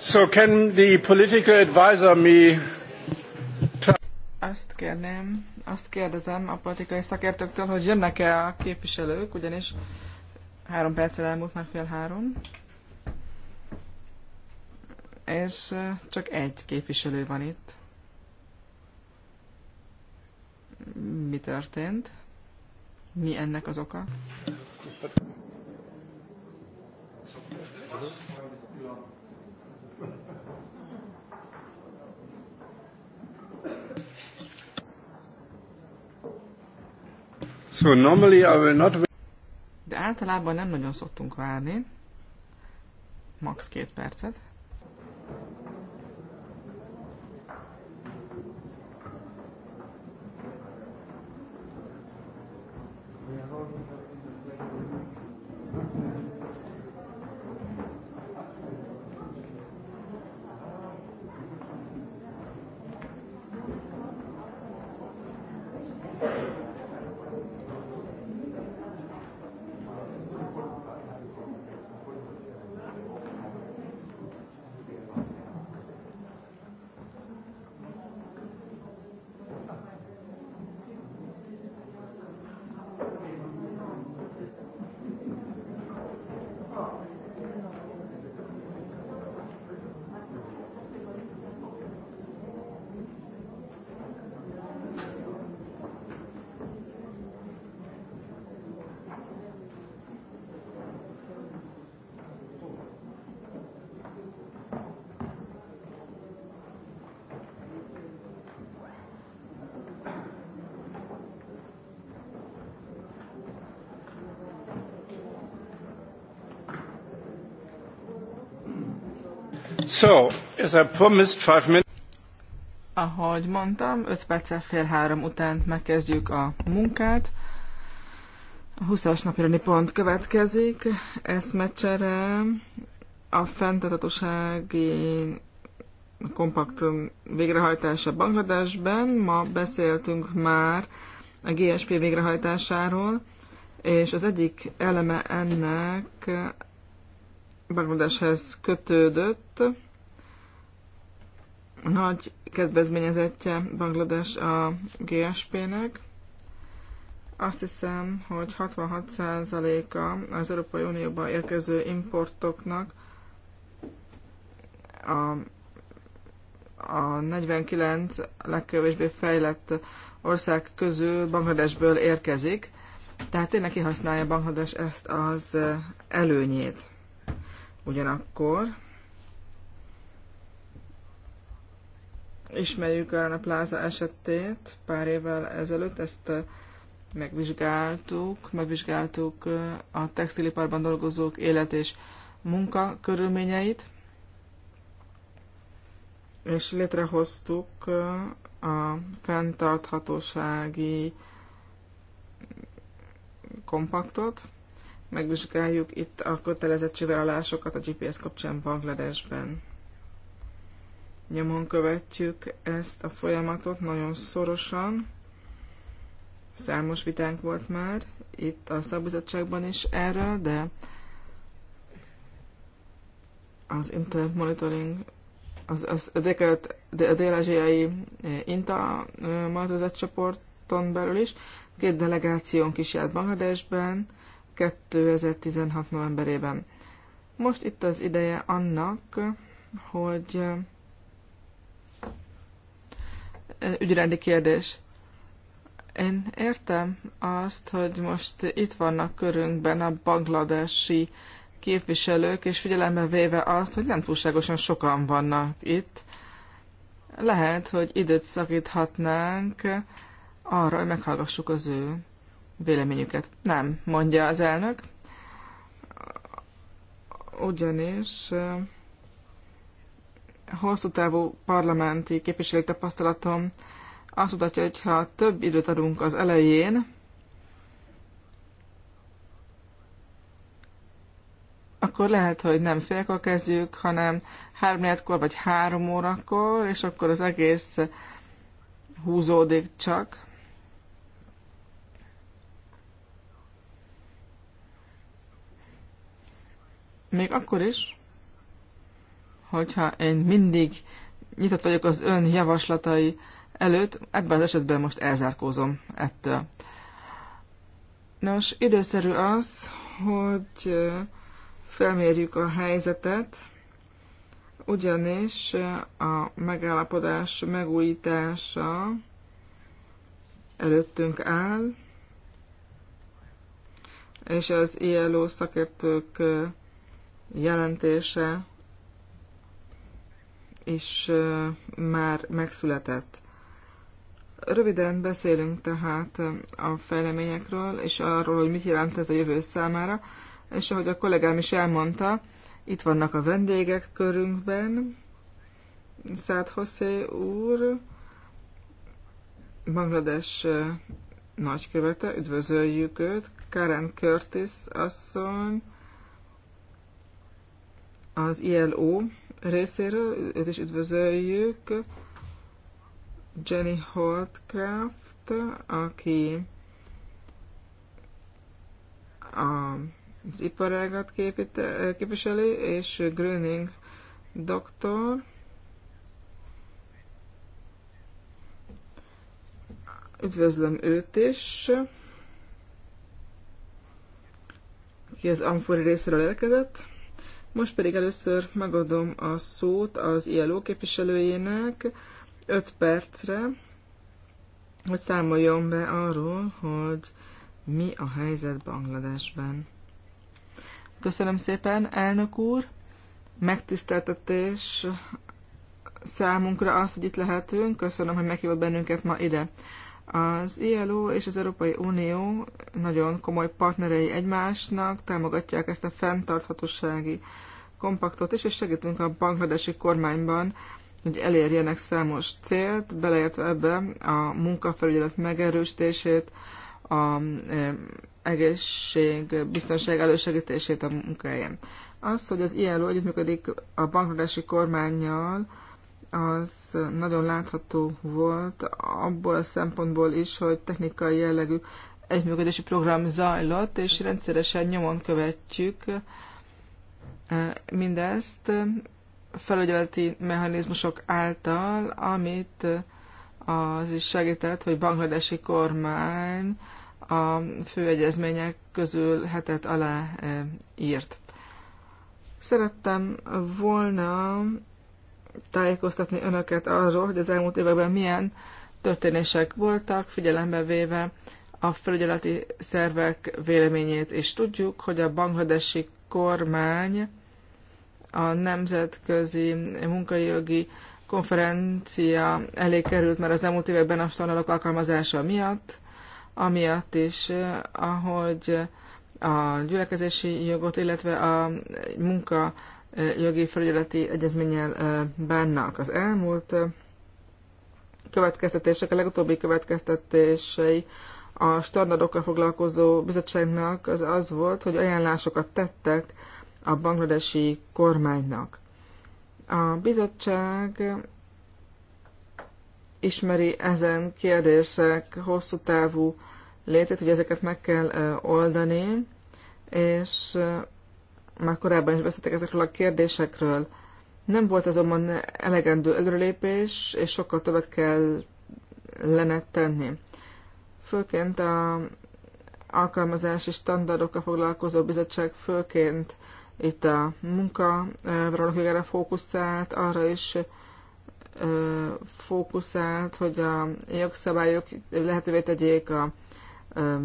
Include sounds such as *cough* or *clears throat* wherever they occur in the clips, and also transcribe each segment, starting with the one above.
So can the political advisor me... Azt kérném, azt kérdezem a politikai szakértőktől, hogy jönnek-e a képviselők, ugyanis három perccel elmúlt már fél három, és csak egy képviselő van itt. Mi történt? Mi ennek az oka? Köszönöm. So normally I will not... De általában nem nagyon szoktunk várni. Max két percet. Ahogy mondtam, 5 perccel fél három után megkezdjük a munkát. A 20-as napirani pont következik. meccsere a fenntartatósági kompakt végrehajtása Bangladesben. Ma beszéltünk már a GSP végrehajtásáról, és az egyik eleme ennek Bangladeshez kötődött, nagy kedvezményezettje Banglades a GSP-nek. Azt hiszem, hogy 66%-a az Európai Unióba érkező importoknak a, a 49 legkevésbé fejlett ország közül Bangladesből érkezik, tehát tényleg kihasználja Banglades ezt az előnyét. Ugyanakkor Ismerjük a Rana Plaza esetét pár évvel ezelőtt, ezt eh, megvizsgáltuk, megvizsgáltuk eh, a textiliparban dolgozók élet és munka körülményeit, és létrehoztuk eh, a fenntarthatósági kompaktot. Megvizsgáljuk itt a kötelezettségvállalásokat a GPS kapcsán Bangladesben nyomon követjük ezt a folyamatot nagyon szorosan. Számos vitánk volt már itt a szabizottságban is erről, de az internet monitoring, az, az a, de a dél-ázsiai eh, INTA eh, monitorozat csoporton belül is, két delegációnk is járt Bangladesben 2016. novemberében. Most itt az ideje annak, hogy eh, ügyrendi kérdés. Én értem azt, hogy most itt vannak körünkben a bangladesi képviselők, és figyelembe véve azt, hogy nem túlságosan sokan vannak itt, lehet, hogy időt szakíthatnánk arra, hogy meghallgassuk az ő véleményüket. Nem, mondja az elnök. Ugyanis hosszú távú parlamenti képviselő tapasztalatom azt mutatja, hogy ha több időt adunk az elején, akkor lehet, hogy nem félkor kezdjük, hanem három kor vagy három órakor, és akkor az egész húzódik csak. Még akkor is, hogyha én mindig nyitott vagyok az ön javaslatai előtt, ebben az esetben most elzárkózom ettől. Nos, időszerű az, hogy felmérjük a helyzetet, ugyanis a megállapodás megújítása előttünk áll, és az ILO szakértők jelentése és már megszületett. Röviden beszélünk tehát a fejleményekről, és arról, hogy mit jelent ez a jövő számára, és ahogy a kollégám is elmondta, itt vannak a vendégek körünkben, Szád Hosszé úr, Banglades nagykövete, üdvözöljük őt, Karen Curtis asszony, az ILO részéről, őt is üdvözöljük, Jenny Holdcraft, aki a, az iparágat képviseli, és Gröning doktor. Üdvözlöm őt is, aki az Amfori részéről érkezett. Most pedig először megadom a szót az ILO képviselőjének 5 percre, hogy számoljon be arról, hogy mi a helyzet Bangladesben. Köszönöm szépen, elnök úr! Megtiszteltetés számunkra az, hogy itt lehetünk. Köszönöm, hogy meghívott bennünket ma ide. Az ILO és az Európai Unió nagyon komoly partnerei egymásnak, támogatják ezt a fenntarthatósági kompaktot is, és segítünk a bangladesi kormányban, hogy elérjenek számos célt, beleértve ebbe a munkafelügyelet megerősítését, a e, egészség, biztonság elősegítését a munkáján. Az, hogy az ILO együttműködik a bangladesi kormányjal, az nagyon látható volt abból a szempontból is, hogy technikai jellegű együttműködési program zajlott, és rendszeresen nyomon követjük mindezt felügyeleti mechanizmusok által, amit az is segített, hogy bangladesi kormány a főegyezmények közül hetet alá írt. Szerettem volna tájékoztatni önöket arról, hogy az elmúlt években milyen történések voltak, figyelembe véve a felügyeleti szervek véleményét, és tudjuk, hogy a bangladesi kormány a nemzetközi munkajogi konferencia elé került mert az elmúlt években a standardok alkalmazása miatt, amiatt is, eh, ahogy a gyülekezési jogot, illetve a munka jogi felügyeleti egyezménnyel eh, bánnak. Az elmúlt eh, következtetések, a legutóbbi következtetései a standardokkal foglalkozó bizottságnak az az volt, hogy ajánlásokat tettek a bangladesi kormánynak. A bizottság ismeri ezen kérdések hosszú távú létét, hogy ezeket meg kell oldani, és már korábban is beszéltek ezekről a kérdésekről. Nem volt azonban elegendő előrelépés, és sokkal többet kell lenne tenni főként a alkalmazási standardokkal foglalkozó bizottság főként itt a munka valakire fókuszált, arra is ö, fókuszált, hogy a jogszabályok lehetővé tegyék a ö,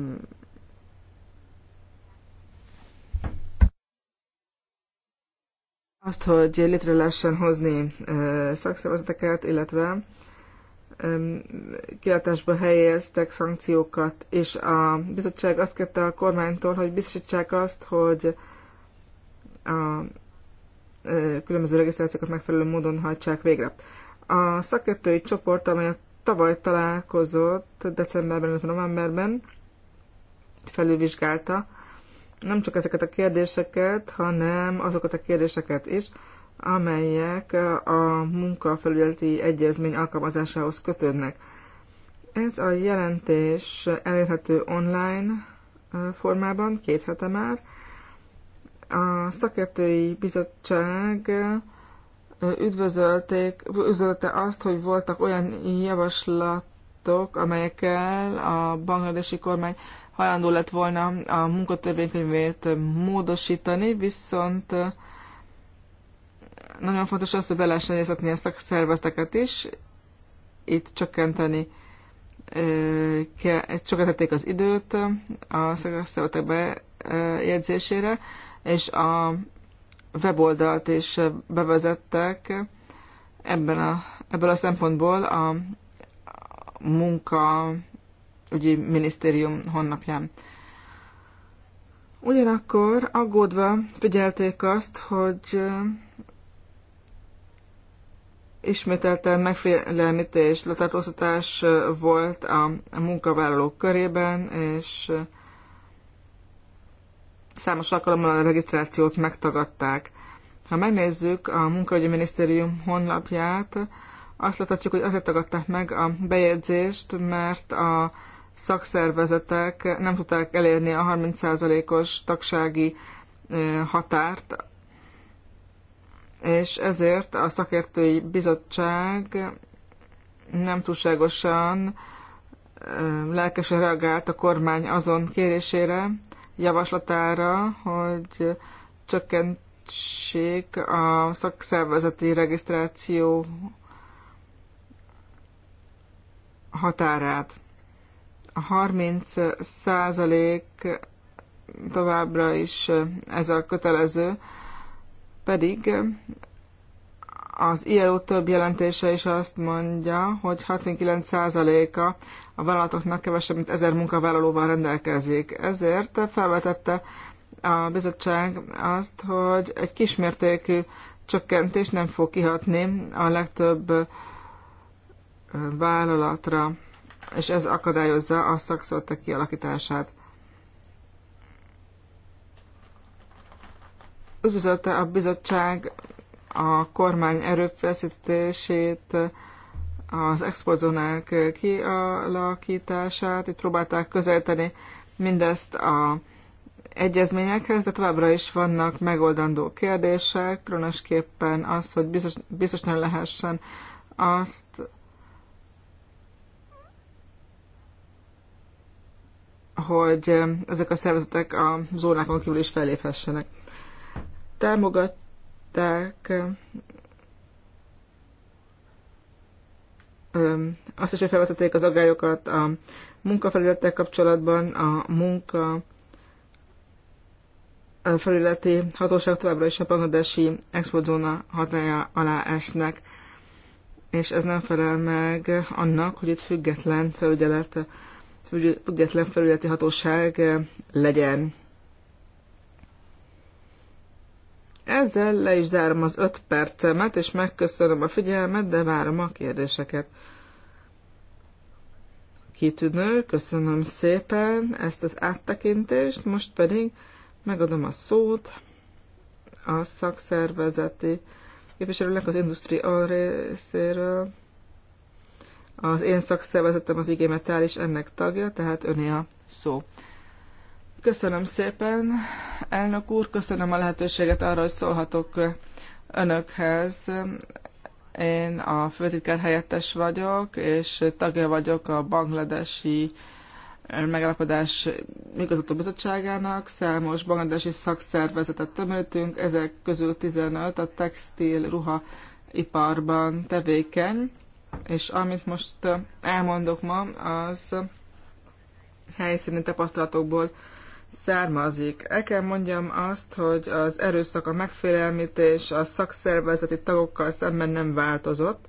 azt, hogy létre lehessen hozni szakszervezeteket, illetve kilátásba helyeztek szankciókat, és a bizottság azt kérte a kormánytól, hogy biztosítsák azt, hogy a különböző regisztrációkat megfelelő módon hajtsák végre. A szakértői csoport, amely a tavaly találkozott decemberben, illetve novemberben, felülvizsgálta nem csak ezeket a kérdéseket, hanem azokat a kérdéseket is, amelyek a munkafelületi egyezmény alkalmazásához kötődnek. Ez a jelentés elérhető online formában, két hete már. A szakértői bizottság üdvözölték, üdvözölte azt, hogy voltak olyan javaslatok, amelyekkel a bangladesi kormány hajlandó lett volna a munkatörvénykönyvét módosítani, viszont nagyon fontos az, hogy be lehessen egyeztetni a szakszervezeteket is. Itt csökkenteni kell csökkentették az időt a szakszervezetek bejegyzésére, és a weboldalt is bevezettek ebben a, ebből a szempontból a munka ügyi minisztérium honlapján. Ugyanakkor aggódva figyelték azt, hogy ismételten megfélemlítés, letartóztatás volt a munkavállalók körében, és számos alkalommal a regisztrációt megtagadták. Ha megnézzük a Munkaügyi minisztérium honlapját, azt láthatjuk, hogy azért tagadták meg a bejegyzést, mert a szakszervezetek nem tudták elérni a 30%-os tagsági határt és ezért a szakértői bizottság nem túlságosan lelkesen reagált a kormány azon kérésére, javaslatára, hogy csökkentsék a szakszervezeti regisztráció határát. A 30 százalék továbbra is ez a kötelező, pedig az ILO e több jelentése is azt mondja, hogy 69%-a a vállalatoknak kevesebb, mint 1000 munkavállalóval rendelkezik. Ezért felvetette a bizottság azt, hogy egy kismértékű csökkentés nem fog kihatni a legtöbb vállalatra, és ez akadályozza a szakszolta kialakítását. Üdvözölte a bizottság a kormány erőfeszítését, az exportzónák kialakítását, itt próbálták közelíteni mindezt a egyezményekhez, de továbbra is vannak megoldandó kérdések, különösképpen az, hogy biztos, biztos nem lehessen azt hogy ezek a szervezetek a zónákon kívül is felléphessenek támogatták azt is, hogy felvetették az agályokat a munkafelülettel kapcsolatban, a munka felületi hatóság továbbra is a bangladesi Expozóna hatája alá esnek, és ez nem felel meg annak, hogy itt független felügyelet, független felületi hatóság legyen. Ezzel le is zárom az öt percemet, és megköszönöm a figyelmet, de várom a kérdéseket. Kitűnő, köszönöm szépen ezt az áttekintést, most pedig megadom a szót a szakszervezeti képviselőnek az industri részéről. Az én szakszervezetem az igémetális ennek tagja, tehát öné a szó. Köszönöm szépen, elnök úr, köszönöm a lehetőséget arra, hogy szólhatok önökhez. Én a főtitkár helyettes vagyok, és tagja vagyok a bangladesi megállapodás igazgató bizottságának. Számos bangladesi szakszervezetet tömörítünk, ezek közül 15 a textil ruha iparban tevékeny, és amit most elmondok ma, az helyszíni tapasztalatokból származik. El kell mondjam azt, hogy az erőszak, a megfélelmítés a szakszervezeti tagokkal szemben nem változott.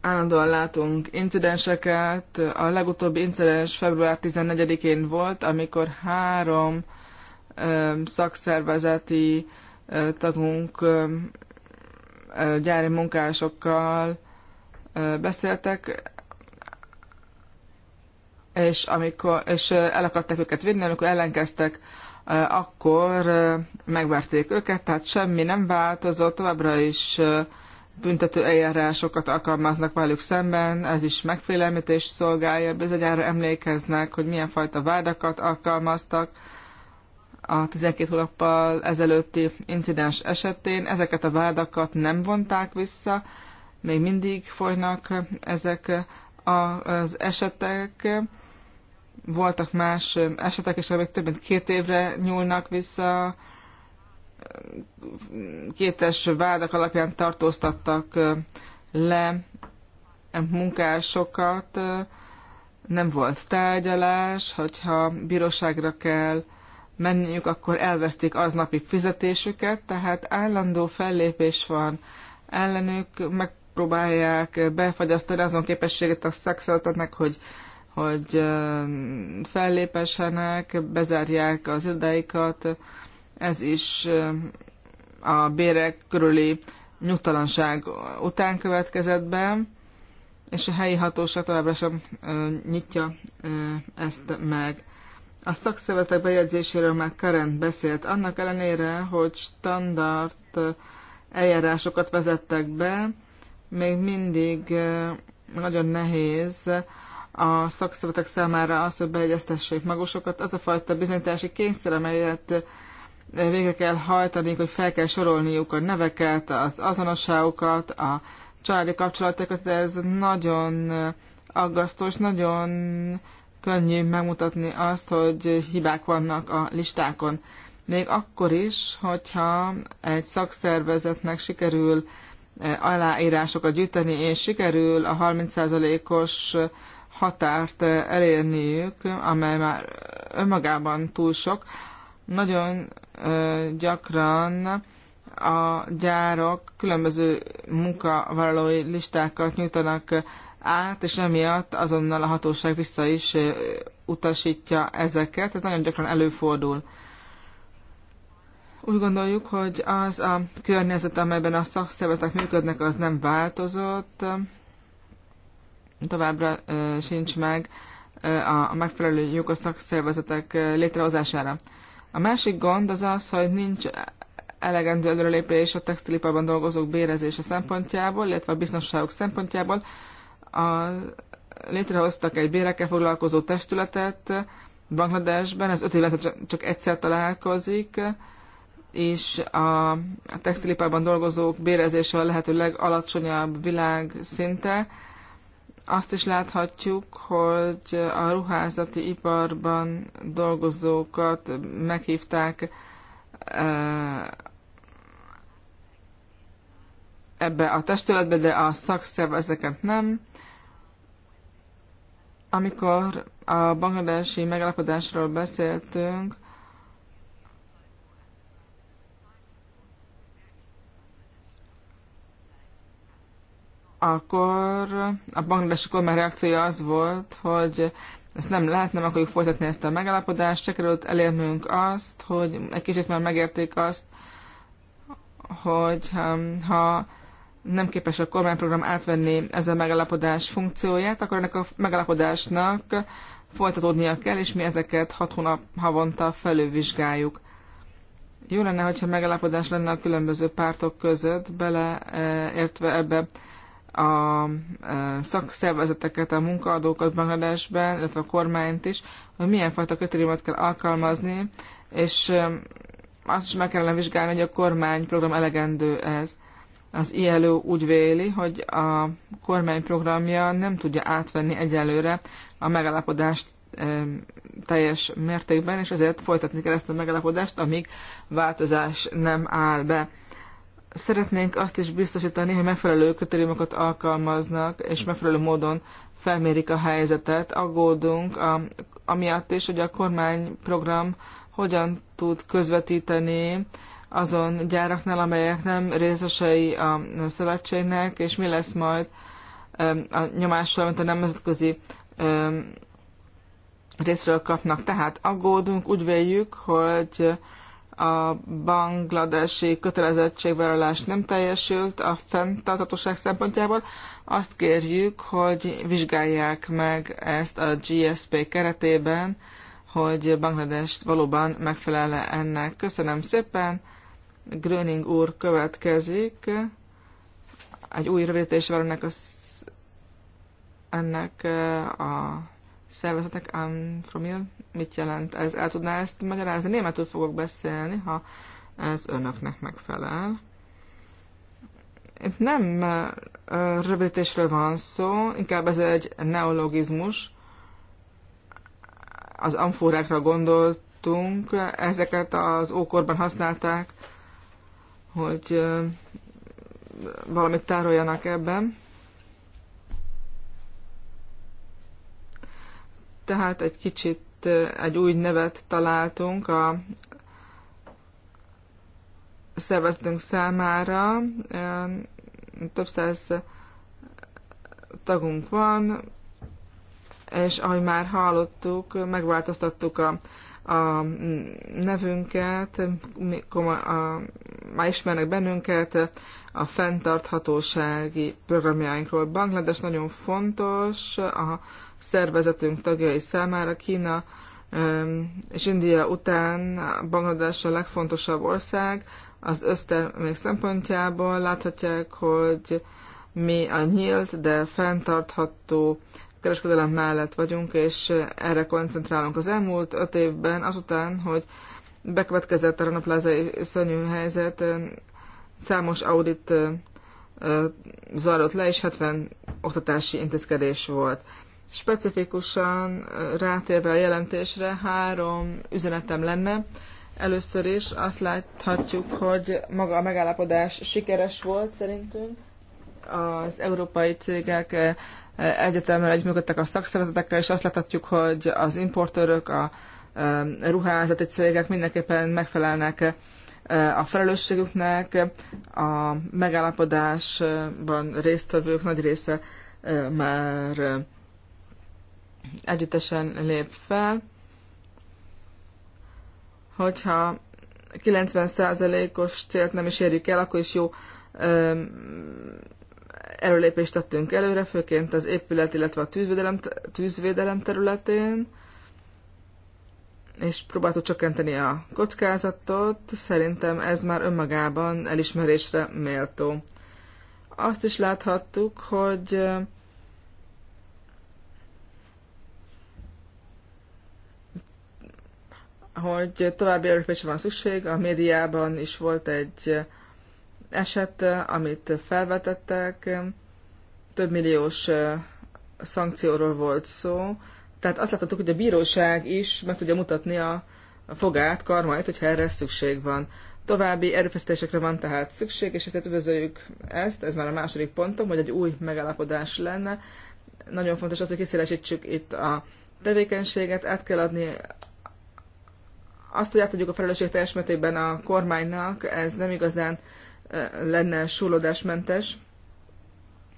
Állandóan látunk incidenseket. A legutóbbi incidens február 14-én volt, amikor három ö, szakszervezeti ö, tagunk ö, gyári munkásokkal beszéltek, és, amikor, és el akarták őket vinni, amikor ellenkeztek, akkor megverték őket, tehát semmi nem változott, továbbra is büntető eljárásokat alkalmaznak velük szemben, ez is megfélemlítés szolgálja, bizonyára emlékeznek, hogy milyen fajta vádakat alkalmaztak a 12 hónappal ezelőtti incidens esetén. Ezeket a vádakat nem vonták vissza, még mindig folynak ezek az esetek, voltak más esetek is, amik több mint két évre nyúlnak vissza, kétes vádak alapján tartóztattak le munkásokat, nem volt tárgyalás, hogyha bíróságra kell menniük, akkor elvesztik napi fizetésüket, tehát állandó fellépés van ellenük, megpróbálják befagyasztani azon képességet a szexeltetnek, hogy hogy fellépessenek, bezárják az irodáikat. Ez is a bérek körüli nyugtalanság után következett be, és a helyi hatóság továbbra sem nyitja ezt meg. A szakszervezetek bejegyzéséről már Karen beszélt, annak ellenére, hogy standard eljárásokat vezettek be, még mindig nagyon nehéz a szakszövetek számára az, hogy beegyeztessék magusokat, az a fajta bizonyítási kényszer, amelyet végre kell hajtani, hogy fel kell sorolniuk a neveket, az azonosságukat, a családi kapcsolatokat, ez nagyon aggasztó, és nagyon könnyű megmutatni azt, hogy hibák vannak a listákon. Még akkor is, hogyha egy szakszervezetnek sikerül eh, aláírásokat gyűjteni, és sikerül a 30%-os határt eh, elérniük, amely már önmagában túl sok. Nagyon eh, gyakran a gyárok különböző munkavállalói listákat nyújtanak át, és emiatt azonnal a hatóság vissza is eh, utasítja ezeket. Ez nagyon gyakran előfordul. Úgy gondoljuk, hogy az a környezet, amelyben a szakszervezetek működnek, az nem változott továbbra sincs meg a megfelelő jogos szervezetek létrehozására. A másik gond az az, hogy nincs elegendő előrelépés a textiliparban dolgozók bérezése szempontjából, illetve a biztonságok szempontjából. A, létrehoztak egy bérekkel foglalkozó testületet Bangladesben, ez öt évente csak egyszer találkozik, és a, a textiliparban dolgozók bérezése a lehető legalacsonyabb világ szinte, azt is láthatjuk, hogy a ruházati iparban dolgozókat meghívták eh, ebbe a testületbe, de a szakszervezeteket nem. Amikor a bangladesi megállapodásról beszéltünk, akkor a bangladesi kormány reakciója az volt, hogy ezt nem lehet, nem akarjuk folytatni ezt a megállapodást, sikerült elérnünk azt, hogy egy kicsit már megérték azt, hogy um, ha nem képes a kormányprogram átvenni a megállapodás funkcióját, akkor ennek a megállapodásnak folytatódnia kell, és mi ezeket hat hónap havonta felülvizsgáljuk. Jó lenne, hogyha megállapodás lenne a különböző pártok között, beleértve eh, ebbe a e, szakszervezeteket, a munkaadókat Bangladesben, illetve a kormányt is, hogy milyen fajta kritériumot kell alkalmazni, és e, azt is meg kellene vizsgálni, hogy a kormányprogram elegendő ez. Az ILO úgy véli, hogy a kormányprogramja nem tudja átvenni egyelőre a megállapodást e, teljes mértékben, és ezért folytatni kell ezt a megállapodást, amíg változás nem áll be. Szeretnénk azt is biztosítani, hogy megfelelő kötelémokat alkalmaznak, és megfelelő módon felmérik a helyzetet. Aggódunk a, amiatt is, hogy a kormányprogram hogyan tud közvetíteni azon gyáraknál, amelyek nem részesei a szövetségnek, és mi lesz majd a nyomással, amit a nemzetközi részről kapnak. Tehát aggódunk, úgy véljük, hogy a bangladesi kötelezettségvállalás nem teljesült a fenntarthatóság szempontjából. Azt kérjük, hogy vizsgálják meg ezt a GSP keretében, hogy Bangladesh valóban megfelele ennek. Köszönöm szépen. Gröning úr következik. Egy új van ennek a, ennek eh, a szervezetek I'm from you mit jelent ez. El tudná ezt magyarázni? Németül fogok beszélni, ha ez önöknek megfelel. Itt nem rövidítésről van szó, inkább ez egy neologizmus. Az amfórákra gondoltunk, ezeket az ókorban használták, hogy valamit tároljanak ebben. Tehát egy kicsit egy új nevet találtunk a szervezetünk számára. Több száz tagunk van, és ahogy már hallottuk, megváltoztattuk a, a nevünket, már ismernek bennünket, a fenntarthatósági programjainkról. Banglades nagyon fontos, a szervezetünk tagjai számára. Kína és India után Banglades a legfontosabb ország az össztermék szempontjából. Láthatják, hogy mi a nyílt, de fenntartható kereskedelem mellett vagyunk, és erre koncentrálunk az elmúlt öt évben, azután, hogy bekövetkezett a ranaplázai szörnyű helyzet, számos audit zajlott le, és 70 oktatási intézkedés volt. Specifikusan rátérve a jelentésre három üzenetem lenne. Először is azt láthatjuk, hogy maga a megállapodás sikeres volt szerintünk. Az európai cégek egyetemre együttműködtek a szakszervezetekkel, és azt láthatjuk, hogy az importőrök, a ruházati cégek mindenképpen megfelelnek a felelősségüknek, a megállapodásban résztvevők nagy része már együttesen lép fel. Hogyha 90%-os célt nem is érjük el, akkor is jó erőlépést tettünk előre, főként az épület, illetve a tűzvédelem, tűzvédelem területén, és próbáltuk csökkenteni a kockázatot. Szerintem ez már önmagában elismerésre méltó. Azt is láthattuk, hogy hogy további erőfésre van szükség. A médiában is volt egy eset, amit felvetettek, több milliós szankcióról volt szó. Tehát azt láthatjuk, hogy a bíróság is meg tudja mutatni a fogát, karmait, hogyha erre szükség van. További erőfeszítésekre van tehát szükség, és ezért üdvözöljük ezt, ez már a második pontom, hogy egy új megállapodás lenne. Nagyon fontos az, hogy kiszélesítsük itt a tevékenységet, át kell adni azt, hogy átadjuk a felelősség teljes mértékben a kormánynak, ez nem igazán lenne súlódásmentes,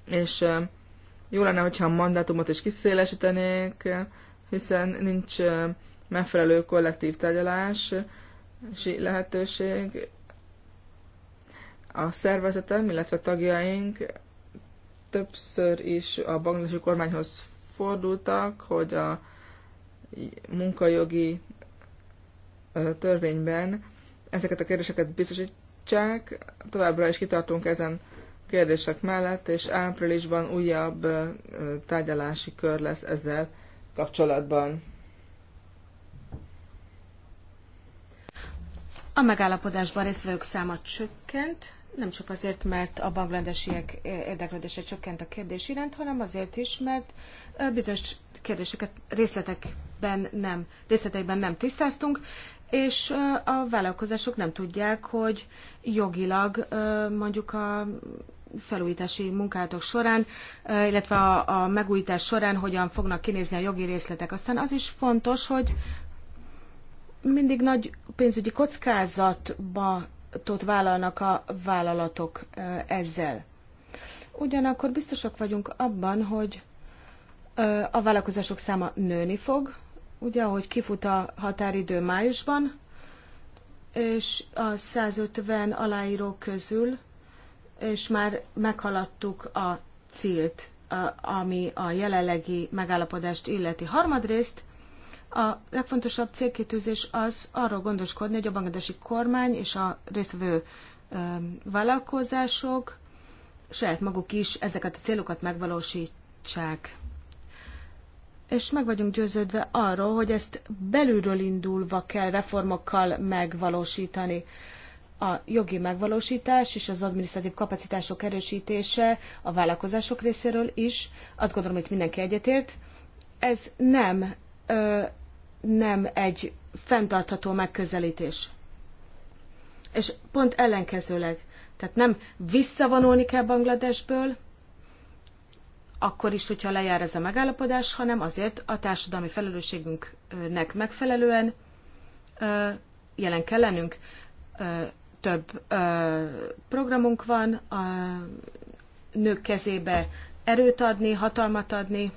és jó lenne, hogyha a mandátumot is kiszélesítenék, hiszen nincs megfelelő kollektív tárgyalási lehetőség. A szervezetem, illetve a tagjaink többször is a bangladesi kormányhoz fordultak, hogy a munkajogi törvényben ezeket a kérdéseket biztosítsák. Továbbra is kitartunk ezen kérdések mellett, és áprilisban újabb tárgyalási kör lesz ezzel kapcsolatban. A megállapodásban résztvevők száma csökkent, nem csak azért, mert a bangladesiek érdeklődése csökkent a kérdés iránt, hanem azért is, mert bizonyos kérdéseket részletekben nem, részletekben nem tisztáztunk, és a vállalkozások nem tudják, hogy jogilag mondjuk a felújítási munkálatok során, illetve a, a megújítás során hogyan fognak kinézni a jogi részletek. Aztán az is fontos, hogy mindig nagy pénzügyi kockázatba tot vállalnak a vállalatok ezzel. Ugyanakkor biztosak vagyunk abban, hogy a vállalkozások száma nőni fog, ugye, hogy kifut a határidő májusban, és a 150 aláíró közül, és már meghaladtuk a célt, ami a jelenlegi megállapodást illeti. Harmadrészt a legfontosabb célkitűzés az arról gondoskodni, hogy a bangladesi kormány és a résztvevő vállalkozások saját maguk is ezeket a célokat megvalósítsák és meg vagyunk győződve arról, hogy ezt belülről indulva kell reformokkal megvalósítani. A jogi megvalósítás és az adminisztratív kapacitások erősítése a vállalkozások részéről is, azt gondolom, hogy mindenki egyetért, ez nem, ö, nem egy fenntartható megközelítés. És pont ellenkezőleg, tehát nem visszavonulni kell Bangladesből, akkor is, hogyha lejár ez a megállapodás, hanem azért a társadalmi felelősségünknek megfelelően jelen kell lennünk. Több programunk van, a nők kezébe erőt adni, hatalmat adni,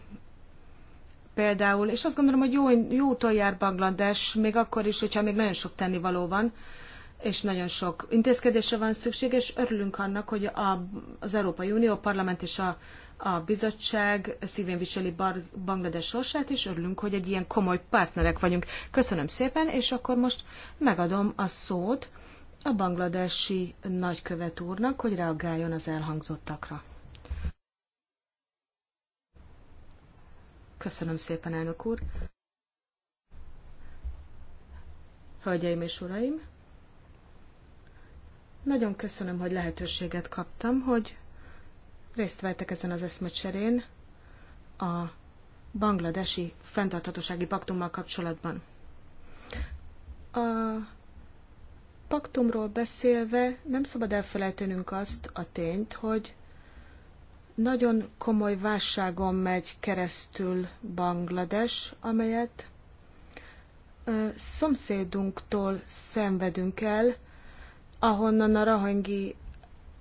például, és azt gondolom, hogy jó, jó úton jár Banglades, még akkor is, hogyha még nagyon sok tennivaló van, és nagyon sok intézkedésre van szükség, és örülünk annak, hogy a, az Európai Unió a Parlament és a a bizottság szívén viseli Bar- Banglades sorsát, és örülünk, hogy egy ilyen komoly partnerek vagyunk. Köszönöm szépen, és akkor most megadom a szót a bangladesi nagykövet úrnak, hogy reagáljon az elhangzottakra. Köszönöm szépen, elnök úr. Hölgyeim és uraim, nagyon köszönöm, hogy lehetőséget kaptam, hogy részt vettek ezen az eszmecserén a bangladesi fenntarthatósági paktummal kapcsolatban. A paktumról beszélve nem szabad elfelejtenünk azt a tényt, hogy nagyon komoly válságon megy keresztül Banglades, amelyet szomszédunktól szenvedünk el, ahonnan a rahangi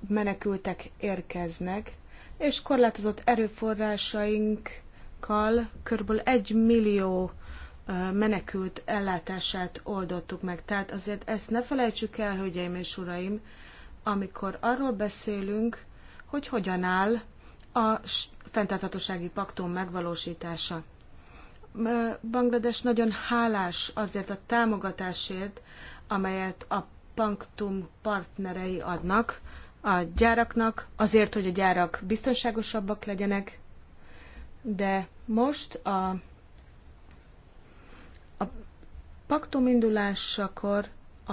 menekültek érkeznek, és korlátozott erőforrásainkkal körülbelül egy millió menekült ellátását oldottuk meg. Tehát azért ezt ne felejtsük el, hölgyeim és uraim, amikor arról beszélünk, hogy hogyan áll a fenntarthatósági paktum megvalósítása. Banglades nagyon hálás azért a támogatásért, amelyet a paktum partnerei adnak, a gyáraknak, azért, hogy a gyárak biztonságosabbak legyenek, de most a, a paktum indulásakor a,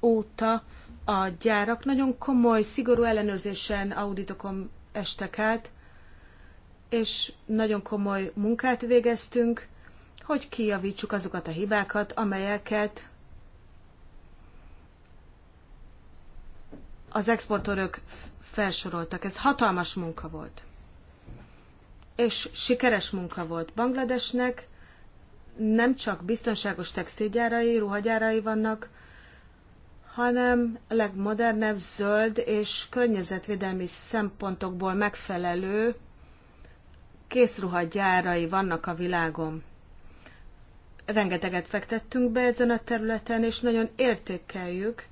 óta a gyárak nagyon komoly, szigorú ellenőrzésen, auditokon estek át, és nagyon komoly munkát végeztünk, hogy kijavítsuk azokat a hibákat, amelyeket az exportőrök felsoroltak. Ez hatalmas munka volt. És sikeres munka volt Bangladesnek, nem csak biztonságos textilgyárai, ruhagyárai vannak, hanem a legmodernebb, zöld és környezetvédelmi szempontokból megfelelő készruhagyárai vannak a világon. Rengeteget fektettünk be ezen a területen, és nagyon értékeljük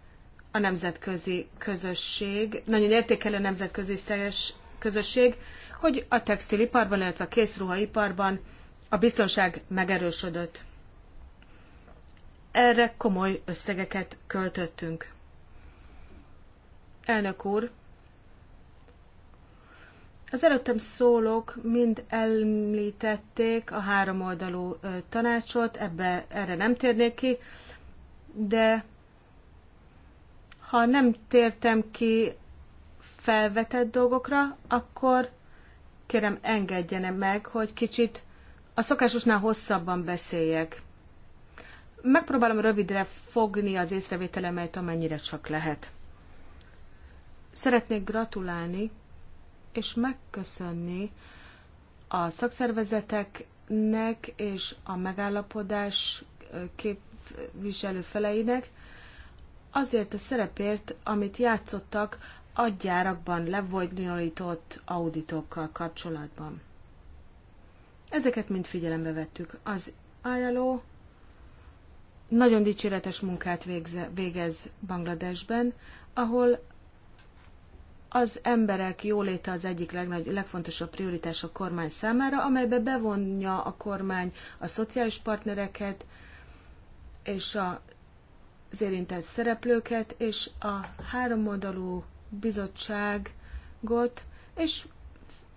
a nemzetközi közösség, nagyon értékelő nemzetközi szeles közösség, hogy a textiliparban, illetve a készruhaiparban a biztonság megerősödött. Erre komoly összegeket költöttünk. Elnök úr, az előttem szólók mind említették a háromoldalú tanácsot, ebbe erre nem térnék ki, de ha nem tértem ki felvetett dolgokra, akkor kérem engedjenem meg, hogy kicsit a szokásosnál hosszabban beszéljek. Megpróbálom rövidre fogni az észrevételemet, amennyire csak lehet. Szeretnék gratulálni és megköszönni a szakszervezeteknek és a megállapodás képviselő feleinek, azért a szerepért, amit játszottak a levonyolított auditokkal kapcsolatban. Ezeket mind figyelembe vettük. Az ajánló nagyon dicséretes munkát végze, végez Bangladesben, ahol az emberek jóléte az egyik legnagy, legfontosabb prioritás a kormány számára, amelybe bevonja a kormány a szociális partnereket és a az érintett szereplőket és a háromoldalú bizottságot, és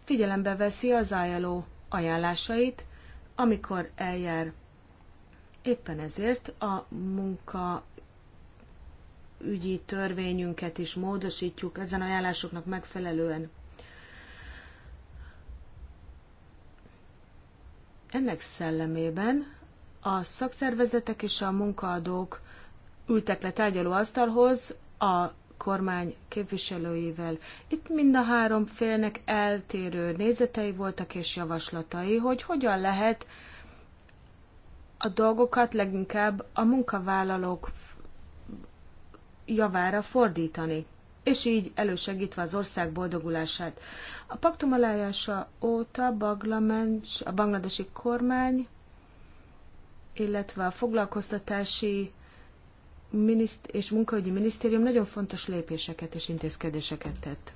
figyelembe veszi az ajánló ajánlásait, amikor eljár. Éppen ezért a munka ügyi törvényünket is módosítjuk ezen ajánlásoknak megfelelően. Ennek szellemében a szakszervezetek és a munkaadók ültek le tárgyalóasztalhoz a kormány képviselőivel. Itt mind a három félnek eltérő nézetei voltak és javaslatai, hogy hogyan lehet a dolgokat leginkább a munkavállalók javára fordítani, és így elősegítve az ország boldogulását. A paktum alájása óta a bangladesi kormány, illetve a foglalkoztatási miniszt- és munkaügyi minisztérium nagyon fontos lépéseket és intézkedéseket tett.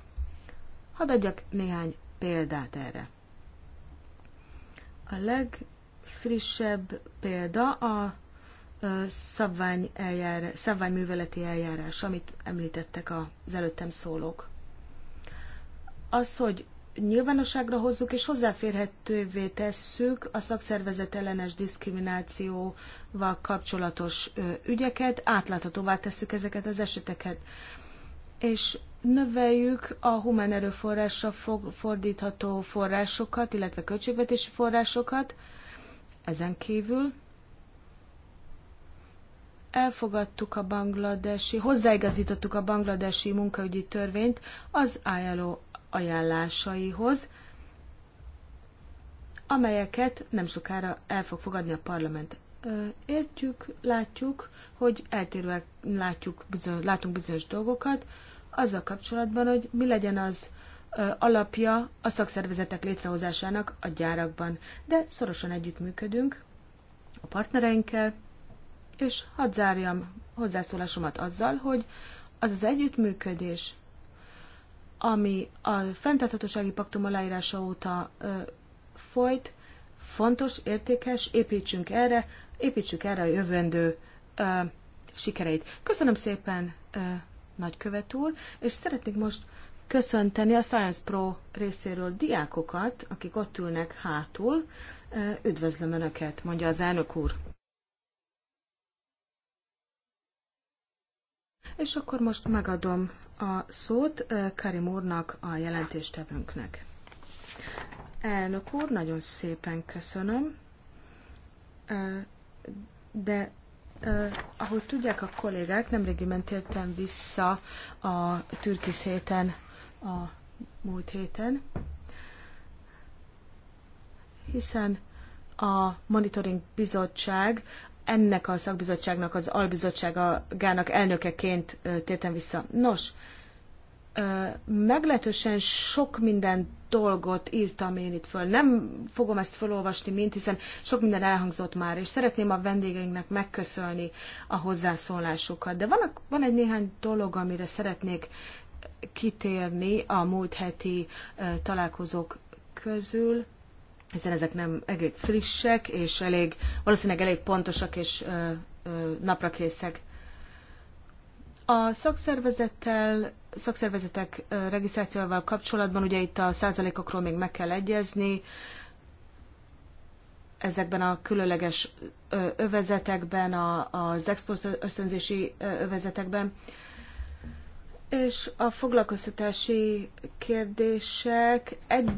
Hadd adjak néhány példát erre. A legfrissebb példa a szabvány eljárás, szabványműveleti eljárás, amit említettek az előttem szólók. Az, hogy nyilvánosságra hozzuk és hozzáférhetővé tesszük a szakszervezet ellenes diszkriminációval kapcsolatos ügyeket, átláthatóvá tesszük ezeket az eseteket. És növeljük a humán erőforrásra fordítható forrásokat, illetve költségvetési forrásokat. Ezen kívül elfogadtuk a bangladesi, hozzáigazítottuk a bangladesi munkaügyi törvényt az ILO ajánlásaihoz, amelyeket nem sokára el fog fogadni a parlament. Értjük, látjuk, hogy eltérőek látjuk, bizony, látunk bizonyos dolgokat, azzal kapcsolatban, hogy mi legyen az alapja a szakszervezetek létrehozásának a gyárakban. De szorosan együttműködünk a partnereinkkel, és hadd zárjam hozzászólásomat azzal, hogy az az együttműködés, ami a fenntarthatósági paktum aláírása óta ö, folyt, fontos, értékes, építsünk erre, építsük erre a jövendő ö, sikereit. Köszönöm szépen, ö, nagykövet úr, és szeretnék most köszönteni a Science Pro részéről diákokat, akik ott ülnek hátul. Ö, üdvözlöm Önöket, mondja az elnök úr. És akkor most megadom a szót Karim úrnak, a jelentéstevőnknek. Elnök úr, nagyon szépen köszönöm. De ahogy tudják a kollégák, nemrégiben tértem vissza a Türkisz héten, a múlt héten, hiszen a Monitoring Bizottság ennek a szakbizottságnak, az albizottságának elnökeként tértem vissza. Nos, meglehetősen sok minden dolgot írtam én itt föl. Nem fogom ezt felolvasni mint, hiszen sok minden elhangzott már, és szeretném a vendégeinknek megköszönni a hozzászólásukat. De van, van egy néhány dolog, amire szeretnék kitérni a múlt heti találkozók közül hiszen ezek nem elég frissek, és elég, valószínűleg elég pontosak és ö, ö, naprakészek. A szakszervezettel, szakszervezetek regisztrációval kapcsolatban ugye itt a százalékokról még meg kell egyezni, ezekben a különleges övezetekben, a, az export ösztönzési övezetekben. És a foglalkoztatási kérdések egy,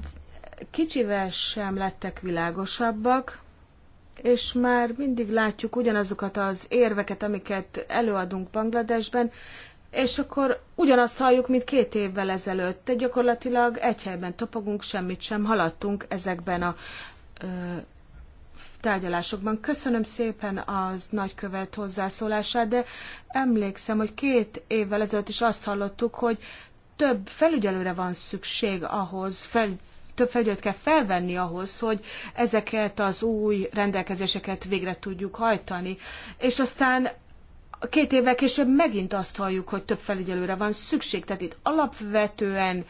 kicsivel sem lettek világosabbak, és már mindig látjuk ugyanazokat az érveket, amiket előadunk Bangladesben, és akkor ugyanazt halljuk, mint két évvel ezelőtt. Tehát gyakorlatilag egy helyben topogunk, semmit sem haladtunk ezekben a ö, tárgyalásokban. Köszönöm szépen az nagykövet hozzászólását, de emlékszem, hogy két évvel ezelőtt is azt hallottuk, hogy több felügyelőre van szükség ahhoz, fel, több felügyelőt kell felvenni ahhoz, hogy ezeket az új rendelkezéseket végre tudjuk hajtani. És aztán két évvel később megint azt halljuk, hogy több felügyelőre van szükség. Tehát itt alapvetően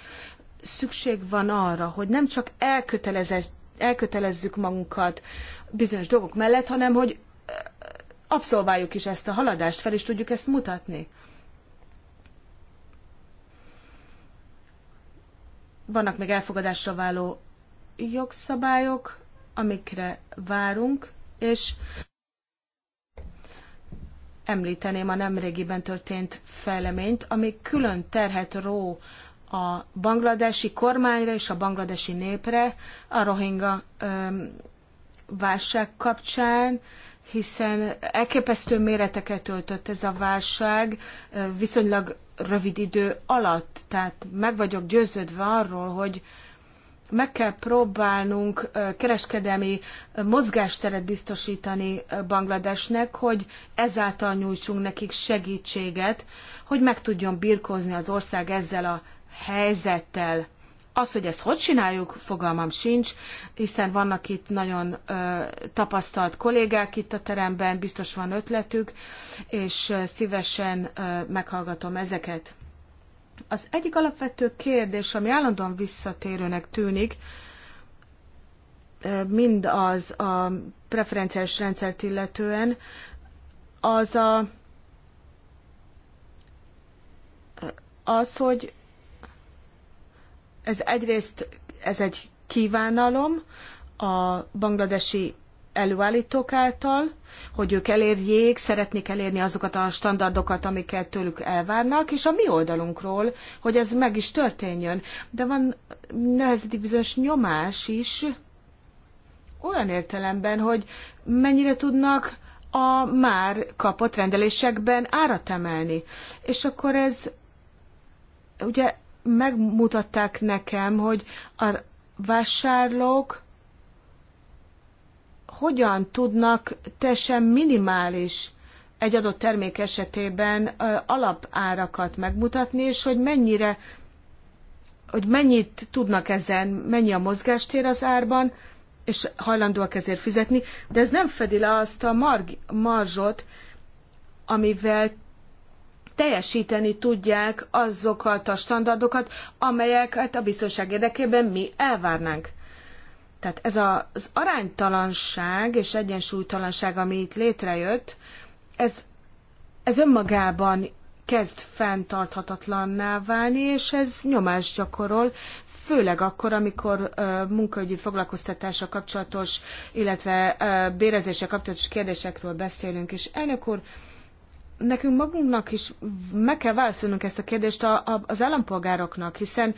szükség van arra, hogy nem csak elkötelezzük magunkat bizonyos dolgok mellett, hanem hogy abszolváljuk is ezt a haladást, fel is tudjuk ezt mutatni. Vannak még elfogadásra váló jogszabályok, amikre várunk, és említeném a nemrégiben történt fejleményt, ami külön terhet ró a bangladesi kormányra és a bangladesi népre a rohingya válság kapcsán, hiszen elképesztő méreteket öltött ez a válság, viszonylag rövid idő alatt. Tehát meg vagyok győződve arról, hogy meg kell próbálnunk kereskedelmi mozgásteret biztosítani Bangladesnek, hogy ezáltal nyújtsunk nekik segítséget, hogy meg tudjon birkózni az ország ezzel a helyzettel. Az, hogy ezt hogy csináljuk, fogalmam sincs, hiszen vannak itt nagyon ö, tapasztalt kollégák itt a teremben, biztos van ötletük, és szívesen ö, meghallgatom ezeket. Az egyik alapvető kérdés, ami állandóan visszatérőnek tűnik, mind az a preferenciális rendszert illetően, az a, az, hogy ez egyrészt ez egy kívánalom a bangladesi előállítók által, hogy ők elérjék, szeretnék elérni azokat a standardokat, amiket tőlük elvárnak, és a mi oldalunkról, hogy ez meg is történjön. De van nehezíti bizonyos nyomás is, olyan értelemben, hogy mennyire tudnak a már kapott rendelésekben árat emelni. És akkor ez ugye megmutatták nekem, hogy a vásárlók hogyan tudnak teljesen minimális egy adott termék esetében ö, alapárakat megmutatni, és hogy mennyire, hogy mennyit tudnak ezen, mennyi a mozgástér az árban, és hajlandóak ezért fizetni, de ez nem fedi le azt a marg, marzsot, amivel teljesíteni tudják azokat a standardokat, amelyeket hát a biztonság érdekében mi elvárnánk. Tehát ez az aránytalanság és egyensúlytalanság, ami itt létrejött, ez, ez önmagában kezd fenntarthatatlanná válni, és ez nyomást gyakorol, főleg akkor, amikor uh, munkaügyi foglalkoztatása kapcsolatos, illetve uh, bérezése kapcsolatos kérdésekről beszélünk. És elnök úr, uh, nekünk magunknak is meg kell válaszolnunk ezt a kérdést a, a, az állampolgároknak, hiszen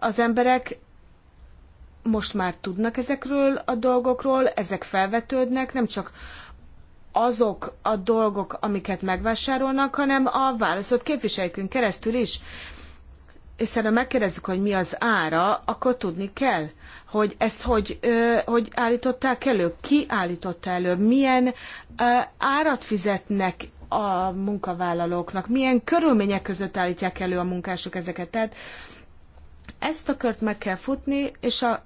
az emberek most már tudnak ezekről a dolgokról, ezek felvetődnek, nem csak azok a dolgok, amiket megvásárolnak, hanem a válaszot képviselőkünk keresztül is. Hiszen ha megkérdezzük, hogy mi az ára, akkor tudni kell, hogy ezt hogy, ö, hogy állították elő, ki állította elő, milyen ö, árat fizetnek a munkavállalóknak, milyen körülmények között állítják elő a munkások ezeket. Tehát ezt a kört meg kell futni, és a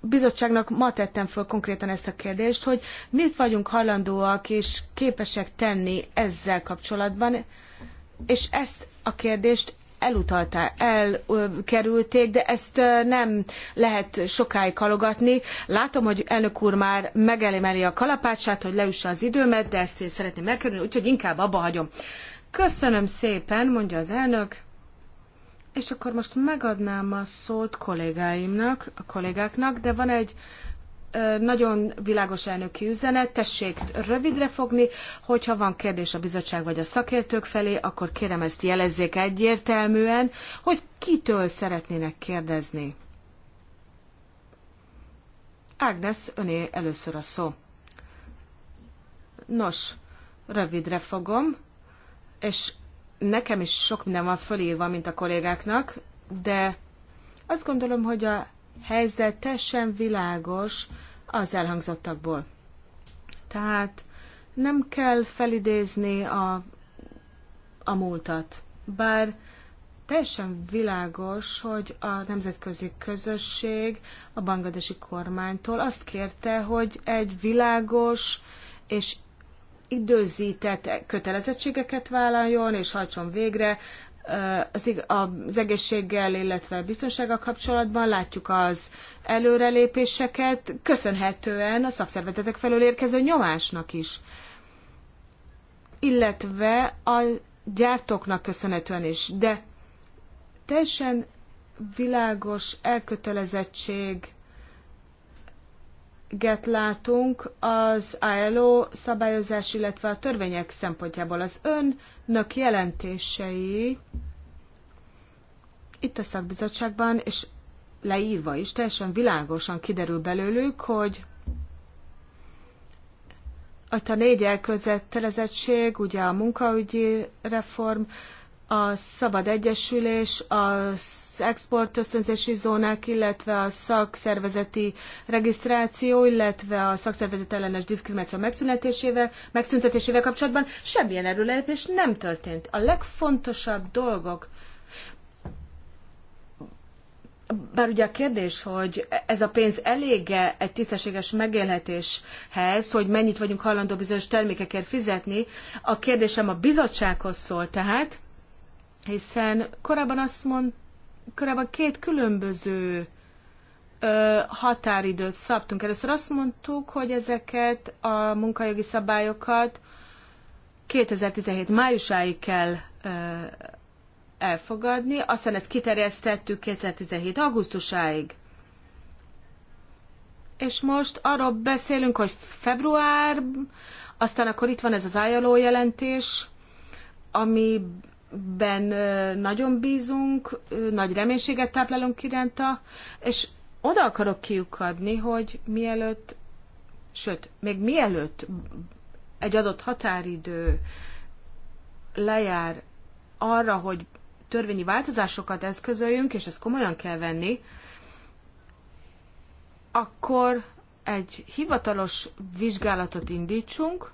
bizottságnak ma tettem föl konkrétan ezt a kérdést, hogy mit vagyunk hajlandóak és képesek tenni ezzel kapcsolatban, és ezt a kérdést elutalták, elkerülték, de ezt nem lehet sokáig halogatni. Látom, hogy elnök úr már megelemeli a kalapácsát, hogy leüsse az időmet, de ezt én szeretném megkerülni, úgyhogy inkább abba hagyom. Köszönöm szépen, mondja az elnök. És akkor most megadnám a szót kollégáimnak, a kollégáknak, de van egy nagyon világos elnöki üzenet, tessék rövidre fogni, hogyha van kérdés a bizottság vagy a szakértők felé, akkor kérem ezt jelezzék egyértelműen, hogy kitől szeretnének kérdezni. Ágnes, öné először a szó. Nos, rövidre fogom, és nekem is sok minden van fölírva, mint a kollégáknak, de azt gondolom, hogy a helyzet teljesen világos, az elhangzottakból. Tehát nem kell felidézni a, a múltat. Bár teljesen világos, hogy a nemzetközi közösség a bangladesi kormánytól azt kérte, hogy egy világos és időzített kötelezettségeket vállaljon és hajtson végre az egészséggel, illetve biztonsággal kapcsolatban látjuk az előrelépéseket, köszönhetően a szakszervezetek felől érkező nyomásnak is, illetve a gyártóknak köszönhetően is, de teljesen világos elkötelezettség get látunk az ILO szabályozás, illetve a törvények szempontjából. Az önnök jelentései itt a szakbizottságban, és leírva is teljesen világosan kiderül belőlük, hogy a négy elkötelezettség, ugye a munkaügyi reform, a szabad egyesülés, az export ösztönzési zónák, illetve a szakszervezeti regisztráció, illetve a szakszervezet ellenes diszkrimináció megszüntetésével, megszüntetésével kapcsolatban semmilyen erőlépés nem történt. A legfontosabb dolgok, bár ugye a kérdés, hogy ez a pénz elége egy tisztességes megélhetéshez, hogy mennyit vagyunk hajlandó bizonyos termékekért fizetni, a kérdésem a bizottsághoz szól tehát, hiszen korábban azt mond, korábban két különböző ö, határidőt szabtunk. Először azt mondtuk, hogy ezeket a munkajogi szabályokat 2017 májusáig kell ö, elfogadni, aztán ezt kiterjesztettük 2017 augusztusáig. És most arról beszélünk, hogy február, aztán akkor itt van ez az ILO jelentés, ami ben nagyon bízunk, nagy reménységet táplálunk iránta, és oda akarok kiukadni, hogy mielőtt, sőt, még mielőtt egy adott határidő lejár arra, hogy törvényi változásokat eszközöljünk, és ezt komolyan kell venni, akkor egy hivatalos vizsgálatot indítsunk,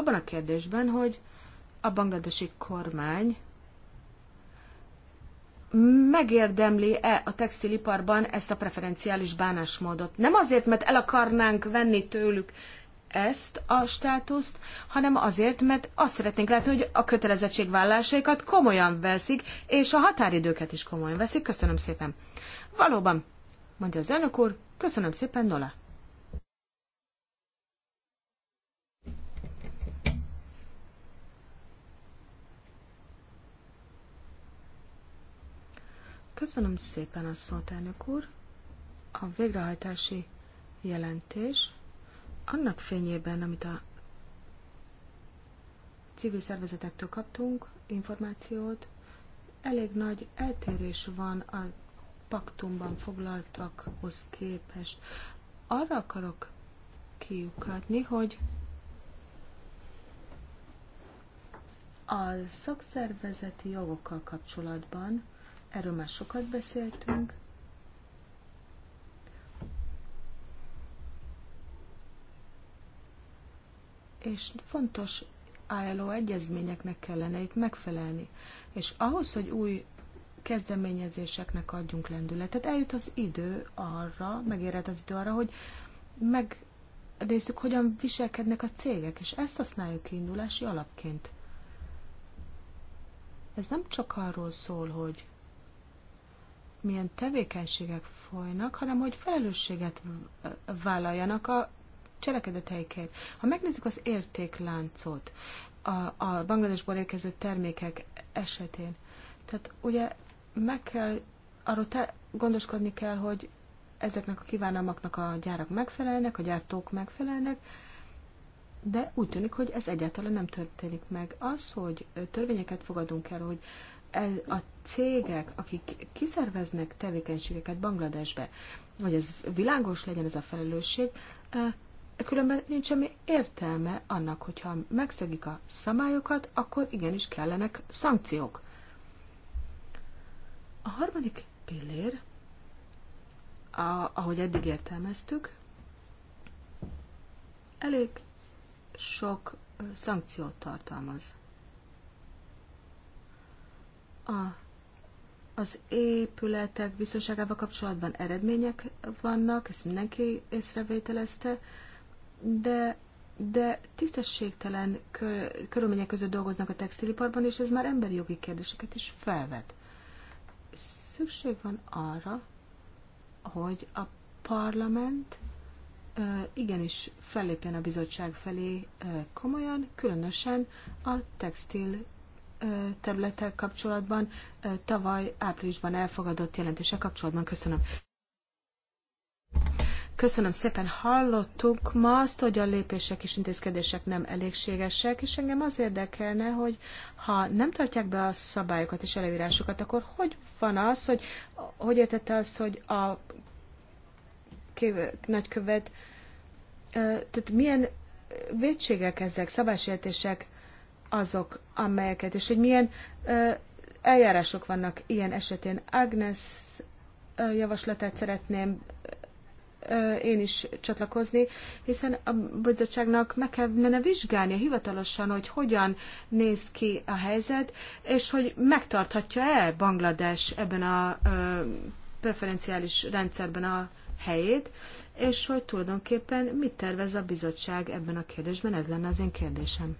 abban a kérdésben, hogy a bangladesi kormány megérdemli-e a textiliparban ezt a preferenciális bánásmódot. Nem azért, mert el akarnánk venni tőlük ezt a státuszt, hanem azért, mert azt szeretnénk látni, hogy a kötelezettségvállásaikat komolyan veszik, és a határidőket is komolyan veszik. Köszönöm szépen. Valóban, mondja az elnök úr, köszönöm szépen, Nola. Köszönöm szépen a szót, elnök úr. A végrehajtási jelentés annak fényében, amit a civil szervezetektől kaptunk információt, elég nagy eltérés van a paktumban foglaltakhoz képest. Arra akarok kiukadni, hogy a szakszervezeti jogokkal kapcsolatban Erről már sokat beszéltünk. És fontos ILO egyezményeknek kellene itt megfelelni. És ahhoz, hogy új kezdeményezéseknek adjunk lendületet, eljut az idő arra, megérhet az idő arra, hogy megnézzük, hogyan viselkednek a cégek, és ezt használjuk kiindulási alapként. Ez nem csak arról szól, hogy milyen tevékenységek folynak, hanem hogy felelősséget vállaljanak a cselekedeteikért. Ha megnézzük az értékláncot a, a Bangladesból érkező termékek esetén, tehát ugye meg kell, arról te, gondoskodni kell, hogy ezeknek a kívánalmaknak a gyárak megfelelnek, a gyártók megfelelnek, de úgy tűnik, hogy ez egyáltalán nem történik meg. Az, hogy törvényeket fogadunk el, hogy a cégek, akik kiszerveznek tevékenységeket Bangladesbe, hogy ez világos legyen ez a felelősség, különben nincs semmi értelme annak, hogyha megszegik a szabályokat, akkor igenis kellenek szankciók. A harmadik pillér, a, ahogy eddig értelmeztük, elég sok szankciót tartalmaz a, az épületek biztonságával kapcsolatban eredmények vannak, ezt mindenki észrevételezte, de, de tisztességtelen kör, körülmények között dolgoznak a textiliparban, és ez már emberi jogi kérdéseket is felvet. Szükség van arra, hogy a parlament igenis fellépjen a bizottság felé komolyan, különösen a textil területek kapcsolatban tavaly áprilisban elfogadott jelentése kapcsolatban. Köszönöm. Köszönöm szépen. Hallottuk ma azt, hogy a lépések és intézkedések nem elégségesek, és engem az érdekelne, hogy ha nem tartják be a szabályokat és előírásokat, akkor hogy van az, hogy hogy értette azt, hogy a nagykövet, tehát milyen védségek ezek, szabásértések, azok, amelyeket, és hogy milyen ö, eljárások vannak ilyen esetén. Agnes ö, javaslatát szeretném ö, én is csatlakozni, hiszen a bizottságnak meg kellene vizsgálnia hivatalosan, hogy hogyan néz ki a helyzet, és hogy megtarthatja-e Banglades ebben a ö, preferenciális rendszerben a helyét, és hogy tulajdonképpen mit tervez a bizottság ebben a kérdésben, ez lenne az én kérdésem.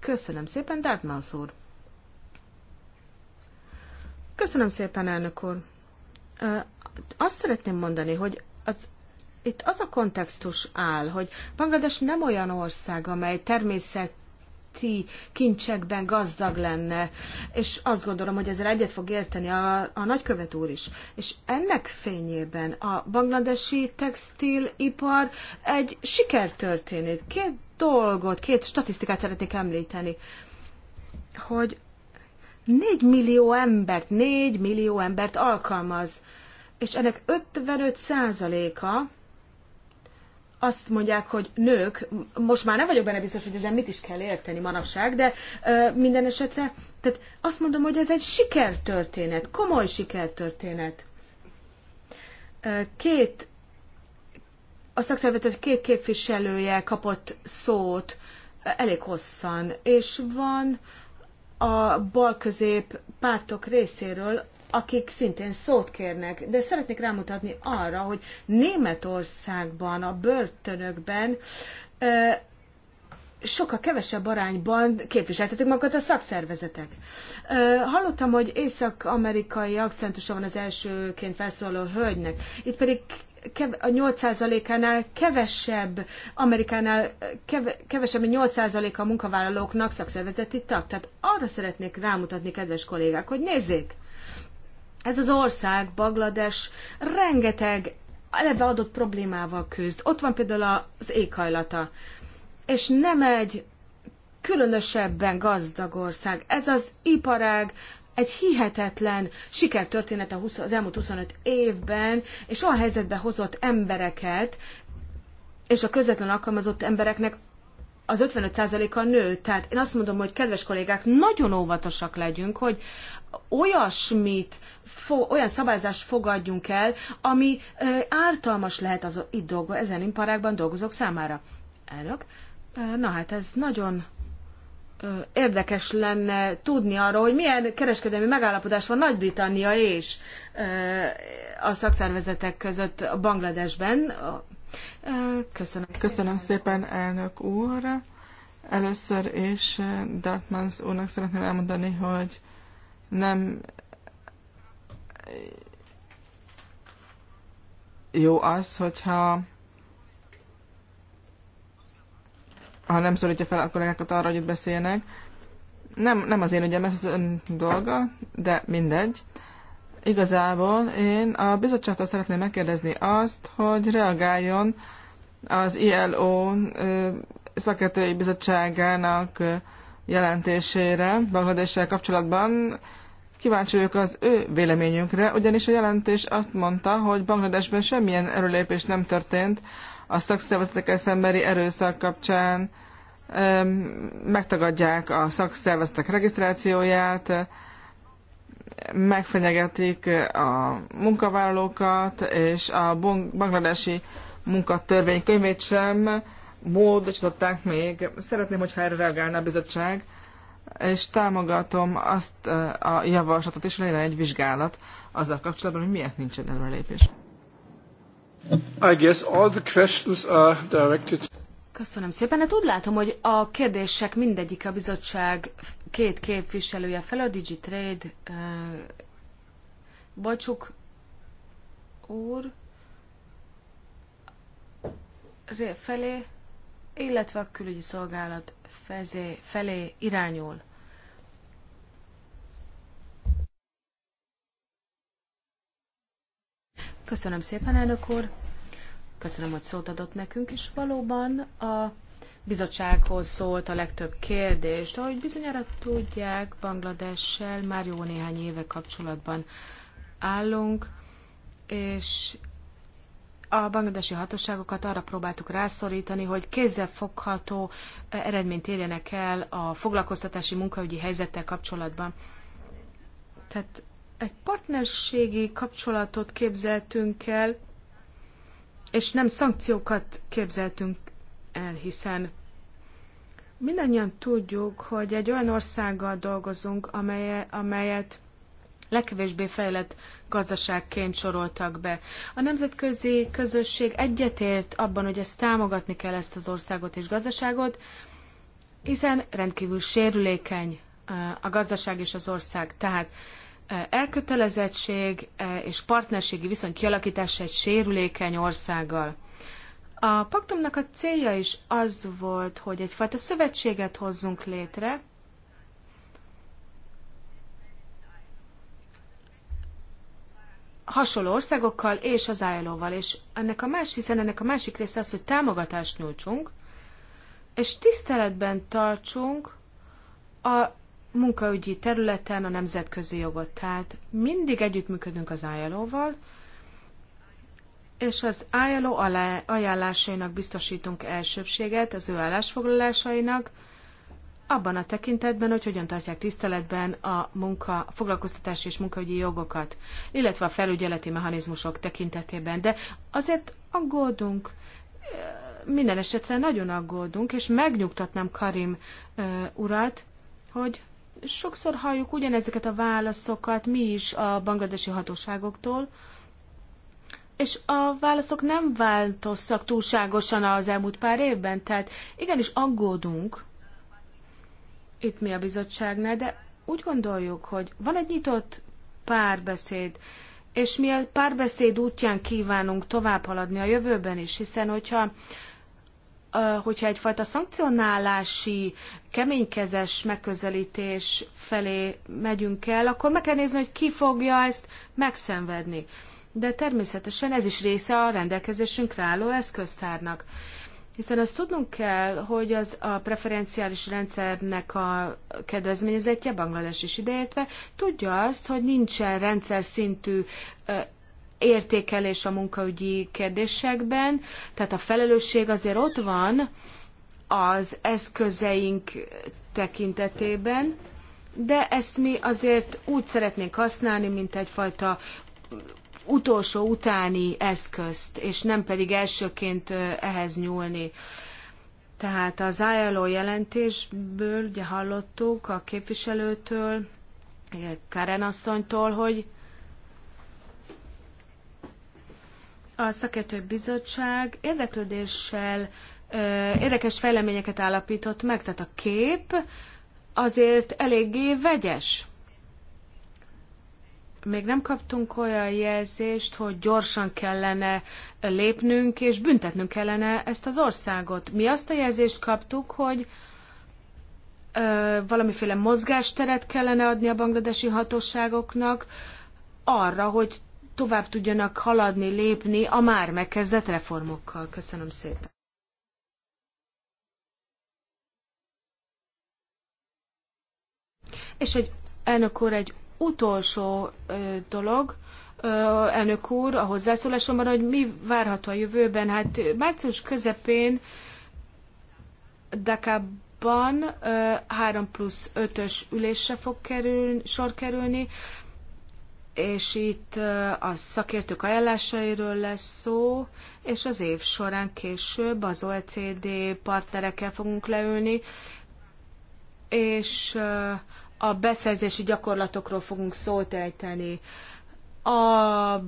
Köszönöm szépen, Dartmouth úr. Köszönöm szépen, elnök úr. Azt szeretném mondani, hogy az itt az a kontextus áll, hogy Banglades nem olyan ország, amely természet ti kincsekben gazdag lenne, és azt gondolom, hogy ezzel egyet fog érteni a, a nagykövet úr is. És ennek fényében a bangladesi textilipar egy sikertörténet. Két dolgot, két statisztikát szeretnék említeni, hogy 4 millió embert, 4 millió embert alkalmaz, és ennek 55 százaléka azt mondják, hogy nők, most már nem vagyok benne biztos, hogy ezen mit is kell érteni manapság, de ö, minden esetre, tehát azt mondom, hogy ez egy sikertörténet, komoly sikertörténet. Két, a szakszervezet két képviselője kapott szót elég hosszan, és van a balközép pártok részéről akik szintén szót kérnek, de szeretnék rámutatni arra, hogy Németországban, a börtönökben sokkal kevesebb arányban képviseltetik magukat a szakszervezetek. Hallottam, hogy észak-amerikai akcentusa van az elsőként felszóló hölgynek, itt pedig a 8%-ánál kevesebb, Amerikánál keve, kevesebb, mint 8% a munkavállalóknak szakszervezeti tag. Tehát arra szeretnék rámutatni, kedves kollégák, hogy nézzék, ez az ország, Baglades, rengeteg eleve adott problémával küzd. Ott van például az éghajlata. És nem egy különösebben gazdag ország. Ez az iparág egy hihetetlen sikertörténet az elmúlt 25 évben, és olyan helyzetbe hozott embereket, és a közvetlen alkalmazott embereknek az 55%-a nő. Tehát én azt mondom, hogy kedves kollégák, nagyon óvatosak legyünk, hogy olyasmit, fo- olyan szabályzást fogadjunk el, ami ö, ártalmas lehet az itt dolgo, ezen imparákban dolgozók számára. Elnök, na hát ez nagyon ö, érdekes lenne tudni arról, hogy milyen kereskedelmi megállapodás van Nagy-Britannia és ö, a szakszervezetek között Bangladesben, a Köszönöm. Köszönöm szépen, elnök úr. Először is eh, Dartmans úrnak szeretném elmondani, hogy nem eh, jó az, hogyha ha nem szólítja fel a kollégákat arra, hogy itt beszéljenek. Nem, nem az én ügyem, ez az ön dolga, de mindegy. Uh, Igazából én a bizottságtól szeretném megkérdezni azt, hogy reagáljon az ILO szakértői bizottságának jelentésére Bangladessel kapcsolatban. Kíváncsi vagyok az ő véleményünkre, ugyanis a jelentés azt mondta, hogy Bangladesben semmilyen erőlépés nem történt a szakszervezetekkel szembeni erőszak kapcsán, megtagadják a szakszervezetek regisztrációját, megfenyegetik a munkavállalókat, és a bangladesi munkatörvénykönyvét sem módosították még. Szeretném, hogyha erre reagálna a bizottság, és támogatom azt eh, a javaslatot és legyen egy vizsgálat azzal kapcsolatban, hogy miért nincsen előrelépés. I guess all the questions are directed. Köszönöm szépen. Hát úgy látom, hogy a kérdések mindegyik a bizottság két képviselője fel, a Digitrade Bacsuk úr felé, illetve a külügyi szolgálat fezé, felé irányul. Köszönöm szépen, elnök úr! Köszönöm, hogy szót adott nekünk, és valóban a bizottsághoz szólt a legtöbb kérdést. Ahogy bizonyára tudják, Bangladessel már jó néhány éve kapcsolatban állunk, és a bangladesi hatóságokat arra próbáltuk rászorítani, hogy kézzelfogható eredményt érjenek el a foglalkoztatási munkaügyi helyzettel kapcsolatban. Tehát egy partnerségi kapcsolatot képzeltünk el, és nem szankciókat képzeltünk el, hiszen mindannyian tudjuk, hogy egy olyan országgal dolgozunk, amelye, amelyet legkevésbé fejlett gazdaságként soroltak be. A nemzetközi közösség egyetért abban, hogy ezt támogatni kell ezt az országot és gazdaságot, hiszen rendkívül sérülékeny a gazdaság és az ország. Tehát elkötelezettség és partnerségi viszony kialakítása egy sérülékeny országgal. A paktumnak a célja is az volt, hogy egyfajta szövetséget hozzunk létre, hasonló országokkal és az ilo és ennek a más, hiszen ennek a másik része az, hogy támogatást nyújtsunk, és tiszteletben tartsunk a munkaügyi területen a nemzetközi jogot. Tehát mindig együttműködünk az ilo és az ILO alá, ajánlásainak biztosítunk elsőbséget az ő állásfoglalásainak, abban a tekintetben, hogy hogyan tartják tiszteletben a munka, foglalkoztatási és munkaügyi jogokat, illetve a felügyeleti mechanizmusok tekintetében. De azért aggódunk, minden esetre nagyon aggódunk, és megnyugtatnám Karim urat, hogy sokszor halljuk ugyanezeket a válaszokat mi is a bangladesi hatóságoktól, és a válaszok nem változtak túlságosan az elmúlt pár évben, tehát igenis aggódunk itt mi a bizottságnál, de úgy gondoljuk, hogy van egy nyitott párbeszéd, és mi a párbeszéd útján kívánunk tovább haladni a jövőben is, hiszen hogyha hogyha egyfajta szankcionálási, keménykezes megközelítés felé megyünk el, akkor meg kell nézni, hogy ki fogja ezt megszenvedni de természetesen ez is része a rendelkezésünkre álló eszköztárnak. Hiszen azt tudnunk kell, hogy az a preferenciális rendszernek a kedvezményezetje, Banglades is ideértve, tudja azt, hogy nincsen rendszer szintű értékelés a munkaügyi kérdésekben, tehát a felelősség azért ott van az eszközeink tekintetében, de ezt mi azért úgy szeretnénk használni, mint egyfajta utolsó utáni eszközt, és nem pedig elsőként ehhez nyúlni. Tehát az ILO jelentésből ugye hallottuk a képviselőtől, eh, Karen asszonytól, hogy a szakértő bizottság érdeklődéssel érdekes fejleményeket állapított meg, tehát a kép azért eléggé vegyes még nem kaptunk olyan jelzést, hogy gyorsan kellene lépnünk, és büntetnünk kellene ezt az országot. Mi azt a jelzést kaptuk, hogy ö, valamiféle mozgásteret kellene adni a bangladesi hatóságoknak arra, hogy tovább tudjanak haladni, lépni a már megkezdett reformokkal. Köszönöm szépen. És egy elnök úr, egy utolsó dolog, elnök úr, a hozzászólásomban, hogy mi várható a jövőben. Hát március közepén Dakában 3 plusz 5-ös ülésre fog kerül, sor kerülni, és itt a szakértők ajánlásairól lesz szó, és az év során később az OECD partnerekkel fogunk leülni, és a beszerzési gyakorlatokról fogunk szót ejteni a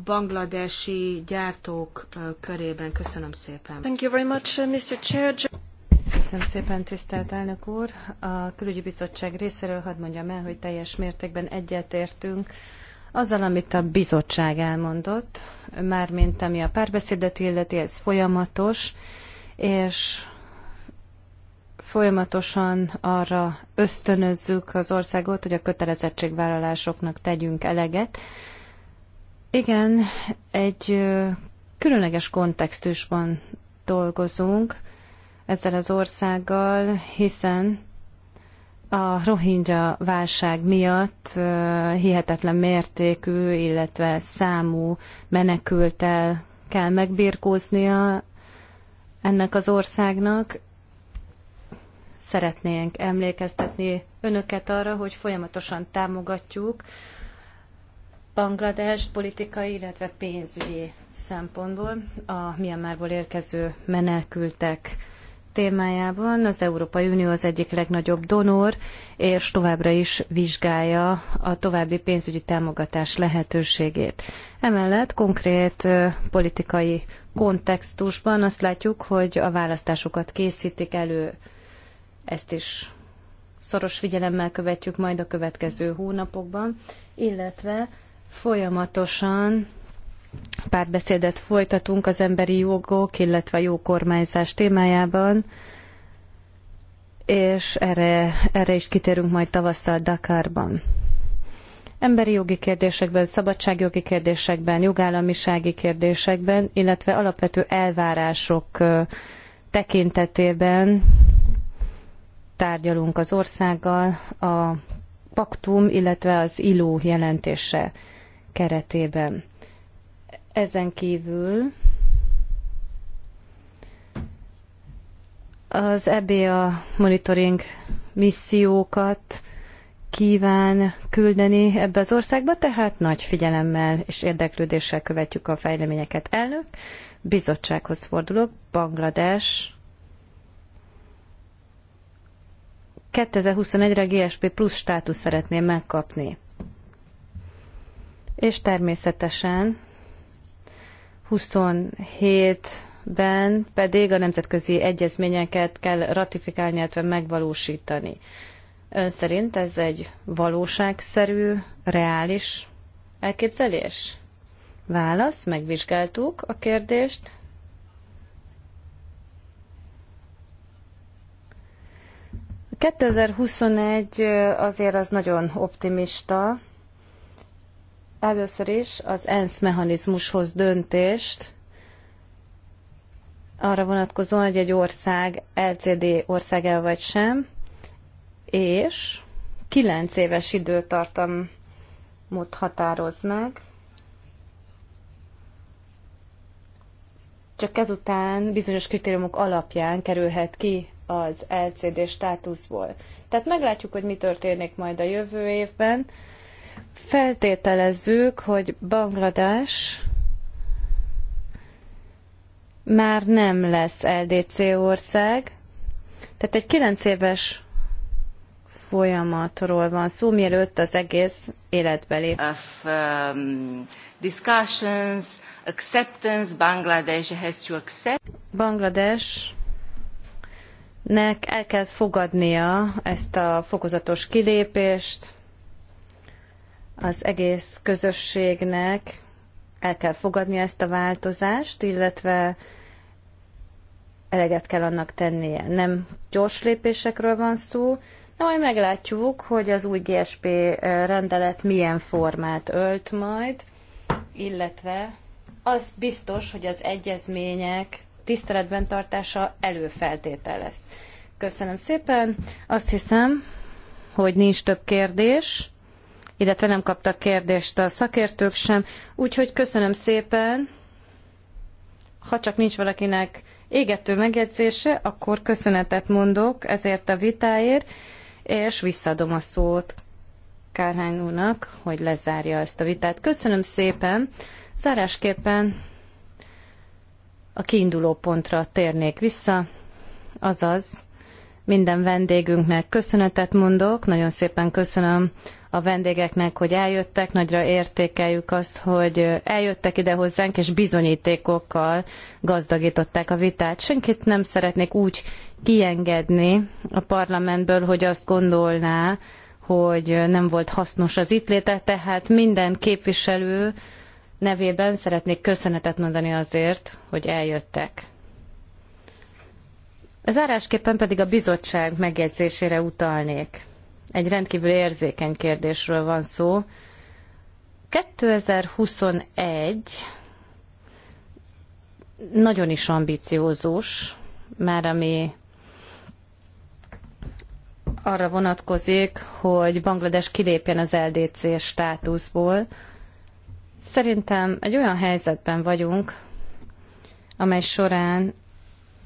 bangladesi gyártók körében. Köszönöm szépen. Thank you very much, uh, Mr. Chair. Köszönöm szépen, tisztelt elnök úr. A külügyi bizottság részéről hadd mondjam el, hogy teljes mértékben egyetértünk azzal, amit a bizottság elmondott, mármint ami a párbeszédet illeti, ez folyamatos, és Folyamatosan arra ösztönözzük az országot, hogy a kötelezettségvállalásoknak tegyünk eleget. Igen, egy különleges kontextusban dolgozunk ezzel az országgal, hiszen a rohingya válság miatt hihetetlen mértékű, illetve számú menekültel kell megbirkóznia ennek az országnak, szeretnénk emlékeztetni önöket arra, hogy folyamatosan támogatjuk Banglades politikai, illetve pénzügyi szempontból a Myanmarból érkező menekültek témájában az Európai Unió az egyik legnagyobb donor, és továbbra is vizsgálja a további pénzügyi támogatás lehetőségét. Emellett konkrét politikai kontextusban azt látjuk, hogy a választásokat készítik elő ezt is szoros figyelemmel követjük majd a következő hónapokban, illetve folyamatosan párbeszédet folytatunk az emberi jogok, illetve jó kormányzás témájában, és erre, erre is kitérünk majd tavasszal Dakarban. Emberi jogi kérdésekben, szabadságjogi kérdésekben, jogállamisági kérdésekben, illetve alapvető elvárások tekintetében tárgyalunk az országgal a paktum, illetve az ILO jelentése keretében. Ezen kívül az EBA monitoring missziókat kíván küldeni ebbe az országba, tehát nagy figyelemmel és érdeklődéssel követjük a fejleményeket. Elnök, bizottsághoz fordulok, Banglades 2021-re GSP plusz státusz szeretném megkapni. És természetesen 27-ben pedig a nemzetközi egyezményeket kell ratifikálni, illetve megvalósítani. Ön szerint ez egy valóságszerű, reális elképzelés? Válasz, megvizsgáltuk a kérdést, 2021 azért az nagyon optimista. Először is az ENSZ mechanizmushoz döntést, arra vonatkozóan, hogy egy ország LCD ország el vagy sem, és kilenc éves időtartamot határoz meg. Csak ezután bizonyos kritériumok alapján kerülhet ki az LCD státuszból. Tehát meglátjuk, hogy mi történik majd a jövő évben. Feltételezzük, hogy Banglades már nem lesz LDC ország, tehát egy 9 éves folyamatról van szó, mielőtt az egész életbe lép. Of, um, discussions, acceptance, Bangladesh has to accept. Bangladesh nek el kell fogadnia ezt a fokozatos kilépést, az egész közösségnek el kell fogadnia ezt a változást, illetve eleget kell annak tennie. Nem gyors lépésekről van szó, de majd meglátjuk, hogy az új GSP eh, rendelet milyen formát ölt majd, illetve az biztos, hogy az egyezmények tiszteletben tartása előfeltétel lesz. Köszönöm szépen. Azt hiszem, hogy nincs több kérdés, illetve nem kaptak kérdést a szakértők sem. Úgyhogy köszönöm szépen. Ha csak nincs valakinek égető megjegyzése, akkor köszönetet mondok ezért a vitáért, és visszadom a szót Kárhány úrnak, hogy lezárja ezt a vitát. Köszönöm szépen. Zárásképpen a kiinduló pontra térnék vissza, azaz minden vendégünknek köszönetet mondok, nagyon szépen köszönöm a vendégeknek, hogy eljöttek, nagyra értékeljük azt, hogy eljöttek ide hozzánk, és bizonyítékokkal gazdagították a vitát. Senkit nem szeretnék úgy kiengedni a parlamentből, hogy azt gondolná, hogy nem volt hasznos az itt léte, tehát minden képviselő nevében szeretnék köszönetet mondani azért, hogy eljöttek. Zárásképpen pedig a bizottság megjegyzésére utalnék. Egy rendkívül érzékeny kérdésről van szó. 2021 nagyon is ambiciózus, már ami arra vonatkozik, hogy Banglades kilépjen az LDC státuszból, Szerintem egy olyan helyzetben vagyunk, amely során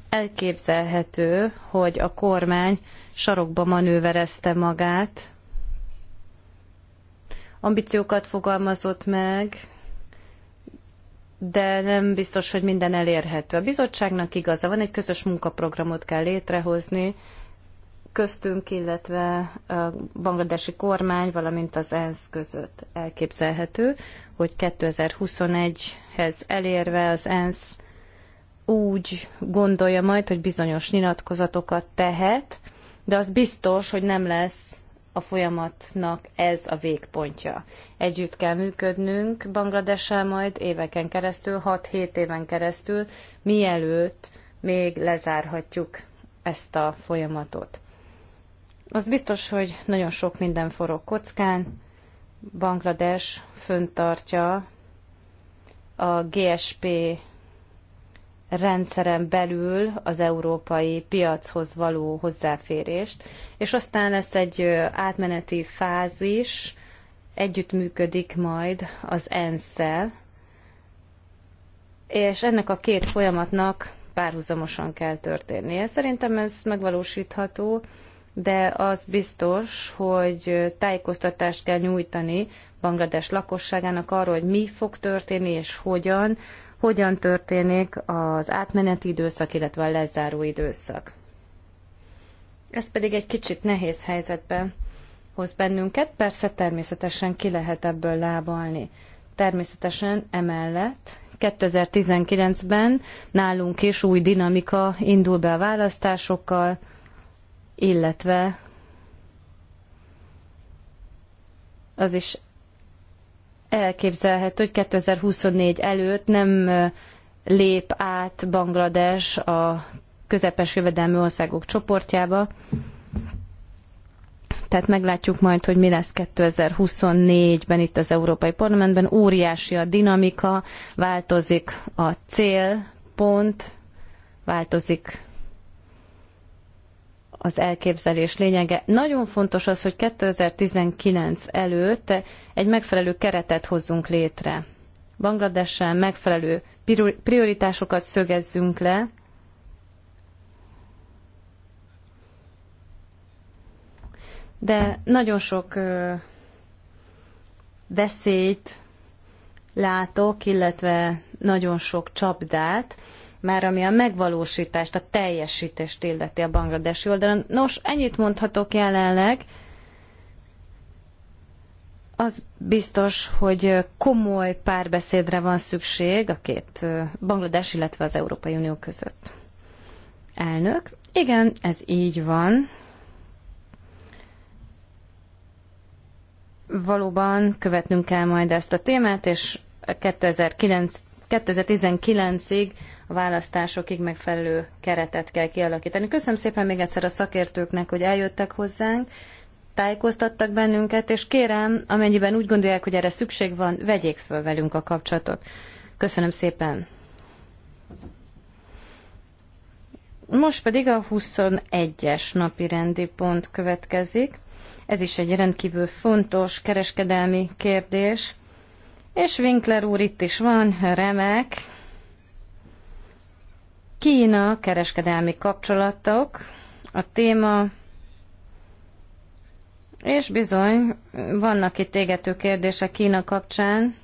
elképzelhető, hogy a kormány sarokba manőverezte magát, ambíciókat fogalmazott meg, de nem biztos, hogy minden elérhető. A bizottságnak igaza van, egy közös munkaprogramot kell létrehozni, köztünk, illetve a bangladesi kormány, valamint az ENSZ között elképzelhető, hogy 2021-hez elérve az ENSZ úgy gondolja majd, hogy bizonyos nyilatkozatokat tehet, de az biztos, hogy nem lesz a folyamatnak ez a végpontja. Együtt kell működnünk Bangladessel majd éveken keresztül, 6-7 éven keresztül, mielőtt még lezárhatjuk ezt a folyamatot. Az biztos, hogy nagyon sok minden forog kockán. Banglades föntartja a GSP rendszeren belül az európai piachoz való hozzáférést, és aztán lesz egy átmeneti fázis, együttműködik majd az ensz és ennek a két folyamatnak párhuzamosan kell történnie. Szerintem ez megvalósítható, de az biztos, hogy tájékoztatást kell nyújtani Banglades lakosságának arról, hogy mi fog történni és hogyan, hogyan történik az átmeneti időszak, illetve a lezáró időszak. Ez pedig egy kicsit nehéz helyzetbe hoz bennünket, persze természetesen ki lehet ebből lábalni. Természetesen emellett 2019-ben nálunk is új dinamika indul be a választásokkal, illetve az is elképzelhető, hogy 2024 előtt nem lép át Banglades a közepes jövedelmi országok csoportjába. Tehát meglátjuk majd, hogy mi lesz 2024-ben itt az Európai Parlamentben. Óriási a dinamika, változik a cél, pont, változik az elképzelés lényege. Nagyon fontos az, hogy 2019 előtt egy megfelelő keretet hozzunk létre. Bangladessel megfelelő prioritásokat szögezzünk le, de nagyon sok veszélyt látok, illetve nagyon sok csapdát, már ami a megvalósítást, a teljesítést illeti a bangladesi oldalon. Nos, ennyit mondhatok jelenleg. Az biztos, hogy komoly párbeszédre van szükség a két Banglades, illetve az Európai Unió között. Elnök, igen, ez így van. Valóban követnünk kell majd ezt a témát, és 2009, 2019-ig a választásokig megfelelő keretet kell kialakítani. Köszönöm szépen még egyszer a szakértőknek, hogy eljöttek hozzánk, tájékoztattak bennünket, és kérem, amennyiben úgy gondolják, hogy erre szükség van, vegyék föl velünk a kapcsolatot. Köszönöm szépen! Most pedig a 21-es napi rendi pont következik. Ez is egy rendkívül fontos kereskedelmi kérdés. És Winkler úr itt is van, remek. Kína kereskedelmi kapcsolatok a téma, és bizony vannak itt égető kérdések Kína kapcsán.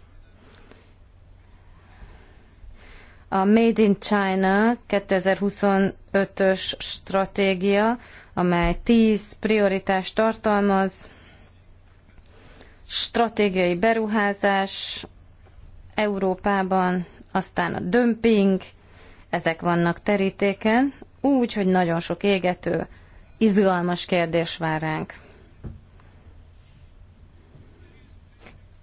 A Made in China 2025-ös stratégia, amely 10 prioritást tartalmaz, stratégiai beruházás Európában, aztán a dömping, ezek vannak terítéken, úgy, hogy nagyon sok égető, izgalmas kérdés vár ránk.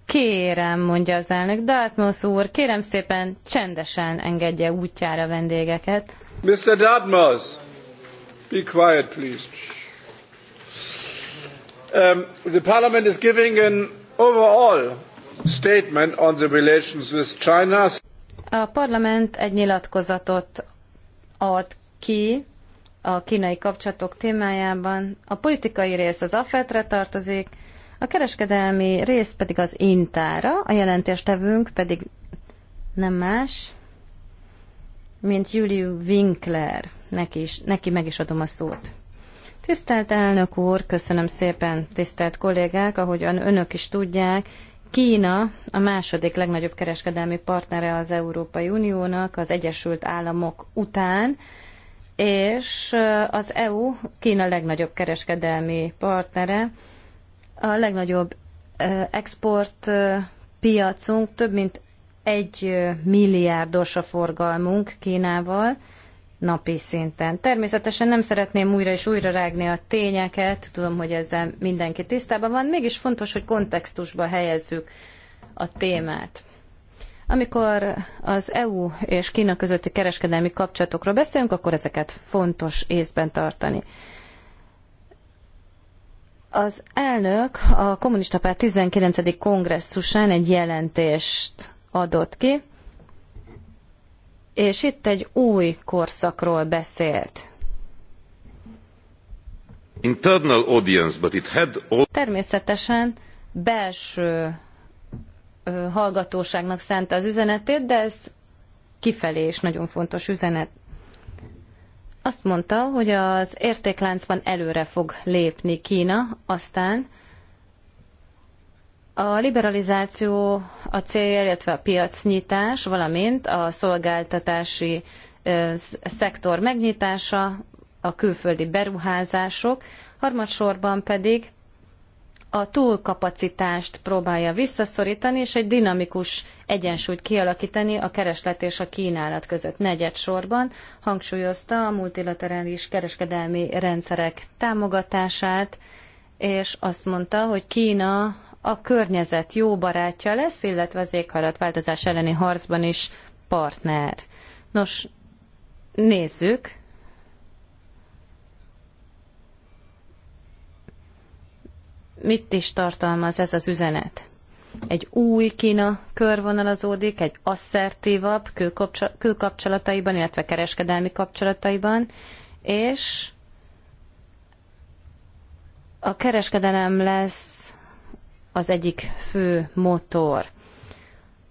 Kérem, mondja az elnök, Dartmouth úr, kérem szépen csendesen engedje útjára vendégeket. Mr. Dartmouth, be quiet, please. Um, the parliament is giving an overall statement on the relations with China. A parlament egy nyilatkozatot ad ki a kínai kapcsolatok témájában. A politikai rész az AFET-re tartozik, a kereskedelmi rész pedig az Intára, a jelentéstevünk pedig nem más, mint Julius Winkler. Neki, is, neki meg is adom a szót. Tisztelt elnök úr, köszönöm szépen, tisztelt kollégák, ahogyan önök is tudják, Kína a második legnagyobb kereskedelmi partnere az Európai Uniónak, az Egyesült Államok után, és az EU Kína legnagyobb kereskedelmi partnere, a legnagyobb export piacunk, több mint egy milliárdos a forgalmunk Kínával, napi szinten. Természetesen nem szeretném újra és újra rágni a tényeket, tudom, hogy ezzel mindenki tisztában van, mégis fontos, hogy kontextusba helyezzük a témát. Amikor az EU és Kína közötti kereskedelmi kapcsolatokról beszélünk, akkor ezeket fontos észben tartani. Az elnök a Kommunista Párt 19. kongresszusán egy jelentést adott ki, és itt egy új korszakról beszélt. Internal audience, but it had all... Természetesen belső hallgatóságnak szánta az üzenetét, de ez kifelé is nagyon fontos üzenet. Azt mondta, hogy az értékláncban előre fog lépni Kína, aztán a liberalizáció a célja, illetve a piacnyitás, valamint a szolgáltatási szektor megnyitása, a külföldi beruházások, harmadsorban pedig a túlkapacitást próbálja visszaszorítani, és egy dinamikus egyensúlyt kialakítani a kereslet és a kínálat között. negyedsorban, hangsúlyozta a multilaterális kereskedelmi rendszerek támogatását, és azt mondta, hogy Kína a környezet jó barátja lesz, illetve az éghajlatváltozás elleni harcban is partner. Nos, nézzük. Mit is tartalmaz ez az üzenet? Egy új Kína körvonalazódik, egy asszertívabb külkapcsolataiban, illetve kereskedelmi kapcsolataiban, és a kereskedelem lesz az egyik fő motor.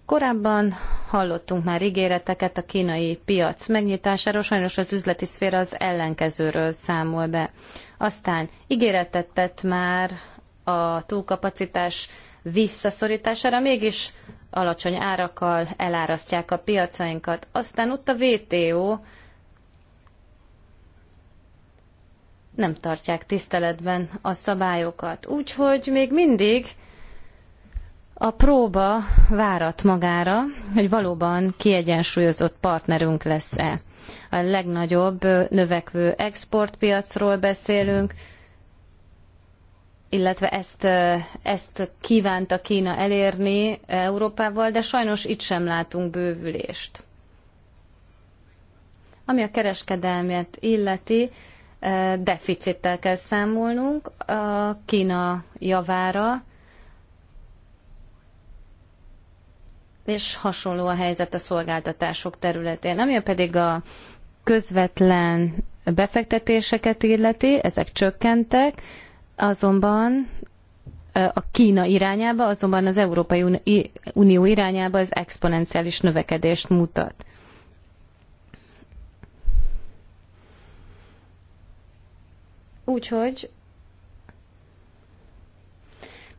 Korábban hallottunk már ígéreteket a kínai piac megnyitásáról, sajnos az üzleti szféra az ellenkezőről számol be. Aztán ígéretet tett már a túlkapacitás visszaszorítására, mégis alacsony árakkal elárasztják a piacainkat. Aztán ott a WTO nem tartják tiszteletben a szabályokat. Úgyhogy még mindig a próba várat magára, hogy valóban kiegyensúlyozott partnerünk lesz-e. A legnagyobb növekvő exportpiacról beszélünk, illetve ezt, ezt kívánta Kína elérni Európával, de sajnos itt sem látunk bővülést. Ami a kereskedelmet illeti, eh, deficittel kell számolnunk a Kína javára, és hasonló a helyzet a szolgáltatások területén. Ami pedig a közvetlen befektetéseket illeti, ezek csökkentek, azonban a Kína irányába, azonban az Európai Unió irányába az exponenciális növekedést mutat. Úgyhogy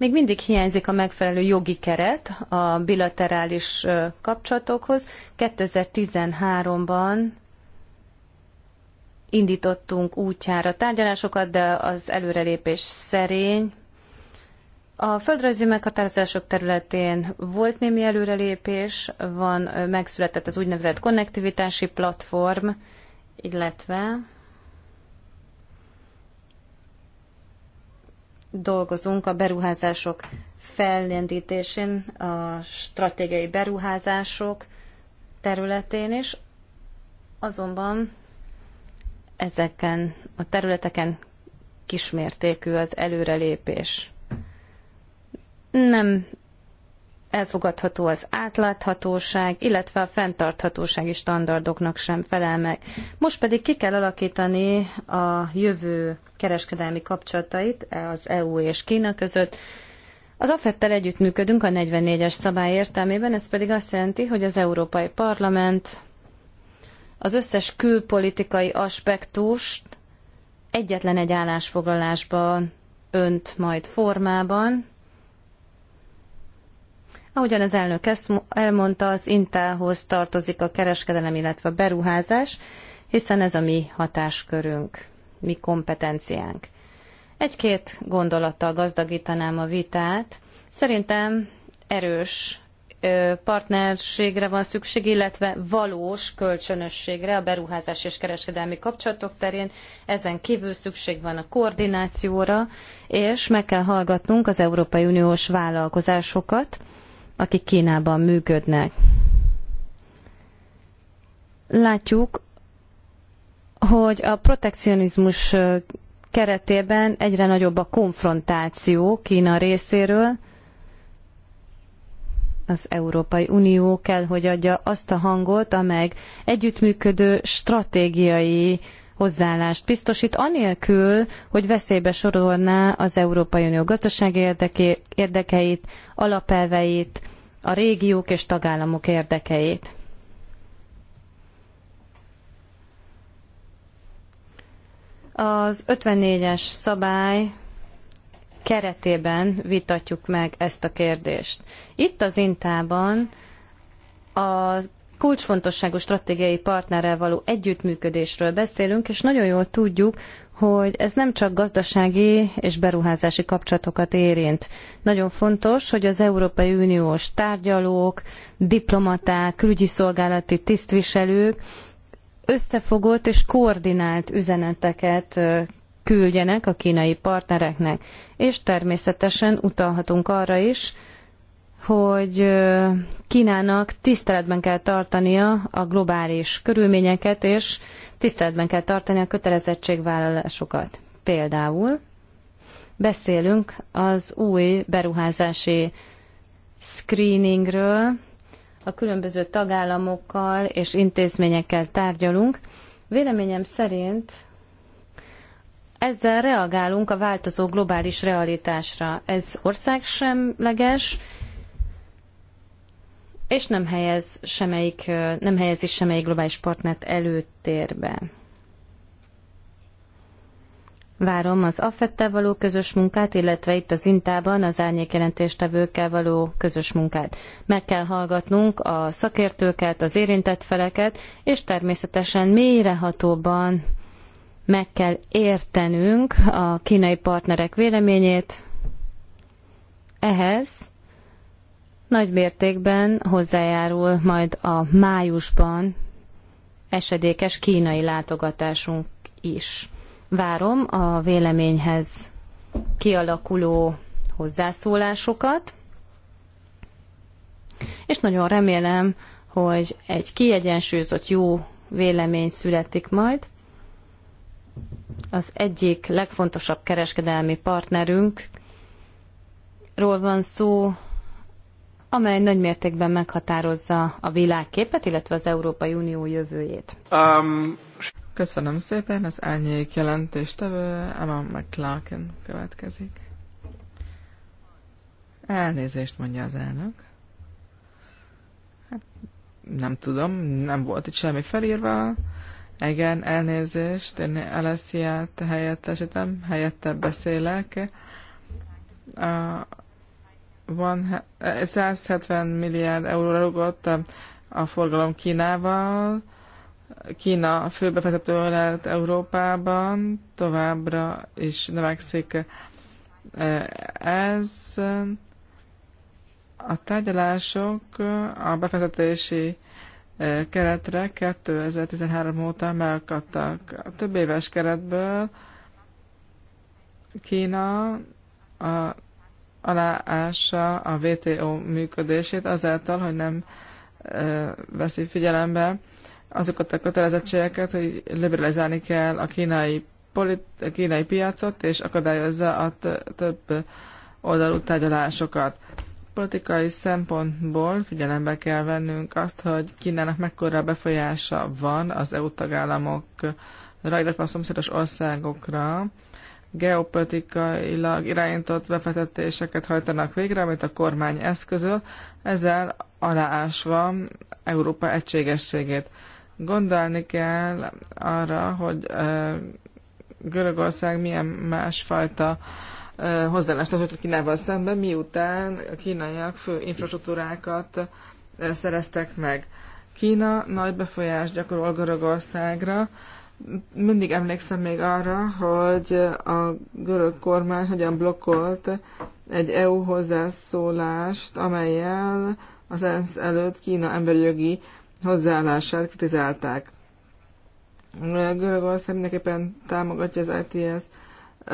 még mindig hiányzik a megfelelő jogi keret a bilaterális kapcsolatokhoz. 2013-ban indítottunk útjára tárgyalásokat, de az előrelépés szerény. A földrajzi meghatározások területén volt némi előrelépés, van, megszületett az úgynevezett konnektivitási platform, illetve dolgozunk a beruházások fellendítésén, a stratégiai beruházások területén is, azonban ezeken a területeken kismértékű az előrelépés. Nem elfogadható az átláthatóság, illetve a fenntarthatósági standardoknak sem felel meg. Most pedig ki kell alakítani a jövő kereskedelmi kapcsolatait az EU és Kína között. Az AFET-tel együttműködünk a 44-es szabály értelmében, ez pedig azt jelenti, hogy az Európai Parlament az összes külpolitikai aspektust egyetlen egy állásfoglalásban önt majd formában, Ahogyan az elnök ezt elmondta, az Intelhoz tartozik a kereskedelem, illetve a beruházás, hiszen ez a mi hatáskörünk, mi kompetenciánk. Egy-két gondolattal gazdagítanám a vitát. Szerintem erős partnerségre van szükség, illetve valós kölcsönösségre a beruházás és kereskedelmi kapcsolatok terén. Ezen kívül szükség van a koordinációra, és meg kell hallgatnunk az Európai Uniós vállalkozásokat, akik Kínában működnek. Látjuk, hogy a protekcionizmus keretében egyre nagyobb a konfrontáció Kína részéről. Az Európai Unió kell, hogy adja azt a hangot, amely együttműködő stratégiai hozzáállást biztosít, anélkül, hogy veszélybe sorolná az Európai Unió gazdasági érdeké, érdekeit, alapelveit, a régiók és tagállamok érdekeit. Az 54-es szabály keretében vitatjuk meg ezt a kérdést. Itt az Intában a kulcsfontosságú stratégiai partnerrel való együttműködésről beszélünk, és nagyon jól tudjuk, hogy ez nem csak gazdasági és beruházási kapcsolatokat érint. Nagyon fontos, hogy az Európai Uniós tárgyalók, diplomaták, külügyi szolgálati tisztviselők összefogott és koordinált üzeneteket küldjenek a kínai partnereknek. És természetesen utalhatunk arra is, hogy Kínának tiszteletben kell tartania a globális körülményeket, és tiszteletben kell tartani a kötelezettségvállalásokat. Például beszélünk az új beruházási screeningről, a különböző tagállamokkal és intézményekkel tárgyalunk. Véleményem szerint ezzel reagálunk a változó globális realitásra. Ez országsemleges, és nem helyez semmelyik, nem helyezi semmelyik globális partnert előtérbe. Várom az affettel való közös munkát, illetve itt az Intában az árnyékjelentéstevőkkel való közös munkát. Meg kell hallgatnunk a szakértőket, az érintett feleket, és természetesen mélyrehatóban meg kell értenünk a kínai partnerek véleményét. Ehhez nagy mértékben hozzájárul majd a májusban esedékes kínai látogatásunk is. Várom a véleményhez kialakuló hozzászólásokat, és nagyon remélem, hogy egy kiegyensúlyozott jó vélemény születik majd. Az egyik legfontosabb kereskedelmi partnerünkről van szó, amely nagymértékben meghatározza a világképet, illetve az Európai Unió jövőjét. Um... Köszönöm szépen, az árnyék jelentéstevő Emma McClarken következik. Elnézést mondja az elnök. Hát, nem tudom, nem volt itt semmi felírva. Igen, elnézést, én Alessiát helyettesítem, helyette beszélek. A van 170 eh, milliárd euróra rúgott a forgalom Kínával. Kína főbefektető lehet Európában, továbbra is növekszik eh, ez. A tárgyalások a befektetési eh, keretre 2013 óta megakadtak. A több éves keretből Kína a aláássa a WTO működését azáltal, hogy nem veszi figyelembe azokat a kötelezettségeket, hogy liberalizálni kell a kínai, polit, a kínai piacot, és akadályozza a több oldalú tárgyalásokat. Politikai szempontból figyelembe kell vennünk azt, hogy Kínának mekkora befolyása van az EU tagállamokra, illetve a szomszédos országokra, geopolitikailag irányított befektetéseket hajtanak végre, amit a kormány eszközöl, ezzel aláásva Európa egységességét. Gondolni kell arra, hogy Görögország milyen másfajta hozzáállást a Kínával szemben, miután a kínaiak fő infrastruktúrákat szereztek meg. Kína nagy befolyást gyakorol Görögországra, mindig emlékszem még arra, hogy a görög kormány hogyan blokkolt egy EU hozzászólást, amelyel az ENSZ előtt Kína emberi jogi hozzáállását kritizálták. Görögország mindenképpen támogatja az ITS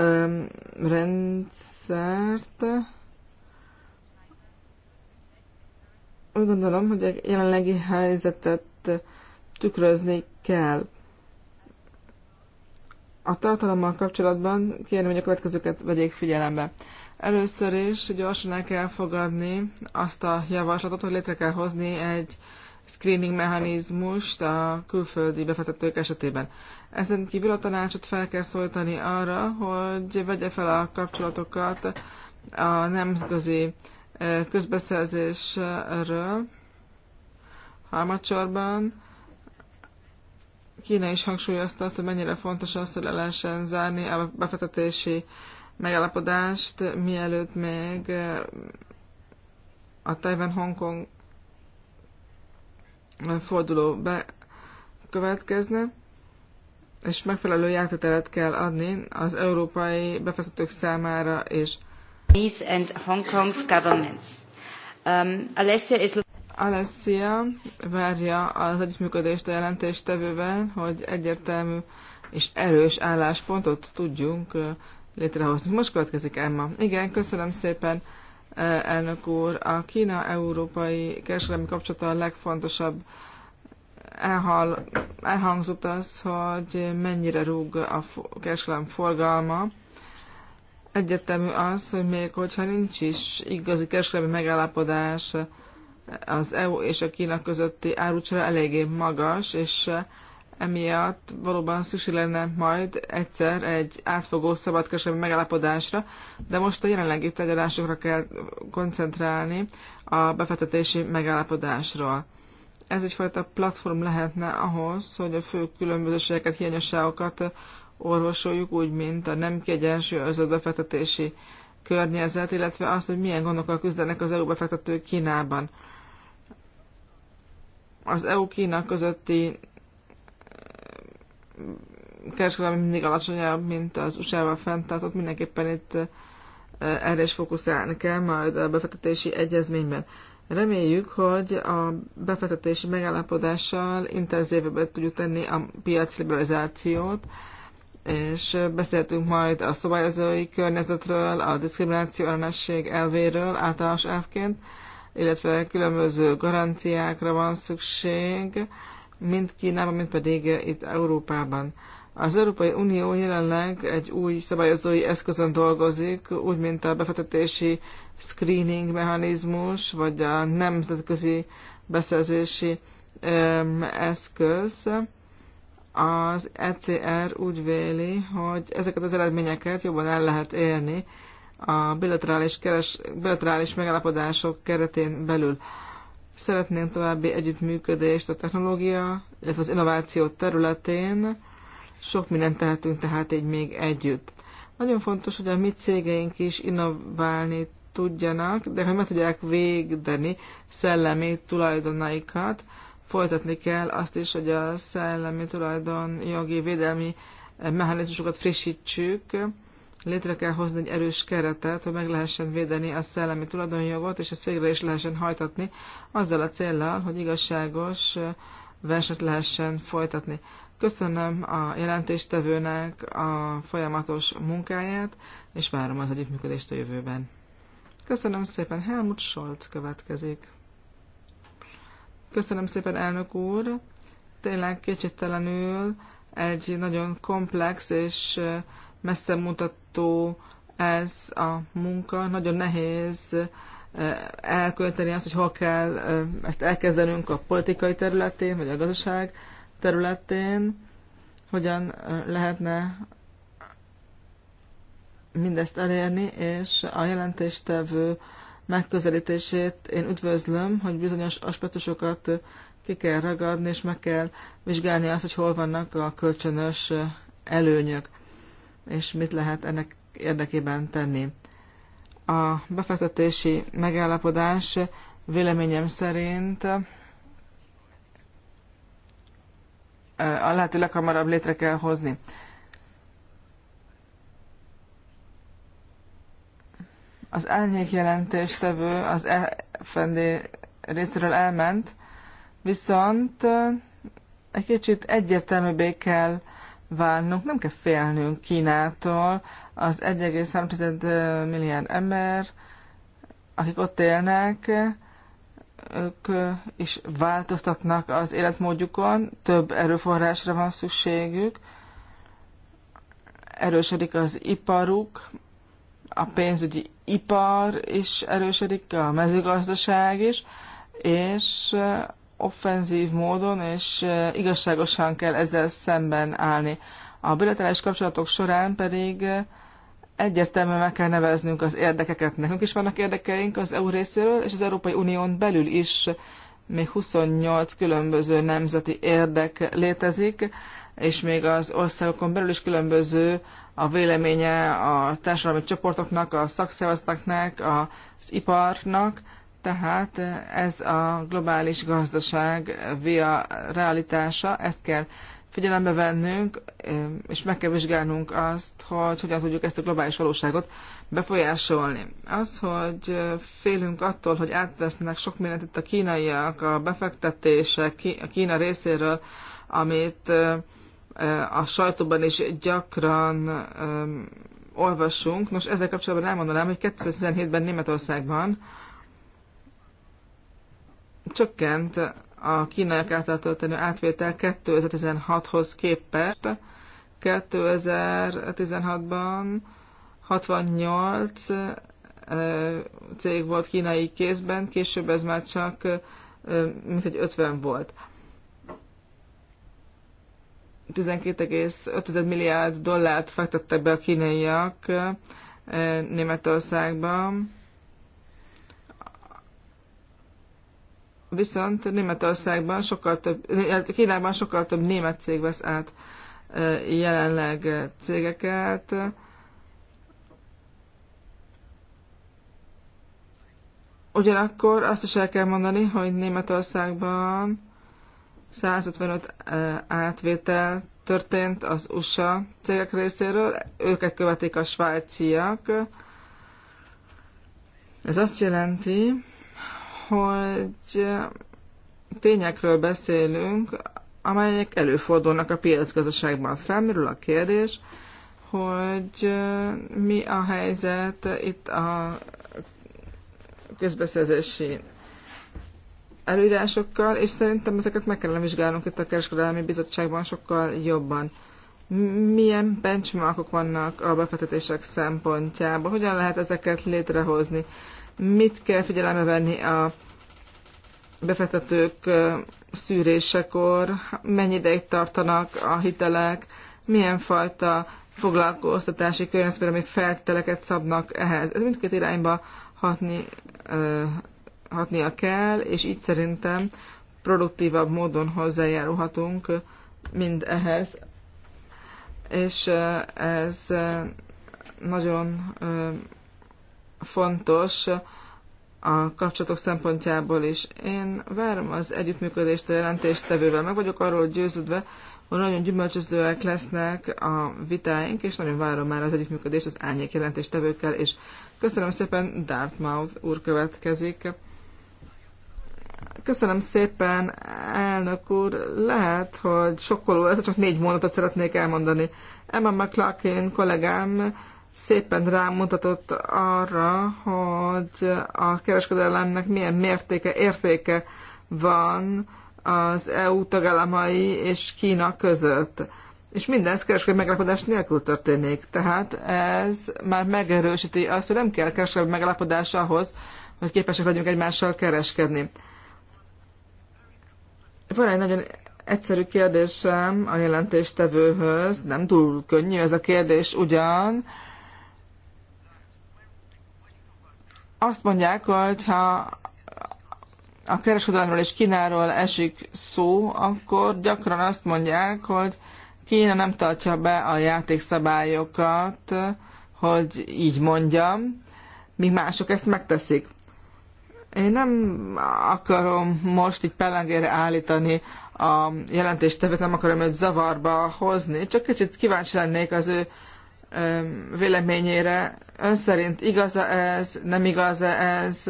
um, rendszert. Úgy gondolom, hogy a jelenlegi helyzetet tükrözni kell. A tartalommal kapcsolatban kérném, hogy a következőket vegyék figyelembe. Először is gyorsan el kell fogadni azt a javaslatot, hogy létre kell hozni egy screening mechanizmust a külföldi befektetők esetében. Ezen kívül a tanácsot fel kell szólítani arra, hogy vegye fel a kapcsolatokat a nemzetközi eh, közbeszerzésről. Harmadsorban Kína is hangsúlyozta azt, hogy mennyire fontos az, hogy le lehessen zárni a befektetési megállapodást, mielőtt még a Taiwan-Hongkong forduló bekövetkezne, és megfelelő játéteret kell adni az európai befektetők számára és. and Hong Kong's governments. Um, Alessia is Alessia várja az együttműködést a jelentéstevővel, hogy egyértelmű és erős álláspontot tudjunk létrehozni. Most következik Emma. Igen, köszönöm szépen, elnök úr. A Kína-európai kereskedelmi kapcsolata a legfontosabb elhal, elhangzott az, hogy mennyire rúg a kereskedelem forgalma. Egyértelmű az, hogy még hogyha nincs is igazi kereskedelmi megállapodás az EU és a Kína közötti árucsere eléggé magas, és eh, emiatt valóban szükség lenne majd egyszer egy átfogó szabadkereskedelmi megállapodásra, de most a jelenlegi tárgyalásokra kell koncentrálni a befektetési megállapodásról. Ez egyfajta platform lehetne ahhoz, hogy a fő különbözőségeket, hiányosságokat orvosoljuk úgy, mint a nem kiegyensúlyozott befektetési környezet, illetve az, hogy milyen gondokkal küzdenek az EU befektetők Kínában. Az EU-Kína közötti eh, kereskedelmi mindig alacsonyabb, mint az USA-val ott mindenképpen itt eh, erre is fókuszálni kell majd a befektetési egyezményben. Reméljük, hogy a befektetési megállapodással intenzívebbé tudjuk tenni a piac liberalizációt, és beszéltünk majd a szabályozói környezetről, a diszkrimináció ellenesség elvéről általános elvként, illetve különböző garanciákra van szükség, mind Kínában, mind pedig itt Európában. Az Európai Unió jelenleg egy új szabályozói eszközön dolgozik, úgy, mint a befektetési screening mechanizmus, vagy a nemzetközi beszerzési eszköz. Az ECR úgy véli, hogy ezeket az eredményeket jobban el lehet érni, a bilaterális, keres, bilaterális megállapodások keretén belül. Szeretnénk további együttműködést a technológia, illetve az innováció területén. Sok mindent tehetünk tehát így még együtt. Nagyon fontos, hogy a mi cégeink is innoválni tudjanak, de hogy meg tudják végdeni szellemi tulajdonaikat, folytatni kell azt is, hogy a szellemi tulajdon jogi védelmi mechanizmusokat frissítsük, létre kell hozni egy erős keretet, hogy meg lehessen védeni a szellemi tulajdonjogot, és ezt végre is lehessen hajtatni, azzal a céllal, hogy igazságos verset lehessen folytatni. Köszönöm a jelentéstevőnek a folyamatos munkáját, és várom az együttműködést a jövőben. Köszönöm szépen, Helmut Scholz következik. Köszönöm szépen, elnök úr. Tényleg kétségtelenül egy nagyon komplex és messze mutató ez a munka, nagyon nehéz eh, elkölteni azt, hogy hol kell eh, ezt elkezdenünk a politikai területén, vagy a gazdaság területén, hogyan eh, lehetne mindezt elérni, és a jelentéstevő megközelítését én üdvözlöm, hogy bizonyos aspektusokat ki kell ragadni, és meg kell vizsgálni azt, hogy hol vannak a kölcsönös előnyök és mit lehet ennek érdekében tenni. A befektetési megállapodás véleményem szerint a lehető leghamarabb létre kell hozni. Az elnyék jelentéstevő az FND részéről elment, viszont egy kicsit egyértelműbbé kell válnunk, nem kell félnünk Kínától. Az 1,3 milliárd ember, akik ott élnek, ők is változtatnak az életmódjukon, több erőforrásra van szükségük, erősödik az iparuk, a pénzügyi ipar is erősödik, a mezőgazdaság is, és offenzív módon és igazságosan kell ezzel szemben állni. A bilaterális kapcsolatok során pedig egyértelműen meg kell neveznünk az érdekeket. Nekünk is vannak érdekeink az EU részéről, és az Európai Unión belül is még 28 különböző nemzeti érdek létezik, és még az országokon belül is különböző a véleménye a társadalmi csoportoknak, a szakszervezeteknek, az iparnak, tehát ez a globális gazdaság via realitása, ezt kell figyelembe vennünk, és meg kell vizsgálnunk azt, hogy hogyan tudjuk ezt a globális valóságot befolyásolni. Az, hogy félünk attól, hogy átvesznek sok mindent itt a kínaiak, a befektetések a Kína részéről, amit eh, a sajtóban is gyakran eh, olvasunk. Nos, ezzel kapcsolatban elmondanám, hogy 2017-ben Németországban csökkent a kínaiak által történő átvétel 2016-hoz képest. 2016-ban 68 cég volt kínai kézben, később ez már csak mintegy 50 volt. 12,5 milliárd dollárt fektettek be a kínaiak Németországban, viszont Németországban sokkal több, Kínában sokkal több német cég vesz át jelenleg cégeket. Ugyanakkor azt is el kell mondani, hogy Németországban 155 átvétel történt az USA cégek részéről, őket követik a svájciak. Ez azt jelenti, hogy tényekről beszélünk, amelyek előfordulnak a piacgazdaságban. Felmerül a kérdés, hogy mi a helyzet itt a közbeszerzési előírásokkal, és szerintem ezeket meg kellene vizsgálnunk itt a Kereskedelmi Bizottságban sokkal jobban. Milyen benchmarkok vannak a befektetések szempontjában? Hogyan lehet ezeket létrehozni? mit kell figyelembe venni a befektetők szűrésekor, mennyi ideig tartanak a hitelek, milyen fajta foglalkoztatási ami feltételeket szabnak ehhez. Ez mindkét irányba hatni, hatnia kell, és így szerintem produktívabb módon hozzájárulhatunk mind ehhez. És ez nagyon fontos a kapcsolatok szempontjából is. Én várom az együttműködést a jelentéstevővel. Meg vagyok arról győződve, hogy nagyon gyümölcsözőek lesznek a vitáink, és nagyon várom már az együttműködést az árnyék jelentéstevőkkel, és köszönöm szépen, Dartmouth úr következik. Köszönöm szépen, elnök úr. Lehet, hogy sokkoló, ez csak négy mondatot szeretnék elmondani. Emma McLaughlin kollégám szépen rámutatott arra, hogy a kereskedelemnek milyen mértéke, értéke van az EU tagállamai és Kína között. És mindez kereskedelmi megállapodás nélkül történik. Tehát ez már megerősíti azt, hogy nem kell kereskedelmi megállapodás ahhoz, hogy képesek legyünk egymással kereskedni. Van egy nagyon egyszerű kérdésem a jelentéstevőhöz, nem túl könnyű ez a kérdés ugyan, Azt mondják, hogy ha a kereskedelemről és Kínáról esik szó, akkor gyakran azt mondják, hogy Kína nem tartja be a játékszabályokat, hogy így mondjam, míg mások ezt megteszik. Én nem akarom most így pellengére állítani a jelentéstevőt, nem akarom őt zavarba hozni, csak kicsit kíváncsi lennék az ő véleményére. Ön szerint igaz -e ez, nem igaz -e ez,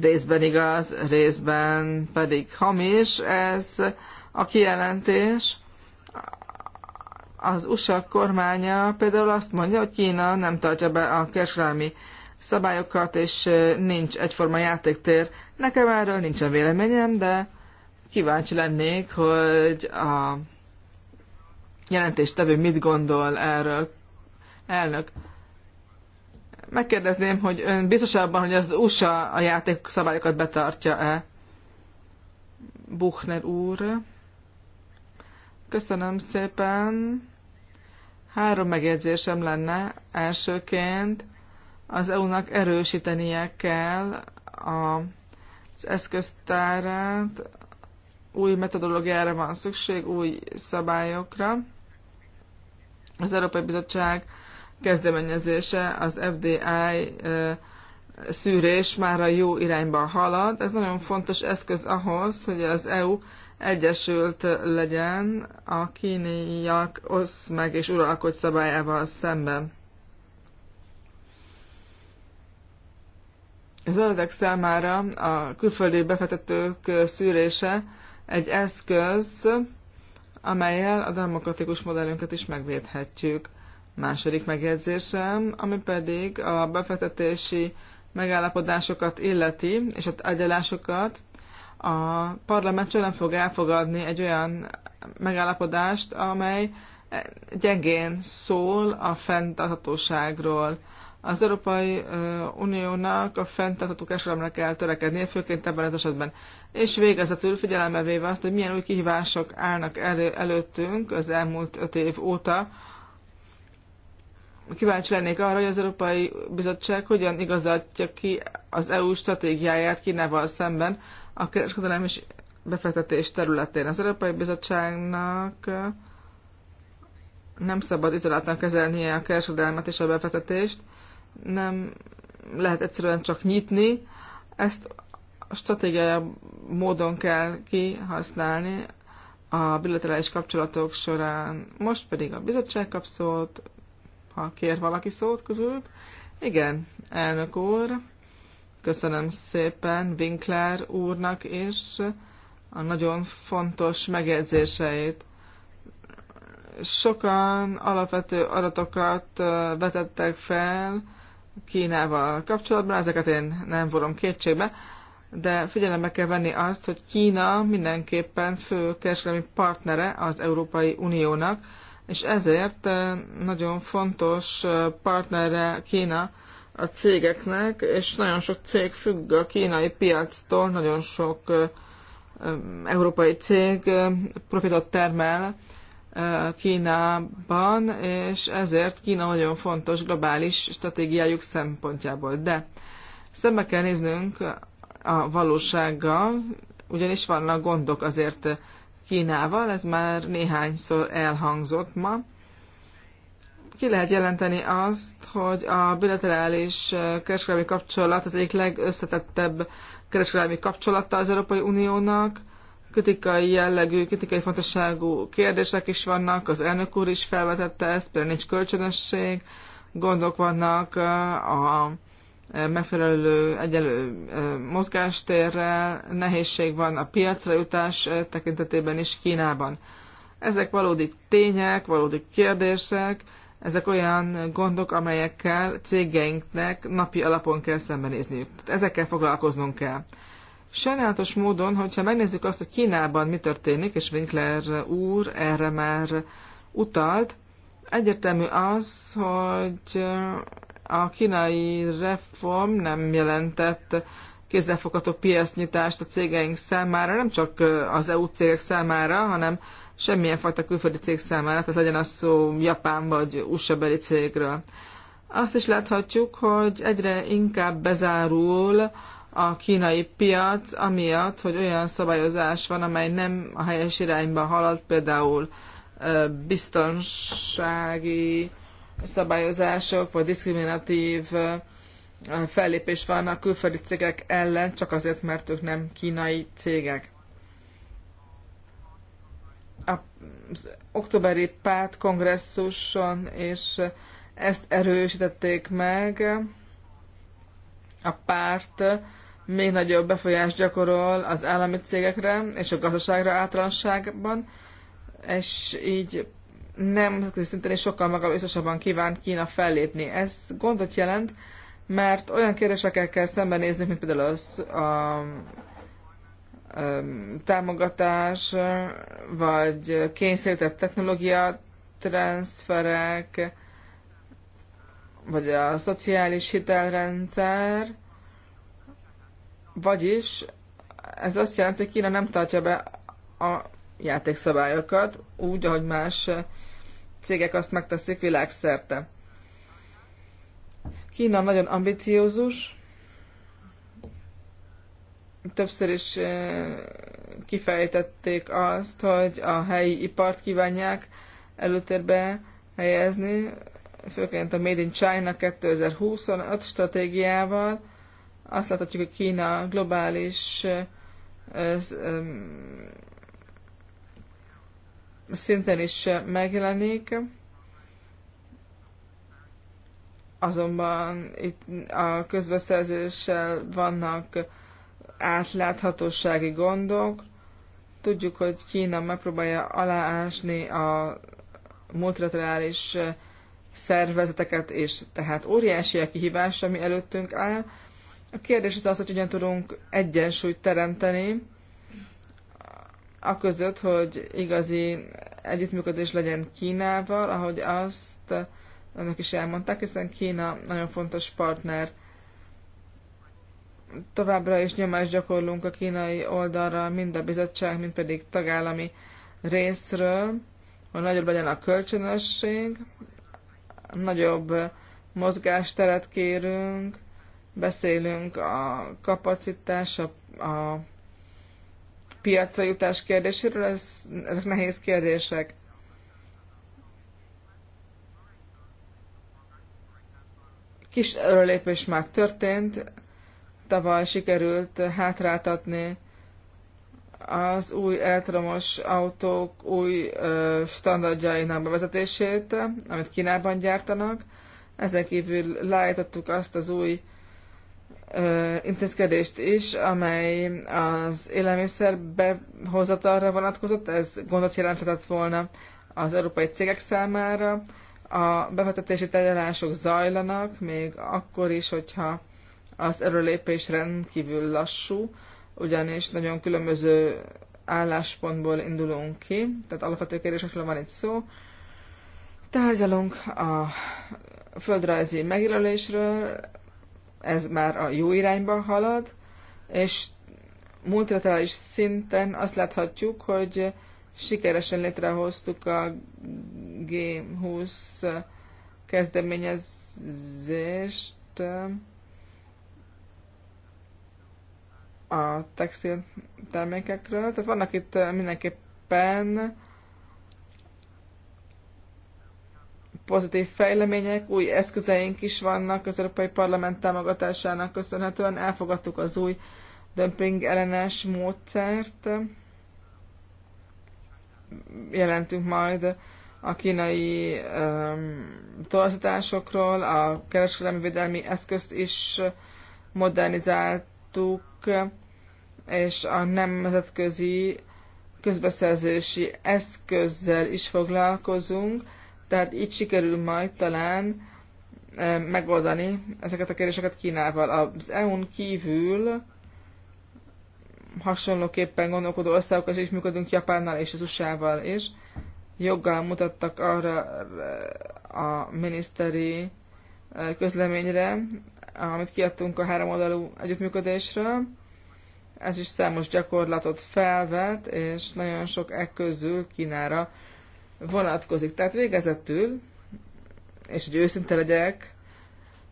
részben igaz, részben pedig hamis ez a kijelentés. Az USA kormánya például azt mondja, hogy Kína nem tartja be a kereskedelmi szabályokat, és nincs egyforma játéktér. Nekem erről nincsen véleményem, de kíváncsi lennék, hogy a jelentéstevő mit gondol erről. Elnök, megkérdezném, hogy ön biztos abban, hogy az USA a játék szabályokat betartja-e? Buchner úr. Köszönöm szépen. Három megjegyzésem lenne. Elsőként az EU-nak erősítenie kell a, az eszköztárát, új metodológiára van szükség, új szabályokra. Az Európai Bizottság kezdeményezése, az FDI szűrés már a jó irányba halad. Ez nagyon fontos eszköz ahhoz, hogy az EU egyesült legyen a kínaiak osz meg és uralkodj szabályával szemben. Az öldek számára a külföldi befektetők szűrése egy eszköz, amelyel a demokratikus modellünket is megvédhetjük. Második megjegyzésem, ami pedig a befektetési megállapodásokat illeti, és a tárgyalásokat, a parlament nem fog elfogadni egy olyan megállapodást, amely gyengén szól a fenntarthatóságról. Az Európai Uniónak a fenntartható kereskedelemre kell törekednie, főként ebben az esetben. És végezetül figyelembe véve azt, hogy milyen új kihívások állnak elő, előttünk az elmúlt öt év óta, kíváncsi lennék arra, hogy az Európai Bizottság hogyan igazatja ki az EU stratégiáját Kínával szemben a kereskedelem és befektetés területén. Az Európai Bizottságnak nem szabad izoláltan kezelnie a kereskedelmet és a befektetést, nem lehet egyszerűen csak nyitni, ezt a stratégiai módon kell kihasználni a bilaterális kapcsolatok során. Most pedig a bizottság kap ha kér valaki szót közülük. Igen, elnök úr, köszönöm szépen Winkler úrnak és a nagyon fontos megjegyzéseit. Sokan alapvető adatokat vetettek fel Kínával kapcsolatban, ezeket én nem vorom kétségbe, de figyelembe kell venni azt, hogy Kína mindenképpen fő kereskedelmi partnere az Európai Uniónak, és ezért eh, nagyon fontos eh, partnere Kína a cégeknek, és nagyon sok cég függ a kínai piactól, nagyon sok eh, európai cég profitot termel Kínában, és ezért Kína nagyon fontos globális stratégiájuk szempontjából. De szembe kell néznünk a valósággal, ugyanis vannak gondok azért Kínával, ez már néhányszor elhangzott ma. Ki lehet jelenteni azt, hogy a bilaterális eh, kereskedelmi kapcsolat az egyik legösszetettebb kereskedelmi kapcsolata az Európai Uniónak. Kritikai jellegű, kritikai fontosságú kérdések is vannak, az elnök úr is felvetette ezt, például nincs kölcsönösség, gondok vannak eh, a megfelelő egyelő mozgástérrel, nehézség van a piacra jutás tekintetében is Kínában. Ezek valódi tények, valódi kérdések, ezek olyan gondok, amelyekkel cégeinknek napi alapon kell szembenézniük. Tehát ezekkel foglalkoznunk kell. Sajnálatos módon, hogyha megnézzük azt, hogy Kínában mi történik, és Winkler úr erre már utalt, egyértelmű az, hogy a kínai reform nem jelentett kézzelfogható piacnyitást a cégeink számára, nem csak az EU cégek számára, hanem semmilyen fajta külföldi cég számára, tehát legyen az szó japán vagy USA beli cégről. Azt is láthatjuk, hogy egyre inkább bezárul a kínai piac, amiatt, hogy olyan szabályozás van, amely nem a helyes irányba halad, például biztonsági szabályozások vagy diszkriminatív fellépés van a külföldi cégek ellen, csak azért, mert ők nem kínai cégek. Az októberi párt kongresszuson és ezt erősítették meg. A párt még nagyobb befolyást gyakorol az állami cégekre és a gazdaságra általánosságban, és így nemzetközi szinten is sokkal magabiztosabban kíván Kína fellépni. Ez gondot jelent, mert olyan kérdésekkel kell szembenézni, mint például az a, a, a támogatás, vagy kényszerített technológia, transferek, vagy a szociális hitelrendszer, vagyis ez azt jelenti, hogy Kína nem tartja be a játékszabályokat, úgy, ahogy más cégek azt megteszik világszerte. Kína nagyon ambiciózus, többször is eh, kifejtették azt, hogy a helyi ipart kívánják előtérbe helyezni, főként a Made in China 2025 stratégiával. Azt láthatjuk, hogy Kína globális eh, szinten is megjelenik, azonban itt a közbeszerzéssel vannak átláthatósági gondok. Tudjuk, hogy Kína megpróbálja aláásni a multilaterális szervezeteket, és tehát óriási a kihívás, ami előttünk áll. A kérdés az az, hogy hogyan tudunk egyensúlyt teremteni a között, hogy igazi együttműködés legyen Kínával, ahogy azt önök is elmondták, hiszen Kína nagyon fontos partner. Továbbra is nyomást gyakorlunk a kínai oldalra, mind a bizottság, mind pedig tagállami részről, hogy nagyobb legyen a kölcsönösség, nagyobb mozgásteret kérünk, beszélünk a kapacitás, a, a piacra jutás kérdéséről, ez, ezek nehéz kérdések. Kis előlépés már történt, tavaly sikerült hátráltatni az új elektromos autók új standardjainak bevezetését, amit Kínában gyártanak. Ezen kívül leállítottuk azt az új intézkedést is, amely az élelmiszer behozatalra vonatkozott, ez gondot jelenthetett volna az európai cégek számára. A befektetési tárgyalások zajlanak, még akkor is, hogyha az erőlépés rendkívül lassú, ugyanis nagyon különböző álláspontból indulunk ki, tehát alapvető kérdésekről van itt szó. Tárgyalunk a földrajzi megjelölésről, ez már a jó irányba halad, és multilaterális szinten azt láthatjuk, hogy sikeresen létrehoztuk a G20 kezdeményezést a textil termékekről. Tehát vannak itt mindenképpen pozitív fejlemények, új eszközeink is vannak az Európai Parlament támogatásának köszönhetően. Elfogadtuk az új dömping ellenes módszert. Jelentünk majd a kínai um, torzításokról, a kereskedelmi védelmi eszközt is modernizáltuk, és a nemzetközi közbeszerzési eszközzel is foglalkozunk tehát így sikerül majd talán megoldani ezeket a kérdéseket Kínával. Az EU-n kívül hasonlóképpen gondolkodó országok is működünk Japánnal és az USA-val is. Joggal mutattak arra a miniszteri közleményre, amit kiadtunk a három oldalú együttműködésről. Ez is számos gyakorlatot felvet, és nagyon sok e közül Kínára vonatkozik. Tehát végezetül, és hogy őszinte legyek,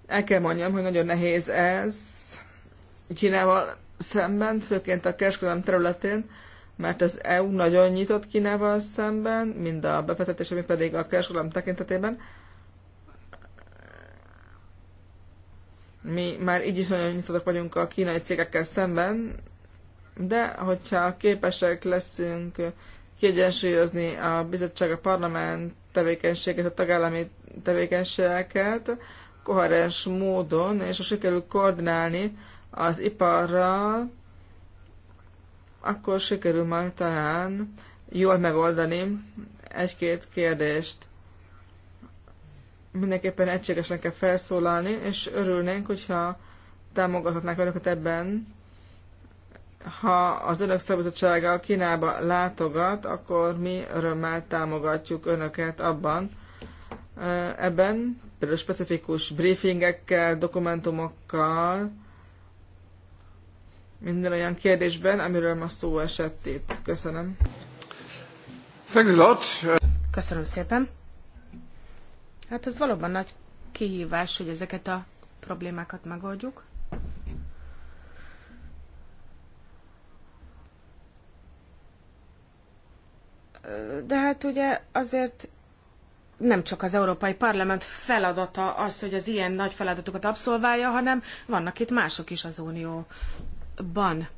el kell mondjam, hogy nagyon nehéz ez Kínával szemben, főként a kereskedelem területén, mert az EU nagyon nyitott Kínával szemben, mind a befektetés, ami pedig a kereskedelem tekintetében. Mi már így is nagyon nyitottak vagyunk a kínai cégekkel szemben, de hogyha képesek leszünk kiegyensúlyozni a bizottság, a parlament tevékenységet, a tagállami tevékenységeket koherens módon, és ha sikerül koordinálni az iparral, akkor sikerül majd talán jól megoldani egy-két kérdést. Mindenképpen egységesen kell felszólalni, és örülnénk, hogyha támogathatnák önöket ebben, ha az önök szabadsága Kínába látogat, akkor mi örömmel támogatjuk önöket abban, ebben, például specifikus briefingekkel, dokumentumokkal, minden olyan kérdésben, amiről ma szó esett itt. Köszönöm. Thanks a lot. Köszönöm szépen. Hát ez valóban nagy kihívás, hogy ezeket a problémákat megoldjuk. De hát ugye azért nem csak az Európai Parlament feladata az, hogy az ilyen nagy feladatokat abszolválja, hanem vannak itt mások is az Unióban.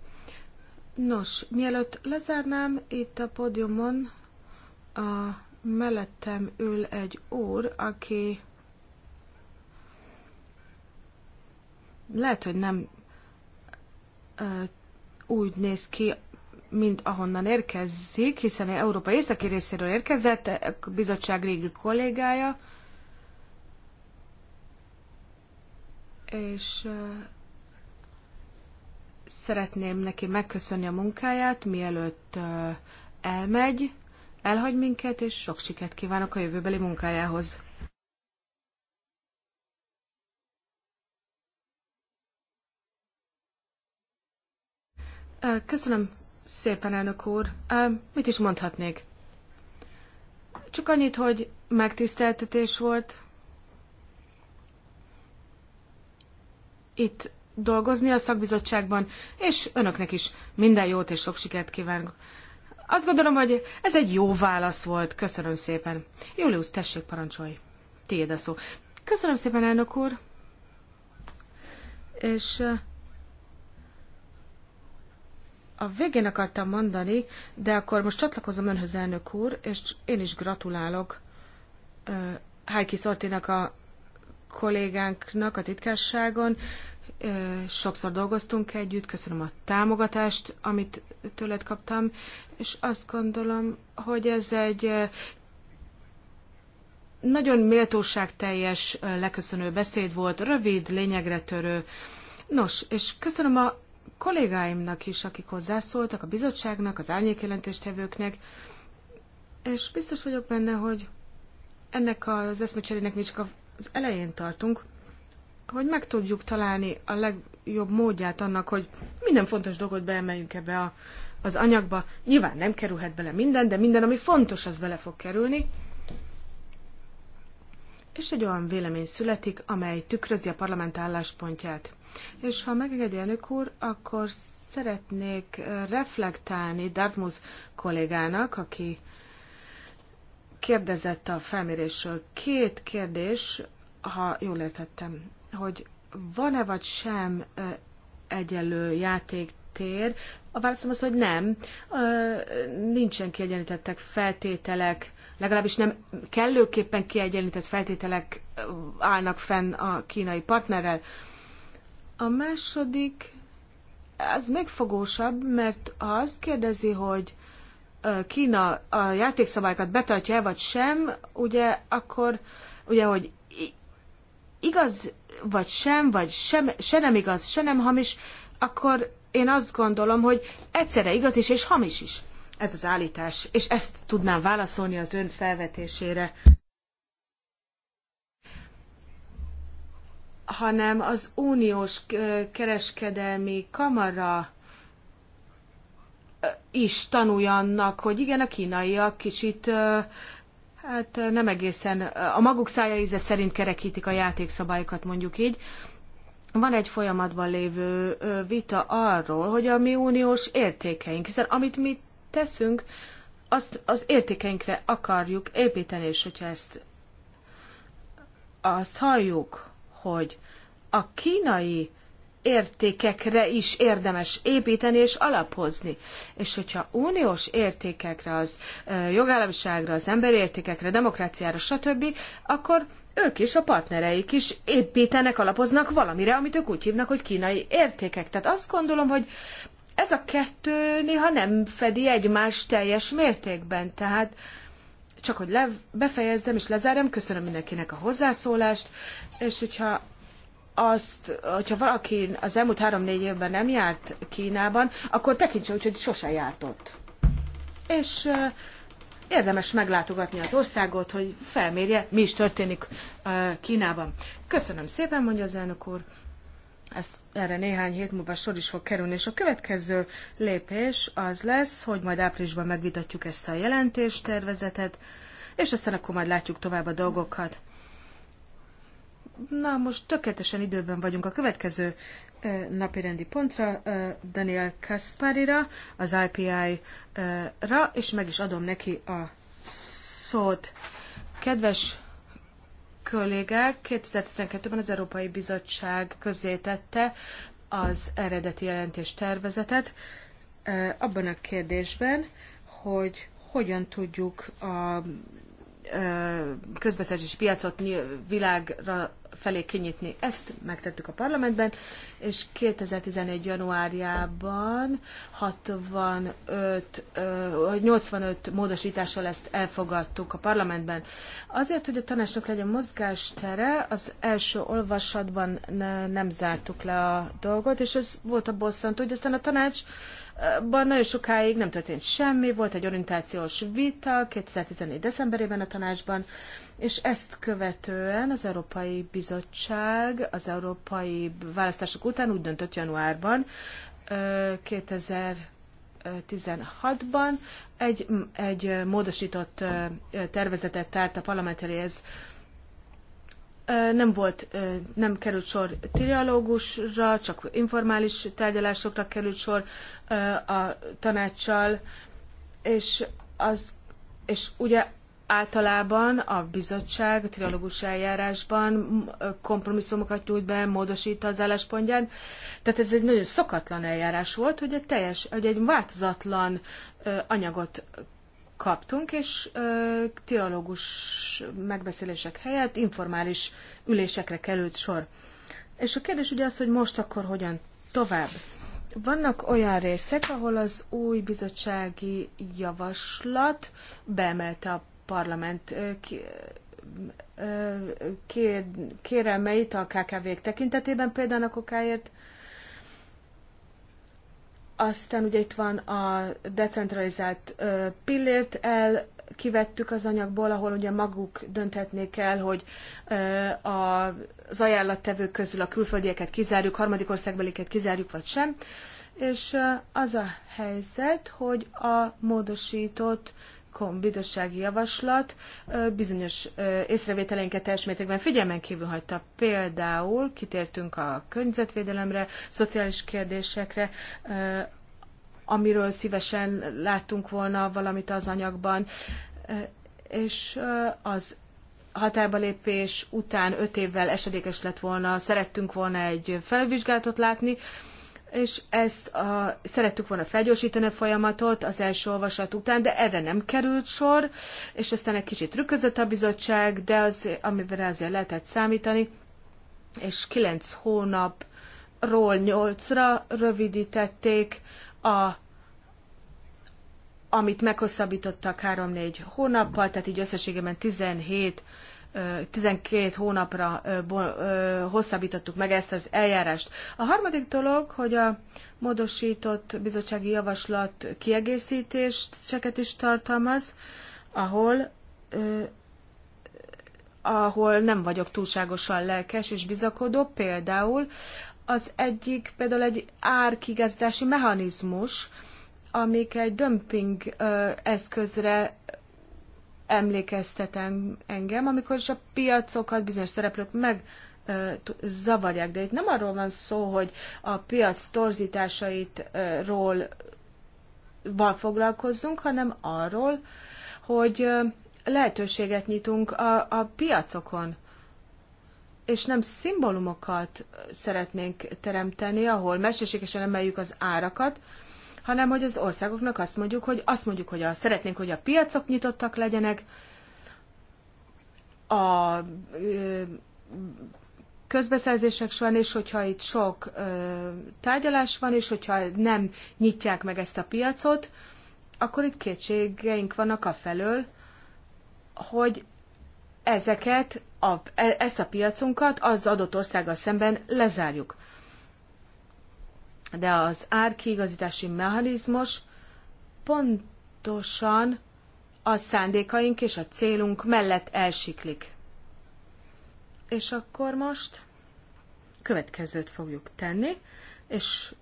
Nos, mielőtt lezárnám itt a podiumon, a mellettem ül egy úr, aki lehet, hogy nem ö, úgy néz ki, mint ahonnan érkezik, hiszen Európa északi részéről érkezett, a e, bizottság régi kollégája, és szeretném neki megköszönni a munkáját, mielőtt elmegy, elhagy minket, és sok sikert kívánok a jövőbeli munkájához. Köszönöm szépen, elnök úr. Mit is mondhatnék? Csak annyit, hogy megtiszteltetés volt itt dolgozni a szakbizottságban, és önöknek is minden jót és sok sikert kívánok. Azt gondolom, hogy ez egy jó válasz volt. Köszönöm szépen. Julius, tessék, parancsolj. Tiéd a szó. Köszönöm szépen, elnök úr. És a végén akartam mondani, de akkor most csatlakozom önhöz, elnök úr, és én is gratulálok uh, Heike Szortinak a kollégánknak a titkásságon. Uh, sokszor dolgoztunk együtt, köszönöm a támogatást, amit tőled kaptam, és azt gondolom, hogy ez egy uh, nagyon méltóságteljes, leköszönő beszéd volt, rövid, lényegre törő. Nos, és köszönöm a kollégáimnak is, akik hozzászóltak, a bizottságnak, az árnyékjelentéstevőknek, és biztos vagyok benne, hogy ennek az eszmecserének mi csak az elején tartunk, hogy meg tudjuk találni a legjobb módját annak, hogy minden fontos dolgot beemeljünk ebbe a, az anyagba. Nyilván nem kerülhet bele minden, de minden, ami fontos, az bele fog kerülni. És egy olyan vélemény születik, amely tükrözi a parlament álláspontját. És ha megengedi elnök úr, akkor szeretnék reflektálni Dartmouth kollégának, aki kérdezett a felmérésről. Két kérdés, ha jól értettem, hogy van-e vagy sem egyenlő játéktér? A válaszom az, hogy nem. Nincsen kiegyenlítettek feltételek, legalábbis nem kellőképpen kiegyenlített feltételek állnak fenn a kínai partnerrel a második, az megfogósabb, mert ha azt kérdezi, hogy Kína a játékszabályokat betartja-e vagy sem, ugye akkor, ugye, hogy igaz vagy sem, vagy sem, se nem igaz, se nem hamis, akkor én azt gondolom, hogy egyszerre igaz is, és hamis is. Ez az állítás, és ezt tudnám válaszolni az ön felvetésére. hanem az uniós kereskedelmi kamara is tanuljannak, hogy igen, a kínaiak kicsit hát nem egészen a maguk szája íze szerint kerekítik a játékszabályokat, mondjuk így. Van egy folyamatban lévő vita arról, hogy a mi uniós értékeink, hiszen amit mi teszünk, azt az értékeinkre akarjuk építeni, és hogyha ezt azt halljuk, hogy a kínai értékekre is érdemes építeni és alapozni. És hogyha uniós értékekre, az jogállamiságra, az emberi értékekre, demokráciára, stb., akkor ők is, a partnereik is építenek, alapoznak valamire, amit ők úgy hívnak, hogy kínai értékek. Tehát azt gondolom, hogy ez a kettő néha nem fedi egymást teljes mértékben. Tehát csak hogy le, befejezzem és lezárjam, köszönöm mindenkinek a hozzászólást, és hogyha azt, hogyha valaki az elmúlt három-négy évben nem járt Kínában, akkor tekintse úgy, hogy sose járt ott. És eh, érdemes meglátogatni az országot, hogy felmérje, mi is történik uh, Kínában. Köszönöm szépen, mondja az elnök úr ez, erre néhány hét múlva sor is fog kerülni, és a következő lépés az lesz, hogy majd áprilisban megvitatjuk ezt a jelentéstervezetet, és aztán akkor majd látjuk tovább a dolgokat. Na, most tökéletesen időben vagyunk a következő napi rendi pontra, Daniel Kasparira, az IPI-ra, és meg is adom neki a szót. Kedves kollégák 2012-ben az Európai Bizottság tette az eredeti jelentés tervezetet abban a kérdésben, hogy hogyan tudjuk a közbeszerzési piacot világra felé kinyitni. Ezt megtettük a parlamentben, és 2011 januárjában 65, 85 módosítással ezt elfogadtuk a parlamentben. Azért, hogy a tanácsnak legyen mozgástere, az első olvasatban nem zártuk le a dolgot, és ez volt a bosszantó, hogy aztán a tanács ban nagyon sokáig nem történt semmi, volt egy orientációs vita 2014. decemberében a tanácsban, és ezt követően az Európai Bizottság az európai választások után úgy döntött januárban, 2016-ban egy, egy módosított tervezetet tárt a parlament nem volt, nem került sor trialógusra, csak informális tárgyalásokra került sor a tanácssal, és, az, és ugye általában a bizottság a trialógus eljárásban kompromisszumokat nyújt be, módosít az álláspontját. Tehát ez egy nagyon szokatlan eljárás volt, hogy egy teljes, hogy egy változatlan anyagot kaptunk, és dialógus megbeszélések helyett informális ülésekre került sor. És a kérdés ugye az, hogy most akkor hogyan tovább. Vannak olyan részek, ahol az új bizottsági javaslat beemelte a parlament kérelmeit a KKV-k tekintetében, például a kokáért aztán ugye itt van a decentralizált pillért el, kivettük az anyagból, ahol ugye maguk dönthetnék el, hogy a az ajánlattevők közül a külföldieket kizárjuk, harmadik országbeliket kizárjuk, vagy sem. És az a helyzet, hogy a módosított bizottsági javaslat bizonyos észrevételeinket teljes mértékben figyelmen kívül hagyta. Például kitértünk a környezetvédelemre, szociális kérdésekre, amiről szívesen láttunk volna valamit az anyagban, és az hatályba lépés után öt évvel esedékes lett volna, szerettünk volna egy felvizsgálatot látni, és ezt a, szerettük volna felgyorsítani a folyamatot az első olvasat után, de erre nem került sor, és aztán egy kicsit rükközött a bizottság, de az, amivel azért lehetett számítani, és kilenc hónapról nyolcra rövidítették a amit meghosszabbítottak 3-4 hónappal, tehát így összességében 17 12 hónapra hosszabbítottuk meg ezt az eljárást. A harmadik dolog, hogy a módosított bizottsági javaslat kiegészítéseket is tartalmaz, ahol ahol nem vagyok túlságosan lelkes és bizakodó, például az egyik például egy árkigazdási mechanizmus, amik egy dömping eszközre emlékeztet engem, amikor is a piacokat bizonyos szereplők meg zavarják. De itt nem arról van szó, hogy a piac torzításaitról val foglalkozzunk, hanem arról, hogy lehetőséget nyitunk a, a piacokon, és nem szimbólumokat szeretnénk teremteni, ahol mesterségesen emeljük az árakat, hanem hogy az országoknak azt mondjuk, hogy azt mondjuk, hogy a, szeretnénk, hogy a piacok nyitottak legyenek, a ö, közbeszerzések során, és hogyha itt sok ö, tárgyalás van, és hogyha nem nyitják meg ezt a piacot, akkor itt kétségeink vannak a felől, hogy ezeket, a, e, ezt a piacunkat az adott országgal szemben lezárjuk de az árkiigazítási mechanizmus pontosan a szándékaink és a célunk mellett elsiklik. És akkor most következőt fogjuk tenni, és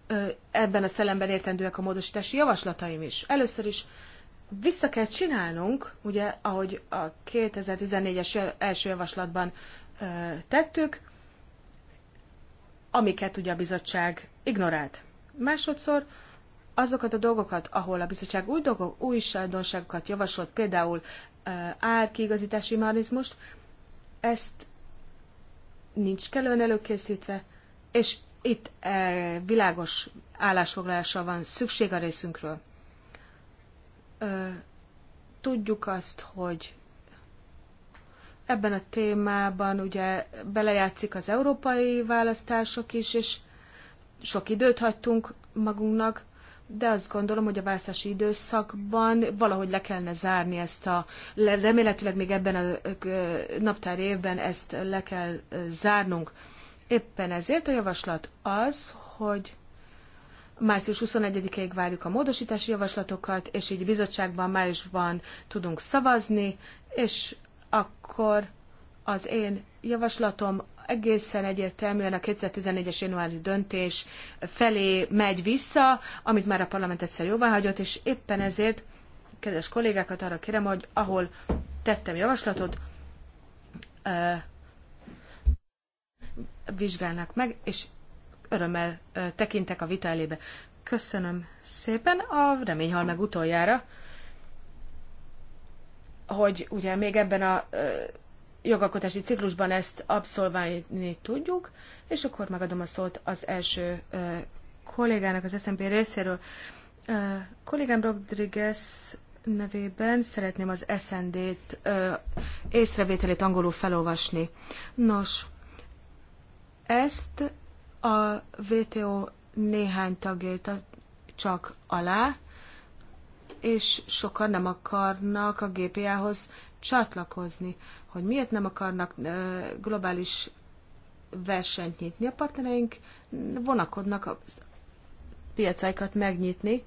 ebben a szellemben értendőek a módosítási javaslataim is. Először is vissza kell csinálnunk, ugye, ahogy a 2014-es első javaslatban tettük, amiket ugye a bizottság ignorált. Másodszor azokat a dolgokat, ahol a bizottság új, dolgok, új sajdonságokat javasolt, például árkiigazítási mechanizmust, ezt nincs kellően előkészítve, és itt e, világos állásfoglalásra van szükség a részünkről. E, tudjuk azt, hogy ebben a témában ugye belejátszik az európai választások is, és sok időt hagytunk magunknak, de azt gondolom, hogy a választási időszakban valahogy le kellene zárni ezt a, remélhetőleg még ebben a naptár évben ezt le kell zárnunk. Éppen ezért a javaslat az, hogy március 21-ig várjuk a módosítási javaslatokat, és így bizottságban májusban tudunk szavazni, és akkor az én javaslatom egészen egyértelműen a 2014-es januári döntés felé megy vissza, amit már a parlament egyszer jóvá hagyott, és éppen ezért kedves kollégákat arra kérem, hogy ahol tettem javaslatot, vizsgálnak meg, és örömmel tekintek a vita elébe. Köszönöm szépen, a remény hal meg utoljára hogy ugye még ebben a jogalkotási ciklusban ezt abszolválni tudjuk, és akkor megadom a szót az első kollégának az SMP részéről. Kollégám Rodriguez nevében szeretném az SND-t észrevételét angolul felolvasni. Nos, ezt a VTO néhány tagjait csak alá, és sokan nem akarnak a GPA-hoz csatlakozni. Hogy miért nem akarnak globális versenyt nyitni, a partnereink vonakodnak a piacaikat megnyitni.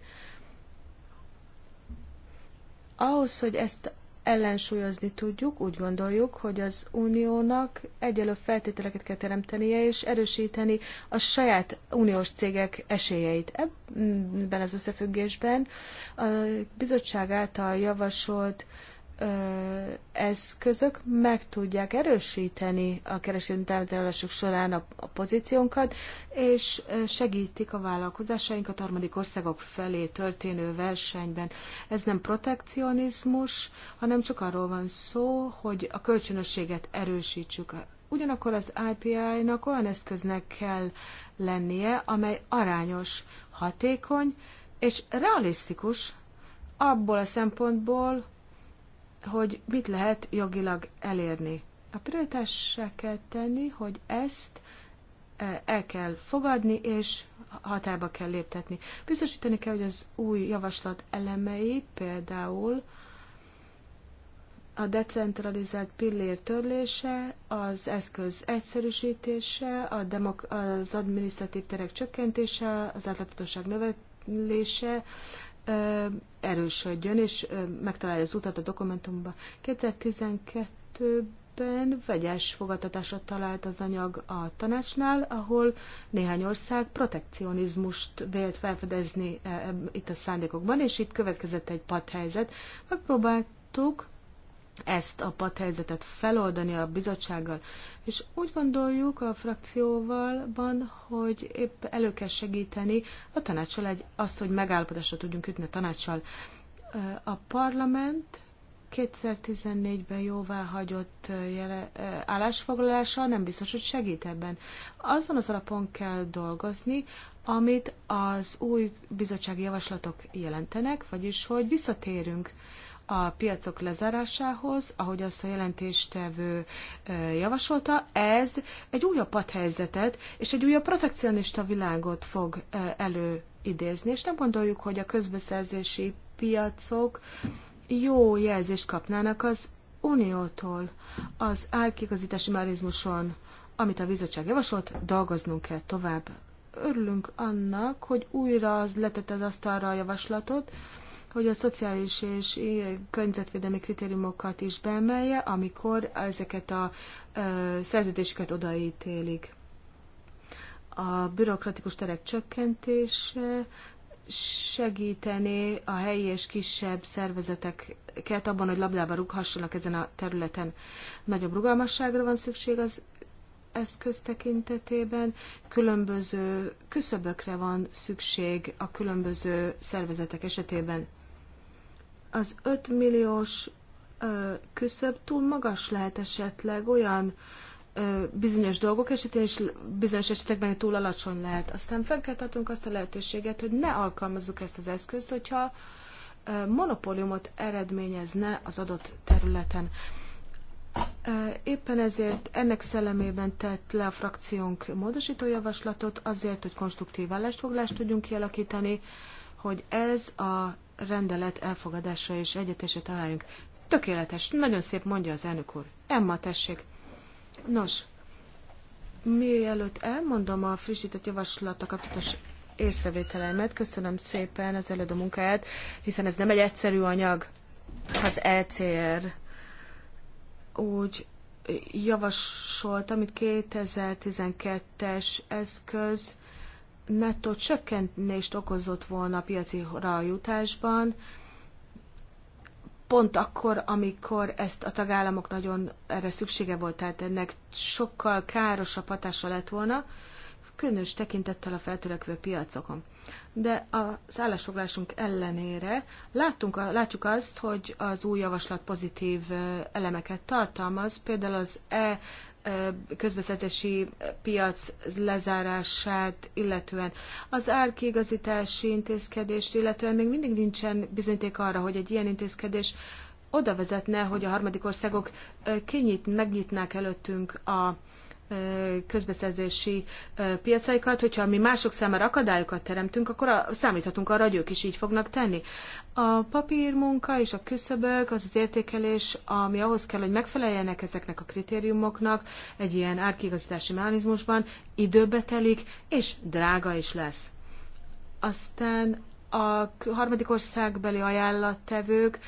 Ahhoz, hogy ezt ellensúlyozni tudjuk, úgy gondoljuk, hogy az uniónak egyelő feltételeket kell teremtenie és erősíteni a saját uniós cégek esélyeit. Ebben az összefüggésben a bizottság által javasolt eszközök meg tudják erősíteni a kereskedelmi tárgyalások során a, a pozíciónkat, és segítik a vállalkozásainkat a harmadik országok felé történő versenyben. Ez nem protekcionizmus, hanem csak arról van szó, hogy a kölcsönösséget erősítsük. Ugyanakkor az IPI-nak olyan eszköznek kell lennie, amely arányos, hatékony és realisztikus abból a szempontból, hogy mit lehet jogilag elérni. A prioritássá kell tenni, hogy ezt e, el kell fogadni, és hatába kell léptetni. Biztosítani kell, hogy az új javaslat elemei, például a decentralizált pillér törlése, az eszköz egyszerűsítése, a demok- az adminisztratív terek csökkentése, az átláthatóság növelése, erősödjön, és megtalálja az utat a dokumentumba. 2012-ben vegyes fogadtatásra talált az anyag a tanácsnál, ahol néhány ország protekcionizmust vélt felfedezni itt a szándékokban, és itt következett egy padhelyzet. Megpróbáltuk ezt a padhelyzetet feloldani a bizottsággal. És úgy gondoljuk a frakcióvalban, hogy épp elő kell segíteni a tanácssal egy, azt, hogy megállapodásra tudjunk ütni a tanácssal. A parlament 2014-ben jóvá hagyott jele, állásfoglalása nem biztos, hogy segít ebben. Azon az alapon kell dolgozni, amit az új bizottsági javaslatok jelentenek, vagyis hogy visszatérünk a piacok lezárásához, ahogy azt a jelentéstevő javasolta, ez egy újabb padhelyzetet és egy újabb protekcionista világot fog előidézni, és nem gondoljuk, hogy a közbeszerzési piacok jó jelzést kapnának az Uniótól, az álkigazítási marizmuson, amit a bizottság javasolt, dolgoznunk kell tovább. Örülünk annak, hogy újra az letette az asztalra a javaslatot, hogy a szociális és környezetvédelmi kritériumokat is beemelje, amikor ezeket a szerződéseket odaítélik. A bürokratikus terek csökkentése segíteni a helyi és kisebb szervezeteket abban, hogy labdába rúghassanak ezen a területen. Nagyobb rugalmasságra van szükség az eszköz tekintetében különböző küszöbökre van szükség a különböző szervezetek esetében az 5 milliós ö, küszöb túl magas lehet esetleg olyan ö, bizonyos dolgok esetén, és bizonyos esetekben túl alacsony lehet. Aztán fel kell tartunk azt a lehetőséget, hogy ne alkalmazzuk ezt az eszközt, hogyha ö, monopóliumot eredményezne az adott területen. Éppen ezért ennek szellemében tett le a frakciónk módosítójavaslatot, azért, hogy konstruktív állásfoglást tudjunk kialakítani, hogy ez a rendelet elfogadása és egyetése találjunk. Tökéletes, nagyon szép mondja az elnök úr. Emma, tessék. Nos, mielőtt elmondom a frissített a kapcsolatos észrevételemet köszönöm szépen az előadó munkáját, hiszen ez nem egy egyszerű anyag, az ECR úgy javasolt, amit 2012-es eszköz, nettó csökkentést okozott volna a piaci rajutásban, pont akkor, amikor ezt a tagállamok nagyon erre szüksége volt, tehát ennek sokkal károsabb hatása lett volna, különös tekintettel a feltörekvő piacokon. De az állásfoglásunk ellenére látunk, látjuk azt, hogy az új javaslat pozitív elemeket tartalmaz, például az e közvezetési piac lezárását illetően. Az árkigazítási intézkedést illetően még mindig nincsen bizonyíték arra, hogy egy ilyen intézkedés oda vezetne, hogy a harmadik országok kinyit, megnyitnák előttünk a közbeszerzési piacaikat, hogyha mi mások számára akadályokat teremtünk, akkor a, számíthatunk arra, hogy ők is így fognak tenni. A papírmunka és a küszöbök, az az értékelés, ami ahhoz kell, hogy megfeleljenek ezeknek a kritériumoknak egy ilyen árkigazítási mechanizmusban, időbe telik, és drága is lesz. Aztán a harmadik országbeli ajánlattevők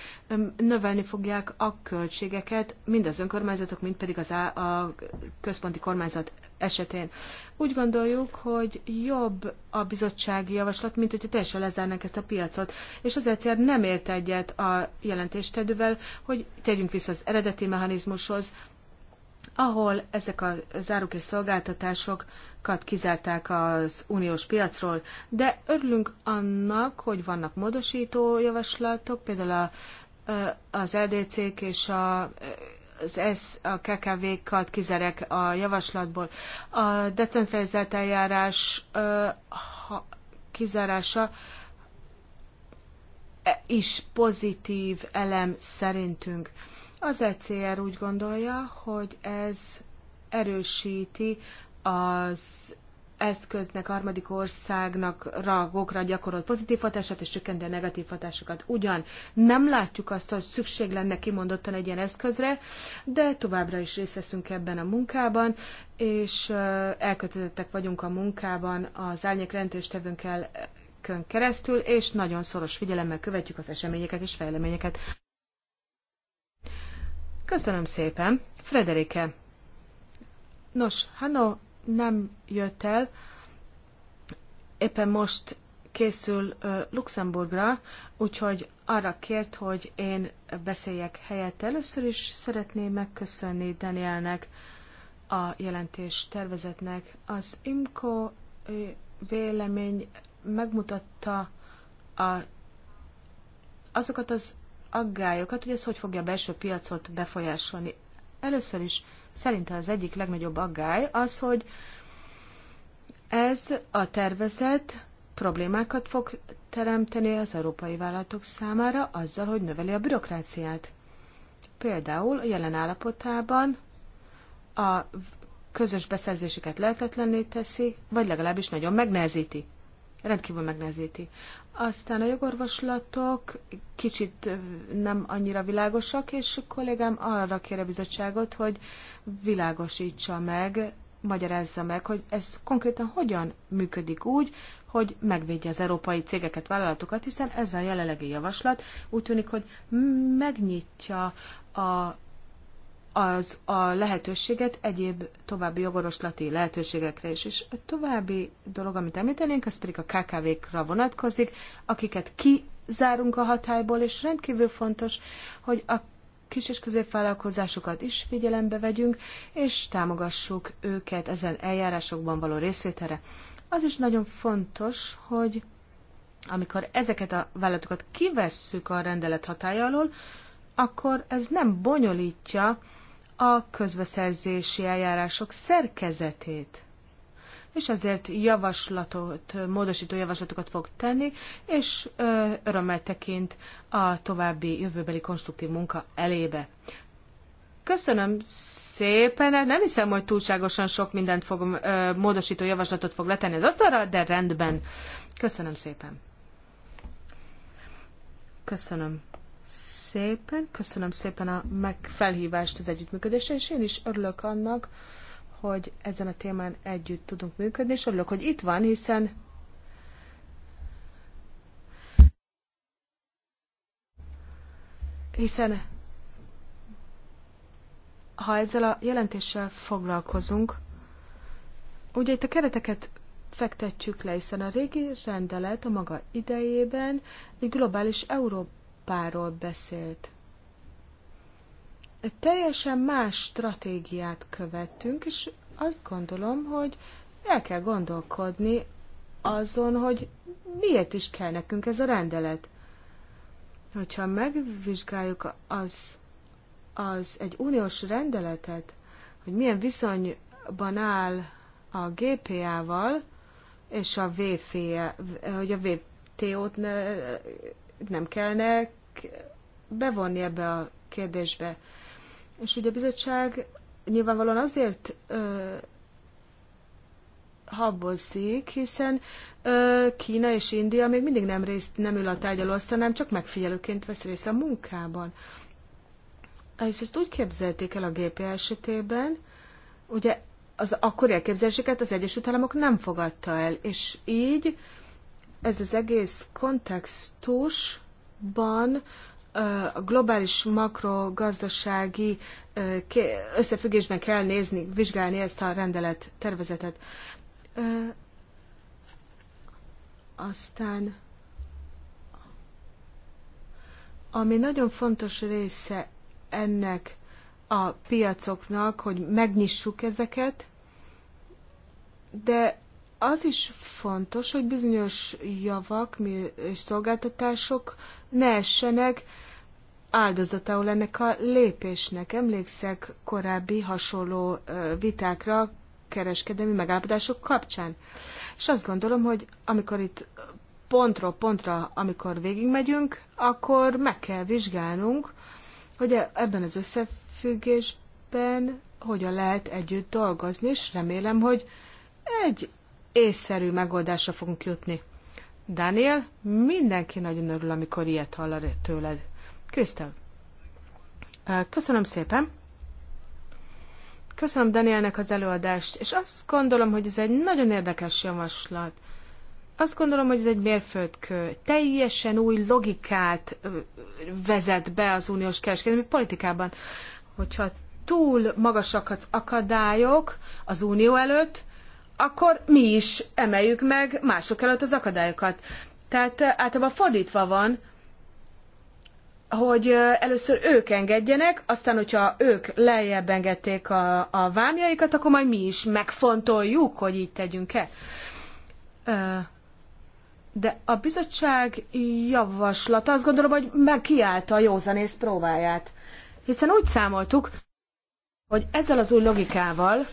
növelni fogják a költségeket, mind az önkormányzatok, mind pedig az á- a központi kormányzat esetén. Úgy gondoljuk, hogy jobb a bizottsági javaslat, mint hogyha teljesen lezárnánk ezt a piacot, és az egyszer nem ért egyet a jelentéstedővel, hogy tegyünk vissza az eredeti mechanizmushoz, ahol ezek a záruk és szolgáltatásokat kizárták az uniós piacról, de örülünk annak, hogy vannak módosító javaslatok, például a, az LDC-k és a az S, a KKV-kat kizerek a javaslatból. A decentralizált eljárás ha, kizárása is pozitív elem szerintünk. Az ECR úgy gondolja, hogy ez erősíti az eszköznek, harmadik országnak, ragokra gyakorolt pozitív hatását és csökkenti a negatív hatásokat. Ugyan nem látjuk azt, hogy szükség lenne kimondottan egy ilyen eszközre, de továbbra is részt veszünk ebben a munkában, és elkötelezettek vagyunk a munkában az álnyék rendőrstevőnkkel keresztül, és nagyon szoros figyelemmel követjük az eseményeket és fejleményeket. Köszönöm szépen. Frederike. Nos, Hano nem jött el. Éppen most készül uh, Luxemburgra, úgyhogy arra kért, hogy én beszéljek helyett. Először is szeretném megköszönni Danielnek a jelentés tervezetnek. Az IMCO vélemény megmutatta a, azokat az aggályokat, hogy ez hogy fogja a belső piacot befolyásolni. Először is szerinte az egyik legnagyobb aggály az, hogy ez a tervezet problémákat fog teremteni az európai vállalatok számára azzal, hogy növeli a bürokráciát. Például a jelen állapotában a közös beszerzéseket lehetetlenné teszi, vagy legalábbis nagyon megnehezíti. Rendkívül megnehezíti. Aztán a jogorvoslatok kicsit nem annyira világosak, és a kollégám arra kér a bizottságot, hogy világosítsa meg, magyarázza meg, hogy ez konkrétan hogyan működik úgy, hogy megvédje az európai cégeket, vállalatokat, hiszen ez a jelenlegi javaslat úgy tűnik, hogy megnyitja a az a lehetőséget egyéb további jogoroslati lehetőségekre is. És a további dolog, amit említenénk, az pedig a KKV-kra vonatkozik, akiket kizárunk a hatályból, és rendkívül fontos, hogy a kis- és középvállalkozásokat is figyelembe vegyünk, és támogassuk őket ezen eljárásokban való részvételre. Az is nagyon fontos, hogy amikor ezeket a vállalatokat kivesszük a rendelet hatája alól, akkor ez nem bonyolítja a közbeszerzési eljárások szerkezetét. És ezért javaslatot, módosító javaslatokat fog tenni, és ö, örömmel tekint a további jövőbeli konstruktív munka elébe. Köszönöm szépen, nem hiszem, hogy túlságosan sok mindent fog, ö, módosító javaslatot fog letenni az asztalra, de rendben. Köszönöm szépen. Köszönöm szépen, köszönöm szépen a megfelhívást az együttműködésre, és én is örülök annak, hogy ezen a témán együtt tudunk működni, és örülök, hogy itt van, hiszen hiszen ha ezzel a jelentéssel foglalkozunk, ugye itt a kereteket fektetjük le, hiszen a régi rendelet a maga idejében egy globális Európa párról beszélt. Teljesen más stratégiát követtünk, és azt gondolom, hogy el kell gondolkodni azon, hogy miért is kell nekünk ez a rendelet. Hogyha megvizsgáljuk az, az egy uniós rendeletet, hogy milyen viszonyban áll a GPA-val, és a VFA, e, hogy a VTO-t ne, nem kellene bevonni ebbe a kérdésbe. És ugye a bizottság nyilvánvalóan azért ö, habozik, hiszen ö, Kína és India még mindig nem, részt, nem ül a nem csak megfigyelőként vesz részt a munkában. És ezt úgy képzelték el a GP esetében, ugye az akkori elképzeléseket az Egyesült Államok nem fogadta el, és így ez az egész kontextus ban a globális makrogazdasági összefüggésben kell nézni, vizsgálni ezt a rendelet tervezetet. Aztán ami nagyon fontos része ennek a piacoknak, hogy megnyissuk ezeket, de az is fontos, hogy bizonyos javak és szolgáltatások ne essenek áldozatául ennek a lépésnek. Emlékszek korábbi hasonló vitákra kereskedelmi megállapodások kapcsán. És azt gondolom, hogy amikor itt pontról pontra, amikor végigmegyünk, akkor meg kell vizsgálnunk, hogy e- ebben az összefüggésben hogyan lehet együtt dolgozni, és remélem, hogy egy észszerű megoldásra fogunk jutni. Daniel, mindenki nagyon örül, amikor ilyet hall tőled. Krisztel, köszönöm szépen. Köszönöm Danielnek az előadást, és azt gondolom, hogy ez egy nagyon érdekes javaslat. Azt gondolom, hogy ez egy mérföldkő. Teljesen új logikát vezet be az uniós kereskedelmi politikában. Hogyha túl magasak az akadályok az unió előtt, akkor mi is emeljük meg mások előtt az akadályokat. Tehát eh, általában fordítva van, hogy eh, először ők engedjenek, aztán, hogyha ők lejjebb engedték a, a vámjaikat, akkor majd mi is megfontoljuk, hogy így tegyünk-e. Eh, de a bizottság javaslata azt gondolom, hogy megkiállta a józanész próbáját. Hiszen úgy számoltuk, hogy ezzel az új logikával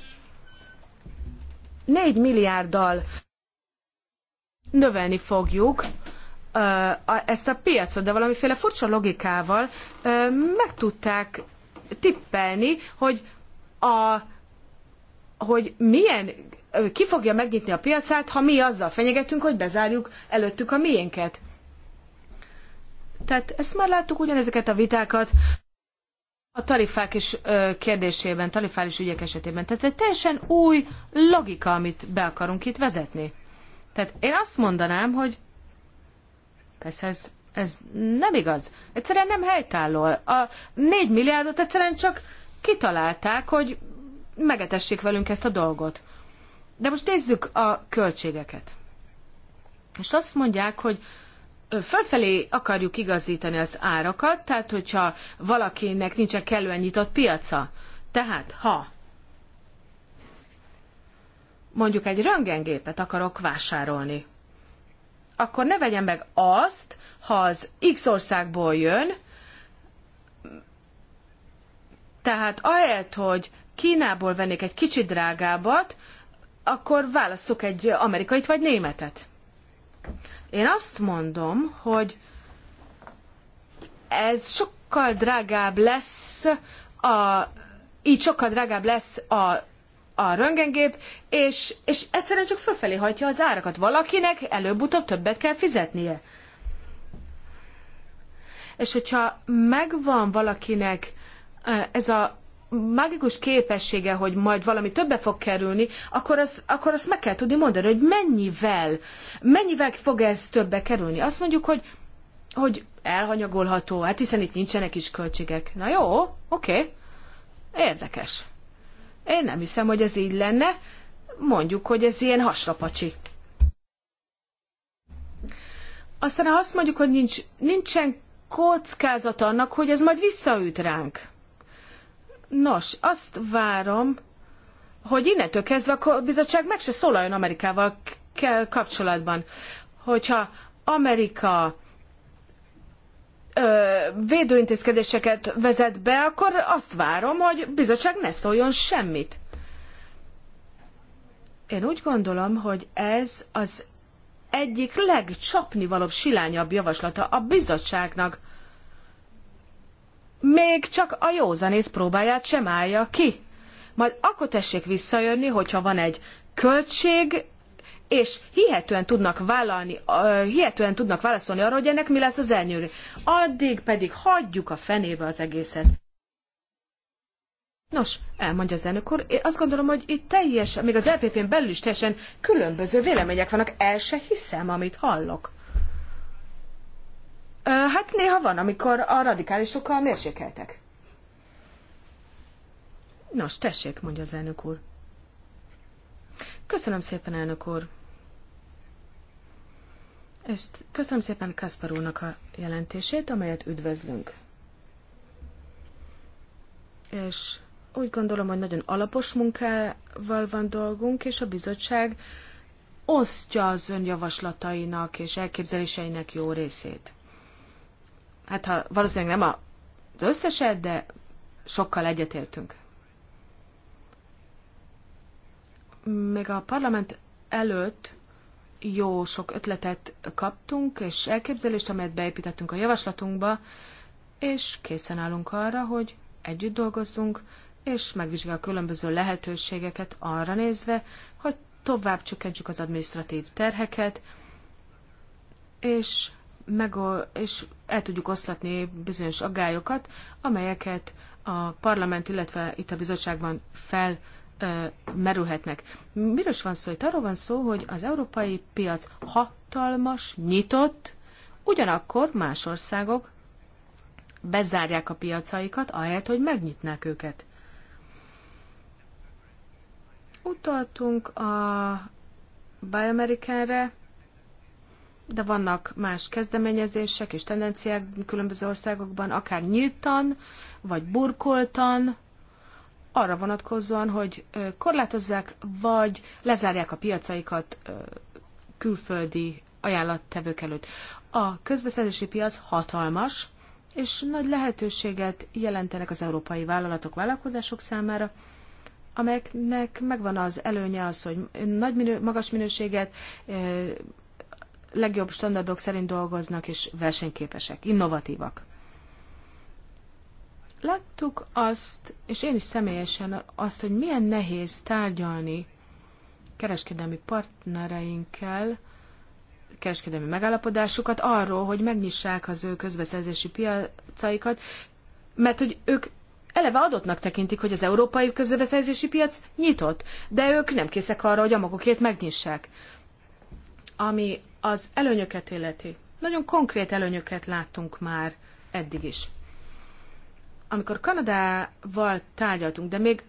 4 milliárddal növelni fogjuk ezt a piacot, de valamiféle furcsa logikával meg tudták tippelni, hogy, a, hogy milyen ki fogja megnyitni a piacát, ha mi azzal fenyegetünk, hogy bezárjuk előttük a miénket. Tehát ezt már láttuk ugyanezeket a vitákat a tarifák is kérdésében, tarifális ügyek esetében. Tehát ez egy teljesen új logika, amit be akarunk itt vezetni. Tehát én azt mondanám, hogy persze ez, ez nem igaz. Egyszerűen nem helytálló. A 4 milliárdot egyszerűen csak kitalálták, hogy megetessék velünk ezt a dolgot. De most nézzük a költségeket. És azt mondják, hogy fölfelé akarjuk igazítani az árakat, tehát hogyha valakinek nincsen kellően nyitott piaca. Tehát, ha mondjuk egy röntgengépet akarok vásárolni, akkor ne vegyem meg azt, ha az X országból jön, tehát ahelyett, hogy Kínából vennék egy kicsit drágábbat, akkor válasszuk egy amerikait vagy németet. Én azt mondom, hogy ez sokkal drágább lesz, a, így sokkal drágább lesz a a röntgengép, és, és egyszerűen csak fölfelé hajtja az árakat. Valakinek előbb-utóbb többet kell fizetnie. És hogyha megvan valakinek eh, ez a mágikus képessége, hogy majd valami többe fog kerülni, akkor, az, akkor azt meg kell tudni mondani, hogy mennyivel, mennyivel fog ez többe kerülni. Azt mondjuk, hogy, hogy elhanyagolható, hát hiszen itt nincsenek is költségek. Na jó, oké, érdekes. Én nem hiszem, hogy ez így lenne. Mondjuk, hogy ez ilyen hasrapacsi. Aztán azt mondjuk, hogy nincs, nincsen kockázat annak, hogy ez majd visszaüt ránk Nos, azt várom, hogy innentől kezdve a bizottság meg se szólaljon Amerikával kell kapcsolatban. Hogyha Amerika ö, védőintézkedéseket vezet be, akkor azt várom, hogy bizottság ne szóljon semmit. Én úgy gondolom, hogy ez az egyik legcsapnivalóbb silányabb javaslata a bizottságnak még csak a józanész próbáját sem állja ki. Majd akkor tessék visszajönni, hogyha van egy költség, és hihetően tudnak, vállalni, hihetően tudnak válaszolni arra, hogy ennek mi lesz az elnyőri. Addig pedig hagyjuk a fenébe az egészet. Nos, elmondja az elnök úr, én azt gondolom, hogy itt teljes, még az LPP-n belül is teljesen különböző vélemények vannak, el se hiszem, amit hallok. Hát néha van, amikor a radikálisokkal mérsékeltek. Nos, tessék, mondja az elnök úr. Köszönöm szépen, elnök úr. És köszönöm szépen Kaspar úrnak a jelentését, amelyet üdvözlünk. És úgy gondolom, hogy nagyon alapos munkával van dolgunk, és a bizottság osztja az ön javaslatainak és elképzeléseinek jó részét hát ha valószínűleg nem az összeset, de sokkal egyetértünk. Még a parlament előtt jó sok ötletet kaptunk, és elképzelést, amelyet beépítettünk a javaslatunkba, és készen állunk arra, hogy együtt dolgozzunk, és a különböző lehetőségeket arra nézve, hogy tovább csökkentsük az administratív terheket, és meg és el tudjuk oszlatni bizonyos aggályokat, amelyeket a parlament, illetve itt a bizottságban fel ö, merülhetnek. Miről van szó? Itt arról van szó, hogy az európai piac hatalmas, nyitott, ugyanakkor más országok bezárják a piacaikat, ahelyett, hogy megnyitnák őket. Utaltunk a Buy de vannak más kezdeményezések és tendenciák különböző országokban, akár nyíltan, vagy burkoltan, arra vonatkozóan, hogy korlátozzák, vagy lezárják a piacaikat külföldi ajánlattevők előtt. A közbeszerzési piac hatalmas, és nagy lehetőséget jelentenek az európai vállalatok, vállalkozások számára, amelyeknek megvan az előnye az, hogy nagy minő, magas minőséget legjobb standardok szerint dolgoznak, és versenyképesek, innovatívak. Láttuk azt, és én is személyesen azt, hogy milyen nehéz tárgyalni kereskedelmi partnereinkkel, kereskedelmi megállapodásukat arról, hogy megnyissák az ő közbeszerzési piacaikat, mert hogy ők eleve adottnak tekintik, hogy az európai közbeszerzési piac nyitott, de ők nem készek arra, hogy a magukét megnyissák. Ami az előnyöket illeti. Nagyon konkrét előnyöket láttunk már eddig is. Amikor Kanadával tárgyaltunk, de még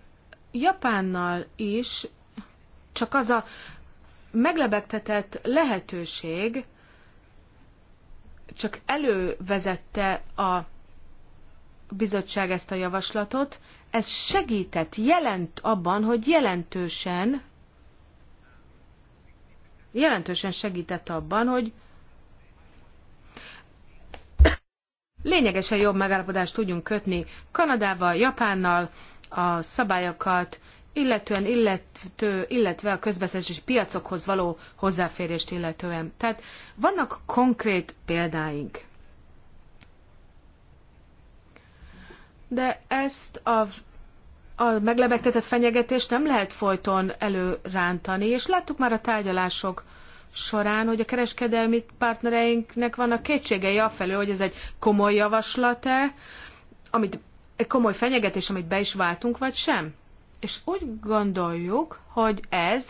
Japánnal is, csak az a meglebegtetett lehetőség csak elővezette a bizottság ezt a javaslatot, ez segített jelent abban, hogy jelentősen jelentősen segített abban, hogy lényegesen jobb megállapodást tudjunk kötni Kanadával, Japánnal, a szabályokat, illetően, illető, illetve a közbeszerzési piacokhoz való hozzáférést illetően. Tehát vannak konkrét példáink. De ezt a a meglebegtetett fenyegetést nem lehet folyton előrántani, és láttuk már a tárgyalások során, hogy a kereskedelmi partnereinknek vannak kétségei afelől, hogy ez egy komoly javaslat-e, amit, egy komoly fenyegetés, amit be is váltunk, vagy sem. És úgy gondoljuk, hogy ez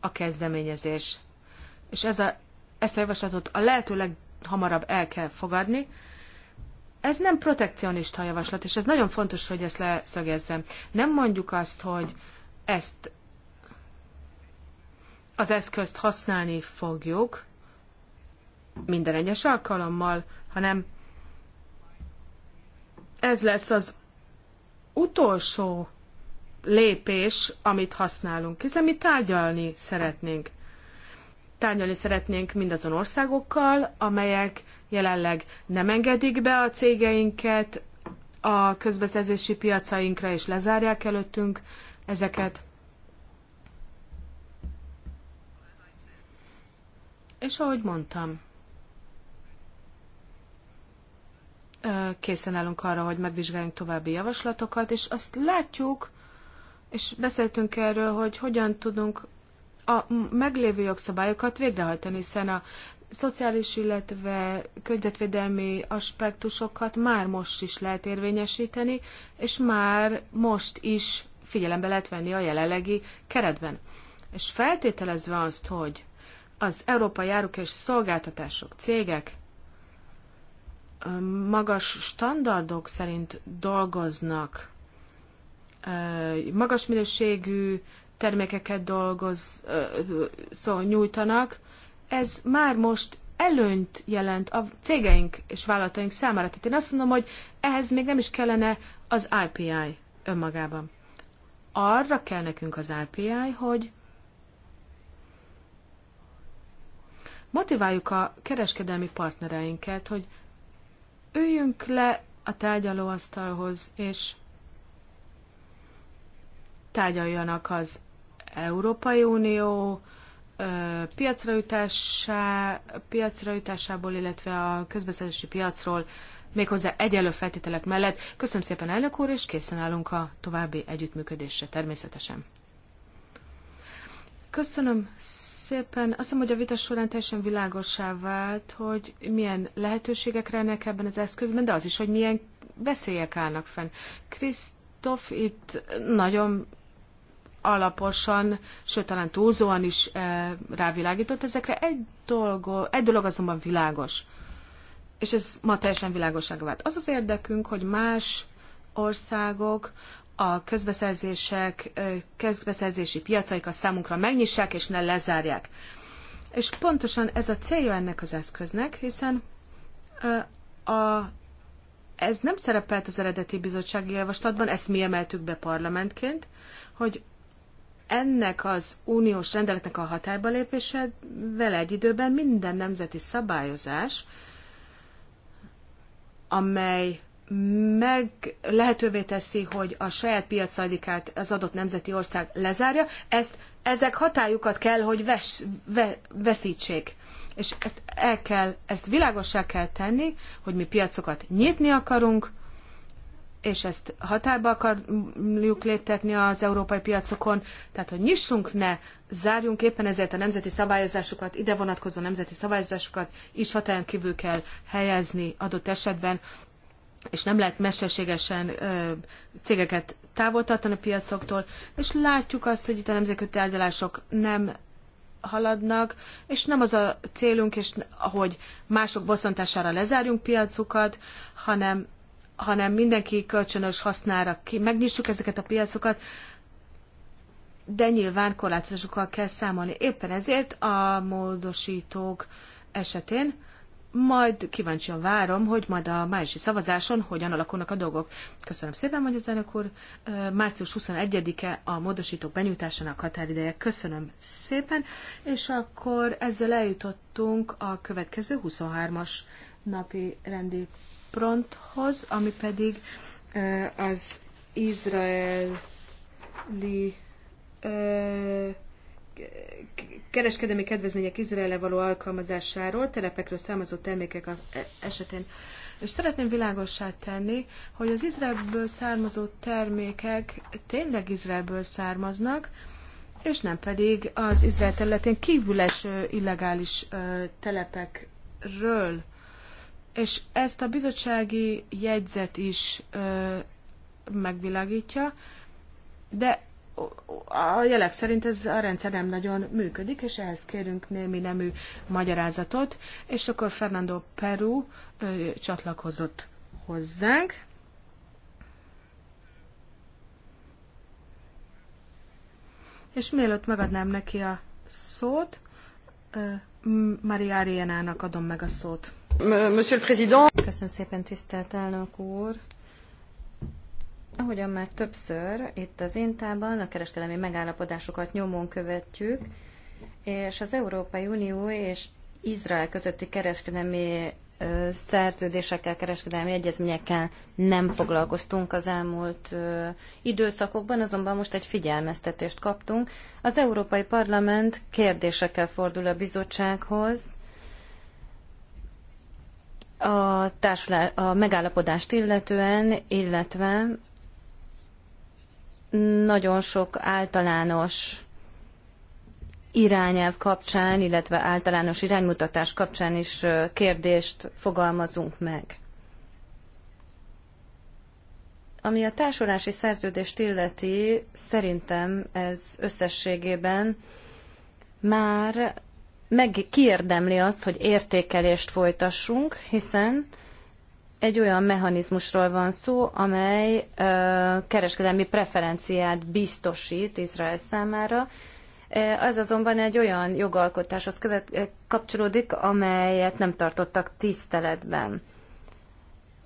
a kezdeményezés. És ez a, ezt a javaslatot a lehető leghamarabb el kell fogadni, ez nem protekcionista javaslat, és ez nagyon fontos, hogy ezt leszögezzem. Nem mondjuk azt, hogy ezt az eszközt használni fogjuk minden egyes alkalommal, hanem ez lesz az utolsó lépés, amit használunk, hiszen mi tárgyalni szeretnénk. Tárgyalni szeretnénk mindazon országokkal, amelyek jelenleg nem engedik be a cégeinket a közbeszerzési piacainkra, és lezárják előttünk ezeket. És ahogy mondtam, készen állunk arra, hogy megvizsgáljunk további javaslatokat, és azt látjuk, és beszéltünk erről, hogy hogyan tudunk a meglévő jogszabályokat végrehajtani, hiszen a szociális, illetve környezetvédelmi aspektusokat már most is lehet érvényesíteni, és már most is figyelembe lehet venni a jelenlegi keretben. És feltételezve azt, hogy az európai áruk és szolgáltatások, cégek magas standardok szerint dolgoznak, magas minőségű termékeket dolgoz, szóval nyújtanak, ez már most előnyt jelent a cégeink és vállalataink számára. Tehát én azt mondom, hogy ehhez még nem is kellene az IPI önmagában. Arra kell nekünk az IPI, hogy motiváljuk a kereskedelmi partnereinket, hogy üljünk le a tárgyalóasztalhoz, és tárgyaljanak az Európai Unió, piacra, jutásá, piacra illetve a közbeszerzési piacról méghozzá egyelő feltételek mellett. Köszönöm szépen, elnök úr, és készen állunk a további együttműködésre természetesen. Köszönöm szépen. Azt hiszem, hogy a vita során teljesen világosá vált, hogy milyen lehetőségek rennek ebben az eszközben, de az is, hogy milyen veszélyek állnak fenn. Krisztof itt nagyon alaposan, sőt talán túlzóan is eh, rávilágított ezekre. Egy, dolgo, egy dolog azonban világos, és ez ma teljesen világosága vált. Az az érdekünk, hogy más országok a közbeszerzések, eh, közbeszerzési piacaikat számunkra megnyissák és ne lezárják. És pontosan ez a célja ennek az eszköznek, hiszen eh, a, ez nem szerepelt az eredeti bizottsági javaslatban, ezt mi emeltük be parlamentként, hogy ennek az uniós rendeletnek a hatályba lépése vele egy időben minden nemzeti szabályozás, amely meg lehetővé teszi, hogy a saját piacadikát az adott nemzeti ország lezárja, ezt, ezek hatályukat kell, hogy ves, ve, veszítsék. És ezt el kell, ezt világosá kell tenni, hogy mi piacokat nyitni akarunk, és ezt hatályba akarjuk léptetni az európai piacokon, tehát hogy nyissunk, ne zárjunk, éppen ezért a nemzeti szabályozásokat, ide vonatkozó nemzeti szabályozásokat is hatályon kívül kell helyezni adott esetben, és nem lehet mesterségesen ö, cégeket távol tartani a piacoktól, és látjuk azt, hogy itt a nemzetközi tárgyalások nem haladnak, és nem az a célunk, és hogy mások bosszantására lezárjunk piacokat, hanem hanem mindenki kölcsönös hasznára ki. Megnyissuk ezeket a piacokat, de nyilván korlátozásokkal kell számolni. Éppen ezért a módosítók esetén majd kíváncsian várom, hogy majd a májusi szavazáson hogyan alakulnak a dolgok. Köszönöm szépen, hogy az elnök úr. Március 21-e a módosítók benyújtásának határideje. Köszönöm szépen, és akkor ezzel eljutottunk a következő 23-as napi rendi ponthoz, ami pedig az izraeli kereskedelmi kedvezmények Izraele való alkalmazásáról telepekről származó termékek az e-, esetén. És szeretném világossá tenni, hogy az Izraelből származó termékek tényleg Izraelből származnak, és nem pedig az Izrael területén kívüles illegális telepekről. És ezt a bizottsági jegyzet is ö, megvilágítja, de a jelek szerint ez a rendszer nem nagyon működik, és ehhez kérünk némi nemű magyarázatot, és akkor Fernando Peru ö, csatlakozott hozzánk. És mielőtt megadnám neki a szót, Maria Arienának adom meg a szót. Monsieur le Président. Köszönöm szépen, tisztelt elnök úr. Ahogyan már többször itt az Intában a kereskedelmi megállapodásokat nyomon követjük, és az Európai Unió és Izrael közötti kereskedelmi szerződésekkel, kereskedelmi egyezményekkel nem foglalkoztunk az elmúlt időszakokban, azonban most egy figyelmeztetést kaptunk. Az Európai Parlament kérdésekkel fordul a bizottsághoz, a, társulá, a megállapodást illetően, illetve nagyon sok általános irányelv kapcsán, illetve általános iránymutatás kapcsán is kérdést fogalmazunk meg. Ami a társulási szerződést illeti, szerintem ez összességében már meg kiérdemli azt, hogy értékelést folytassunk, hiszen egy olyan mechanizmusról van szó, amely ö, kereskedelmi preferenciát biztosít Izrael számára. Ez azonban egy olyan jogalkotáshoz követ, kapcsolódik, amelyet nem tartottak tiszteletben.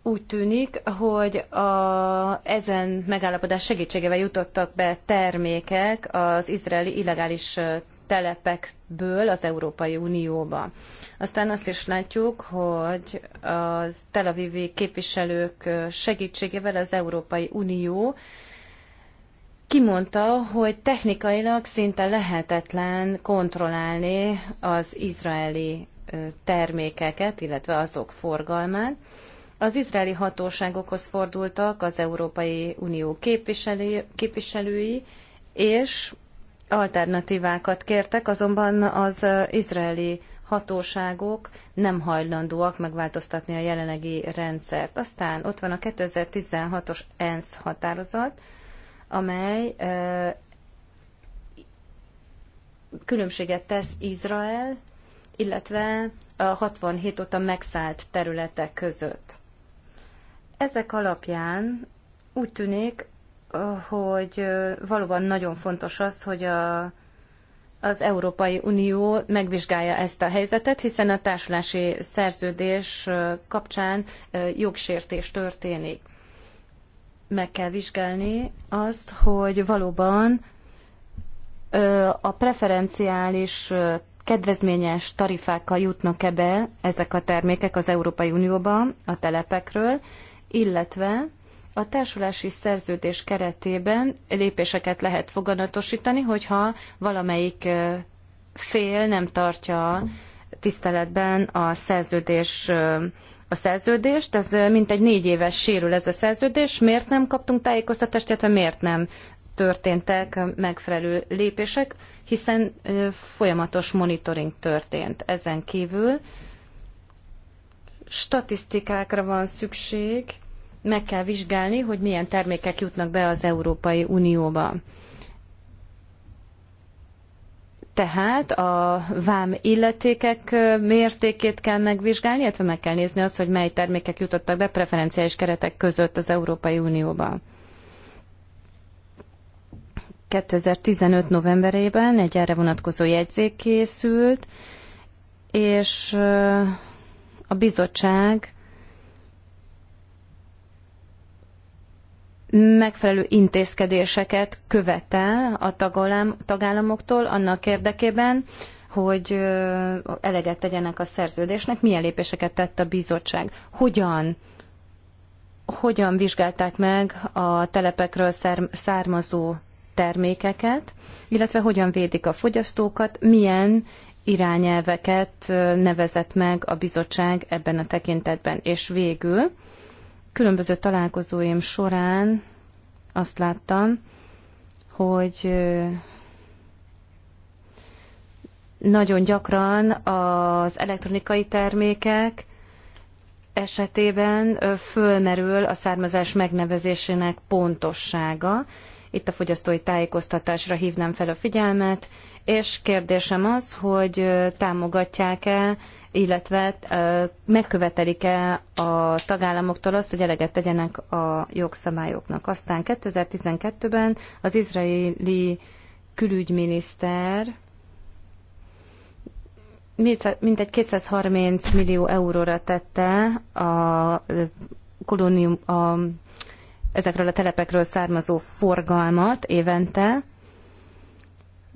Úgy tűnik, hogy a, ezen megállapodás segítségevel jutottak be termékek az izraeli illegális telepekből az Európai Unióba. Aztán azt is látjuk, hogy az Tel Avivi képviselők segítségével az Európai Unió kimondta, hogy technikailag szinte lehetetlen kontrollálni az izraeli termékeket, illetve azok forgalmát. Az izraeli hatóságokhoz fordultak az Európai Unió képviselői, és Alternatívákat kértek, azonban az izraeli hatóságok nem hajlandóak megváltoztatni a jelenlegi rendszert. Aztán ott van a 2016-os ENSZ határozat, amely különbséget tesz Izrael, illetve a 67 óta megszállt területek között. Ezek alapján úgy tűnik, hogy valóban nagyon fontos az, hogy a, az Európai Unió megvizsgálja ezt a helyzetet, hiszen a társulási szerződés kapcsán jogsértés történik. Meg kell vizsgálni azt, hogy valóban a preferenciális kedvezményes tarifákkal jutnak-e be ezek a termékek az Európai Unióba a telepekről, illetve a társulási szerződés keretében lépéseket lehet foganatosítani, hogyha valamelyik fél nem tartja tiszteletben a szerződés a szerződést, ez mintegy négy éves sérül ez a szerződés, miért nem kaptunk tájékoztatást, illetve miért nem történtek megfelelő lépések, hiszen folyamatos monitoring történt ezen kívül. Statisztikákra van szükség, meg kell vizsgálni, hogy milyen termékek jutnak be az Európai Unióba. Tehát a vám illetékek mértékét kell megvizsgálni, illetve meg kell nézni azt, hogy mely termékek jutottak be preferenciális keretek között az Európai Unióba. 2015. novemberében egy erre vonatkozó jegyzék készült, és a bizottság megfelelő intézkedéseket követel a tagállamoktól annak érdekében, hogy eleget tegyenek a szerződésnek, milyen lépéseket tett a bizottság, hogyan hogyan vizsgálták meg a telepekről származó termékeket, illetve hogyan védik a fogyasztókat, milyen irányelveket nevezett meg a bizottság ebben a tekintetben. És végül Különböző találkozóim során azt láttam, hogy nagyon gyakran az elektronikai termékek esetében fölmerül a származás megnevezésének pontossága. Itt a fogyasztói tájékoztatásra hívnám fel a figyelmet, és kérdésem az, hogy támogatják-e illetve megkövetelik-e a tagállamoktól azt, hogy eleget tegyenek a jogszabályoknak. Aztán 2012-ben az izraeli külügyminiszter mintegy 230 millió euróra tette a kolónium, a, ezekről a telepekről származó forgalmat évente.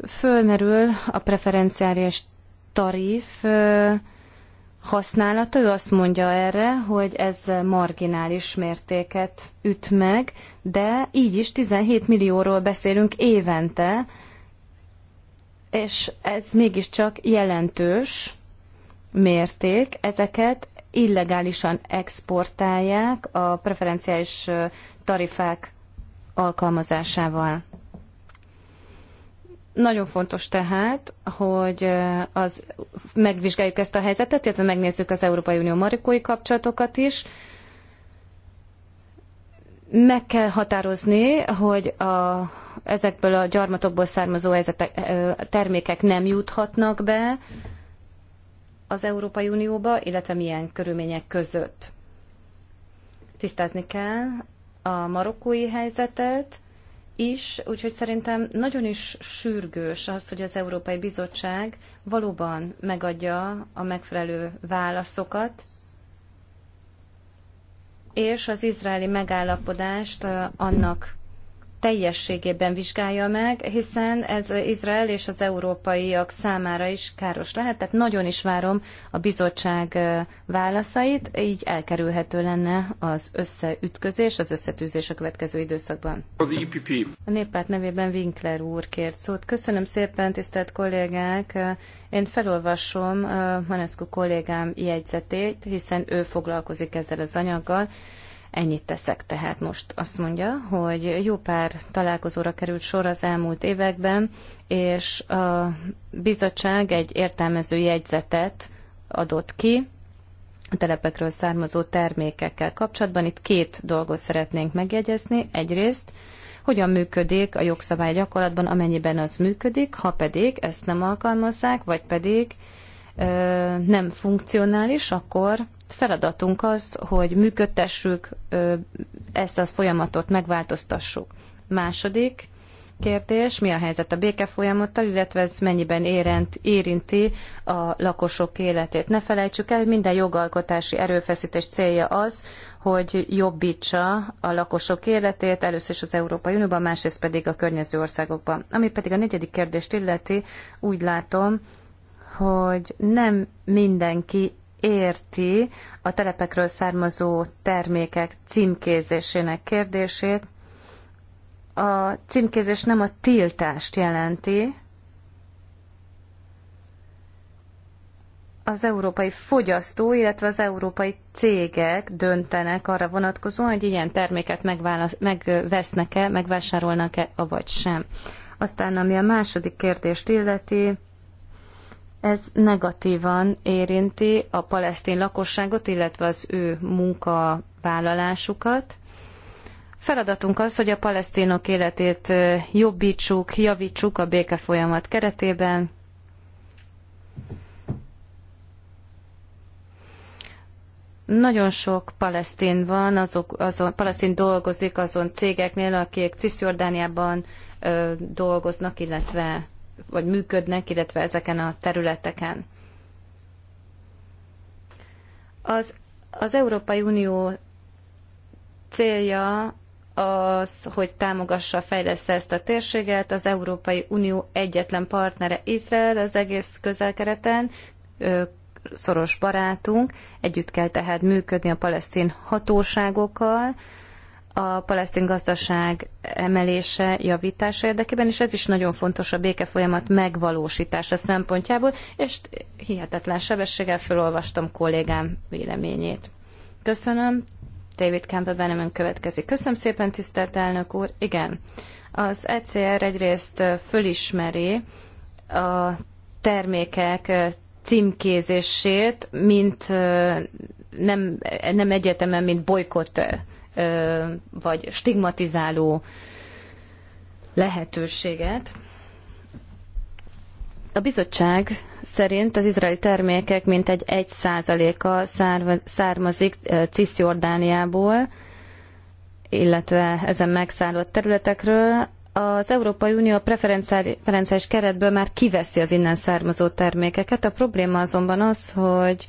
Fölmerül a preferenciális tarif használata. Ő azt mondja erre, hogy ez marginális mértéket üt meg, de így is 17 millióról beszélünk évente, és ez mégiscsak jelentős mérték. Ezeket illegálisan exportálják a preferenciális tarifák alkalmazásával. Nagyon fontos tehát, hogy az, megvizsgáljuk ezt a helyzetet, illetve megnézzük az Európai Unió marikói kapcsolatokat is. Meg kell határozni, hogy a, ezekből a gyarmatokból származó helyzetek, termékek nem juthatnak be az Európai Unióba, illetve milyen körülmények között. Tisztázni kell a marokkói helyzetet, is, úgyhogy szerintem nagyon is sürgős az, hogy az Európai Bizottság valóban megadja a megfelelő válaszokat, és az izraeli megállapodást annak teljességében vizsgálja meg, hiszen ez Izrael és az európaiak számára is káros lehet, tehát nagyon is várom a bizottság válaszait, így elkerülhető lenne az összeütközés, az összetűzés a következő időszakban. E a néppárt nevében Winkler úr kért szót. Köszönöm szépen, tisztelt kollégák! Én felolvasom Manescu kollégám jegyzetét, hiszen ő foglalkozik ezzel az anyaggal. Ennyit teszek tehát most. Azt mondja, hogy jó pár találkozóra került sor az elmúlt években, és a bizottság egy értelmező jegyzetet adott ki a telepekről származó termékekkel kapcsolatban. Itt két dolgot szeretnénk megjegyezni. Egyrészt, hogyan működik a jogszabály gyakorlatban, amennyiben az működik, ha pedig ezt nem alkalmazzák, vagy pedig ö, nem funkcionális, akkor Feladatunk az, hogy működtessük, ezt a folyamatot megváltoztassuk. Második kérdés, mi a helyzet a béke folyamattal, illetve ez mennyiben érent, érinti a lakosok életét. Ne felejtsük el, hogy minden jogalkotási erőfeszítés célja az, hogy jobbítsa a lakosok életét, először is az Európai Unióban, másrészt pedig a környező országokban. Ami pedig a negyedik kérdést illeti, úgy látom, hogy nem mindenki érti a telepekről származó termékek címkézésének kérdését. A címkézés nem a tiltást jelenti, az európai fogyasztó, illetve az európai cégek döntenek arra vonatkozóan, hogy ilyen terméket megvesznek-e, megvásárolnak-e, avagy sem. Aztán, ami a második kérdést illeti, ez negatívan érinti a palesztin lakosságot, illetve az ő munkavállalásukat. Feladatunk az, hogy a palesztinok életét jobbítsuk, javítsuk a békefolyamat keretében. Nagyon sok palesztin van, azok, azon, palesztin dolgozik azon cégeknél, akik Cisjordániában dolgoznak, illetve vagy működnek, illetve ezeken a területeken. Az, az Európai Unió célja az, hogy támogassa, fejlesz ezt a térséget. Az Európai Unió egyetlen partnere Izrael az egész közelkereten, szoros barátunk. Együtt kell tehát működni a palesztin hatóságokkal, a palesztin gazdaság emelése, javítása érdekében, és ez is nagyon fontos a béke folyamat megvalósítása szempontjából, és hihetetlen sebességgel felolvastam kollégám véleményét. Köszönöm. David Campbell Benneman következik. Köszönöm szépen, tisztelt elnök úr. Igen, az ECR egyrészt fölismeri a termékek címkézését, mint nem, nem egyetemen, mint bolykott vagy stigmatizáló lehetőséget. A bizottság szerint az izraeli termékek mintegy 1%-a származik Cisjordániából, illetve ezen megszállott területekről. Az Európai Unió preferenciális keretből már kiveszi az innen származó termékeket. A probléma azonban az, hogy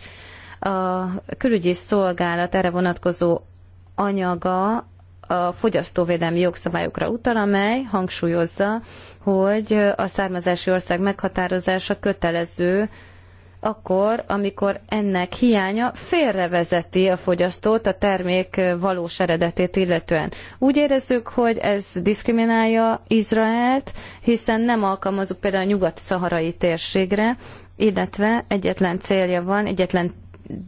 a külügyi szolgálat erre vonatkozó anyaga a fogyasztóvédelmi jogszabályokra utal, amely hangsúlyozza, hogy a származási ország meghatározása kötelező akkor, amikor ennek hiánya félrevezeti a fogyasztót a termék valós eredetét illetően. Úgy érezzük, hogy ez diszkriminálja Izraelt, hiszen nem alkalmazunk például a nyugat-szaharai térségre, illetve egyetlen célja van, egyetlen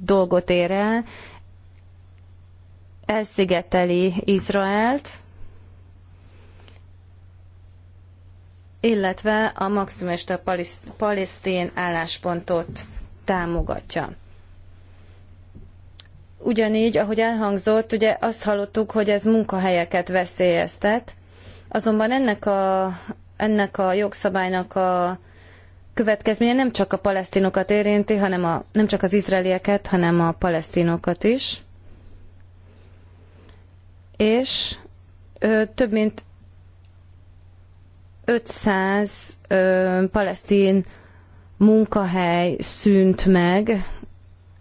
dolgot ér el, elszigeteli Izraelt, illetve a maximista palesztin álláspontot támogatja. Ugyanígy, ahogy elhangzott, ugye azt hallottuk, hogy ez munkahelyeket veszélyeztet, azonban ennek a, ennek a jogszabálynak a következménye nem csak a palesztinokat érinti, hanem a, nem csak az izraelieket, hanem a palesztinokat is és ö, több mint 500 ö, palesztin munkahely szűnt meg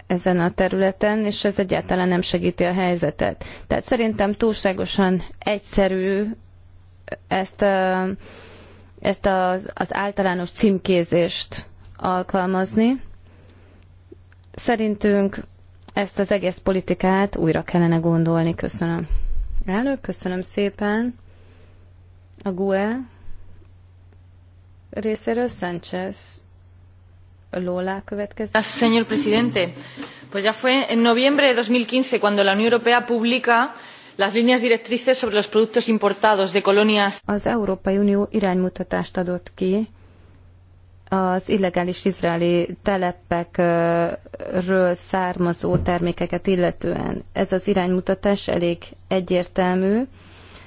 ezen a területen, és ez egyáltalán nem segíti a helyzetet. Tehát szerintem túlságosan egyszerű ezt, a, ezt az, az általános címkézést alkalmazni. Szerintünk ezt az egész politikát újra kellene gondolni. Köszönöm. Elnök, köszönöm szépen. A GUE részéről Sánchez Lola következik. Señor presidente, pues ya fue en noviembre de 2015 cuando la Unión Europea publica las líneas directrices sobre los productos importados de colonias. Az Európai Unió iránymutatást adott ki az illegális izraeli telepekről származó termékeket illetően. Ez az iránymutatás elég egyértelmű.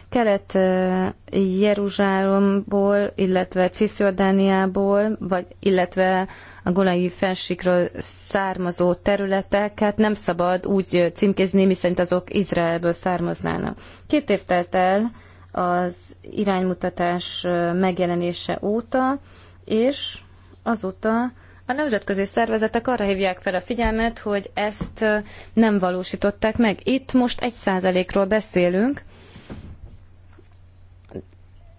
Kelet-Jeruzsálemból, illetve Cisjordániából, vagy illetve a golai felsikről származó területeket nem szabad úgy címkézni, miszerint azok Izraelből származnának. Két év telt el az iránymutatás megjelenése óta, és azóta a nemzetközi szervezetek arra hívják fel a figyelmet, hogy ezt nem valósították meg. Itt most egy százalékról beszélünk,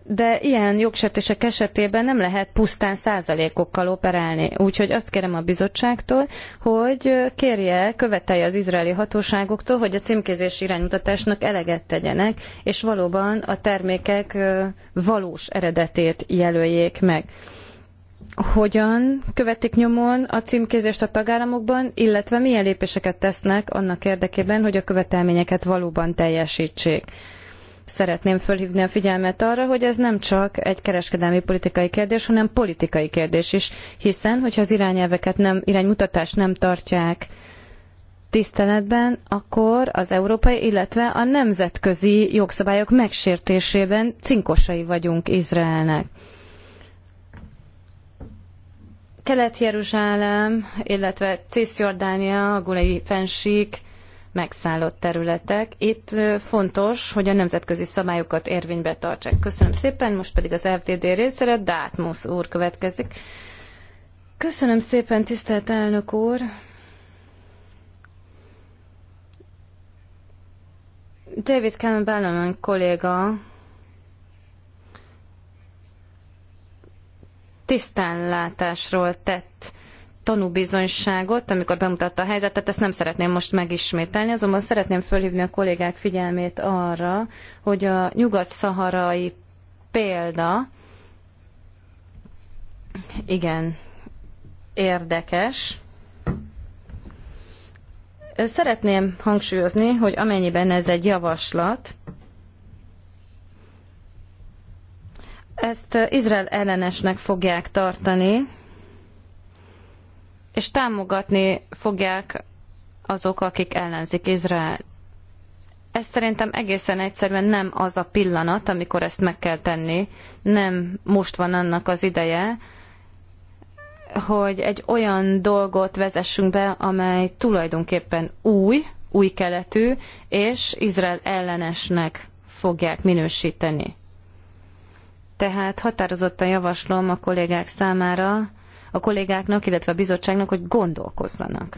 de ilyen jogsértések esetében nem lehet pusztán százalékokkal operálni. Úgyhogy azt kérem a bizottságtól, hogy kérje, követelje az izraeli hatóságoktól, hogy a címkézés iránymutatásnak eleget tegyenek, és valóban a termékek valós eredetét jelöljék meg hogyan követik nyomon a címkézést a tagállamokban, illetve milyen lépéseket tesznek annak érdekében, hogy a követelményeket valóban teljesítsék. Szeretném fölhívni a figyelmet arra, hogy ez nem csak egy kereskedelmi politikai kérdés, hanem politikai kérdés is, hiszen, hogyha az irányelveket nem, iránymutatást nem tartják tiszteletben, akkor az európai, illetve a nemzetközi jogszabályok megsértésében cinkosai vagyunk Izraelnek. Kelet-Jeruzsálem, illetve Cisjordánia, a Gulei fensík megszállott területek. Itt fontos, hogy a nemzetközi szabályokat érvénybe tartsák. Köszönöm szépen, most pedig az FDD részére Dátmusz úr következik. Köszönöm szépen, tisztelt elnök úr! David Cameron kolléga tisztánlátásról tett tanúbizonyságot, amikor bemutatta a helyzetet, ezt nem szeretném most megismételni, azonban szeretném fölhívni a kollégák figyelmét arra, hogy a nyugat-szaharai példa igen érdekes. Szeretném hangsúlyozni, hogy amennyiben ez egy javaslat, ezt Izrael ellenesnek fogják tartani, és támogatni fogják azok, akik ellenzik Izrael. Ez szerintem egészen egyszerűen nem az a pillanat, amikor ezt meg kell tenni. Nem most van annak az ideje, hogy egy olyan dolgot vezessünk be, amely tulajdonképpen új, új keletű, és Izrael ellenesnek fogják minősíteni. Tehát határozottan javaslom a kollégák számára, a kollégáknak, illetve a bizottságnak, hogy gondolkozzanak.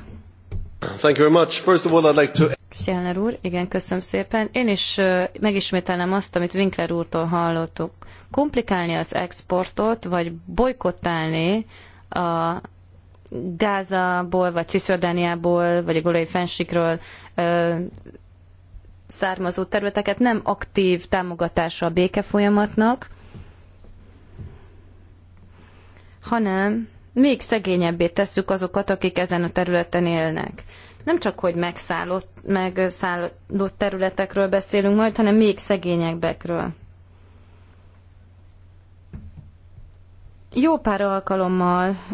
Thank you very much. First of all, I'd like to... Fjellner úr, igen, köszönöm szépen. Én is megismételnem azt, amit Winkler úrtól hallottuk. Komplikálni az exportot, vagy bolykottálni a Gázából, vagy Cisjordániából, vagy a Golai fensikről származó területeket nem aktív támogatása a békefolyamatnak hanem még szegényebbé tesszük azokat, akik ezen a területen élnek. Nem csak, hogy megszállott, megszállott területekről beszélünk majd, hanem még szegényebbekről. Jó pár alkalommal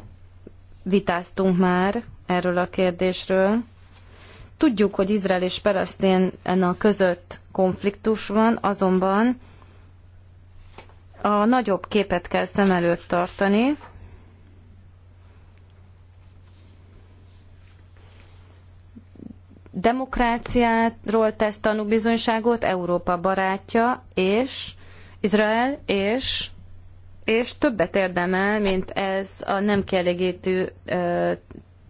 vitáztunk már erről a kérdésről. Tudjuk, hogy Izrael és a között konfliktus van, azonban a nagyobb képet kell szem előtt tartani, demokráciáról tesz tanúbizonyságot, Európa barátja, és Izrael, és és többet érdemel, mint ez a nem kielégítő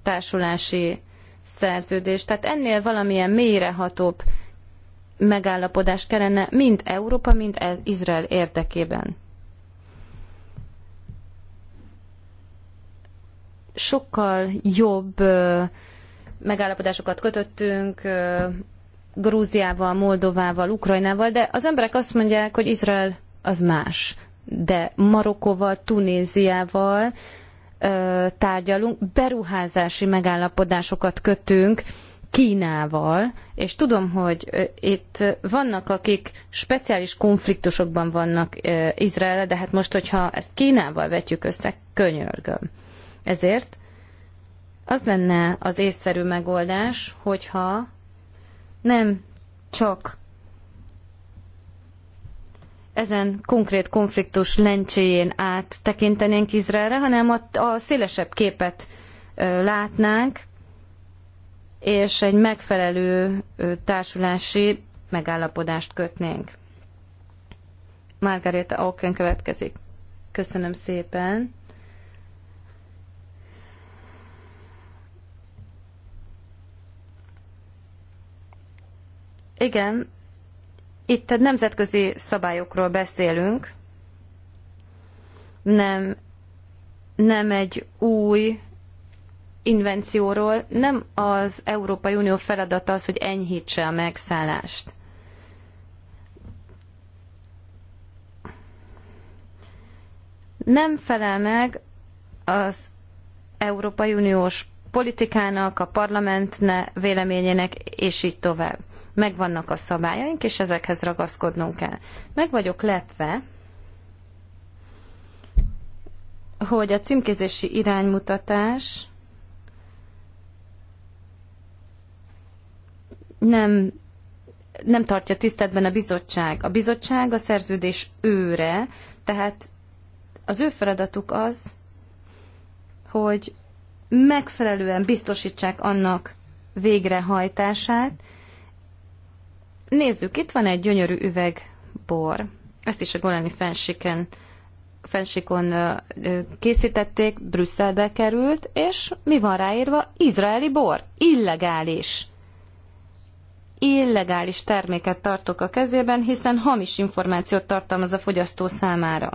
társulási szerződés. Tehát ennél valamilyen mélyrehatóbb megállapodás kellene mind Európa, mind e- Izrael érdekében. Sokkal jobb ö, megállapodásokat kötöttünk Grúziával, Moldovával, Ukrajnával, de az emberek azt mondják, hogy Izrael az más. De Marokkóval, Tunéziával tárgyalunk, beruházási megállapodásokat kötünk, Kínával, és tudom, hogy itt vannak, akik speciális konfliktusokban vannak Izrael, de hát most, hogyha ezt Kínával vetjük össze, könyörgöm. Ezért az lenne az észszerű megoldás, hogyha nem csak ezen konkrét konfliktus lencséjén át tekintenénk Izraelre, hanem a, a szélesebb képet ö, látnánk, és egy megfelelő ö, társulási megállapodást kötnénk. Margareta Auken következik. Köszönöm szépen. Igen, itt nemzetközi szabályokról beszélünk, nem, nem egy új invencióról, nem az Európai Unió feladata az, hogy enyhítse a megszállást. Nem felel meg az Európai Uniós politikának, a parlamentne véleményének, és így tovább megvannak a szabályaink, és ezekhez ragaszkodnunk kell. Meg vagyok lepve, hogy a címkézési iránymutatás nem, nem tartja tiszteletben a bizottság. A bizottság a szerződés őre, tehát az ő feladatuk az, hogy megfelelően biztosítsák annak végrehajtását, Nézzük, itt van egy gyönyörű üveg bor. Ezt is a Golani fensiken fensikon készítették, Brüsszelbe került, és mi van ráírva? Izraeli bor. Illegális. Illegális terméket tartok a kezében, hiszen hamis információt tartalmaz a fogyasztó számára.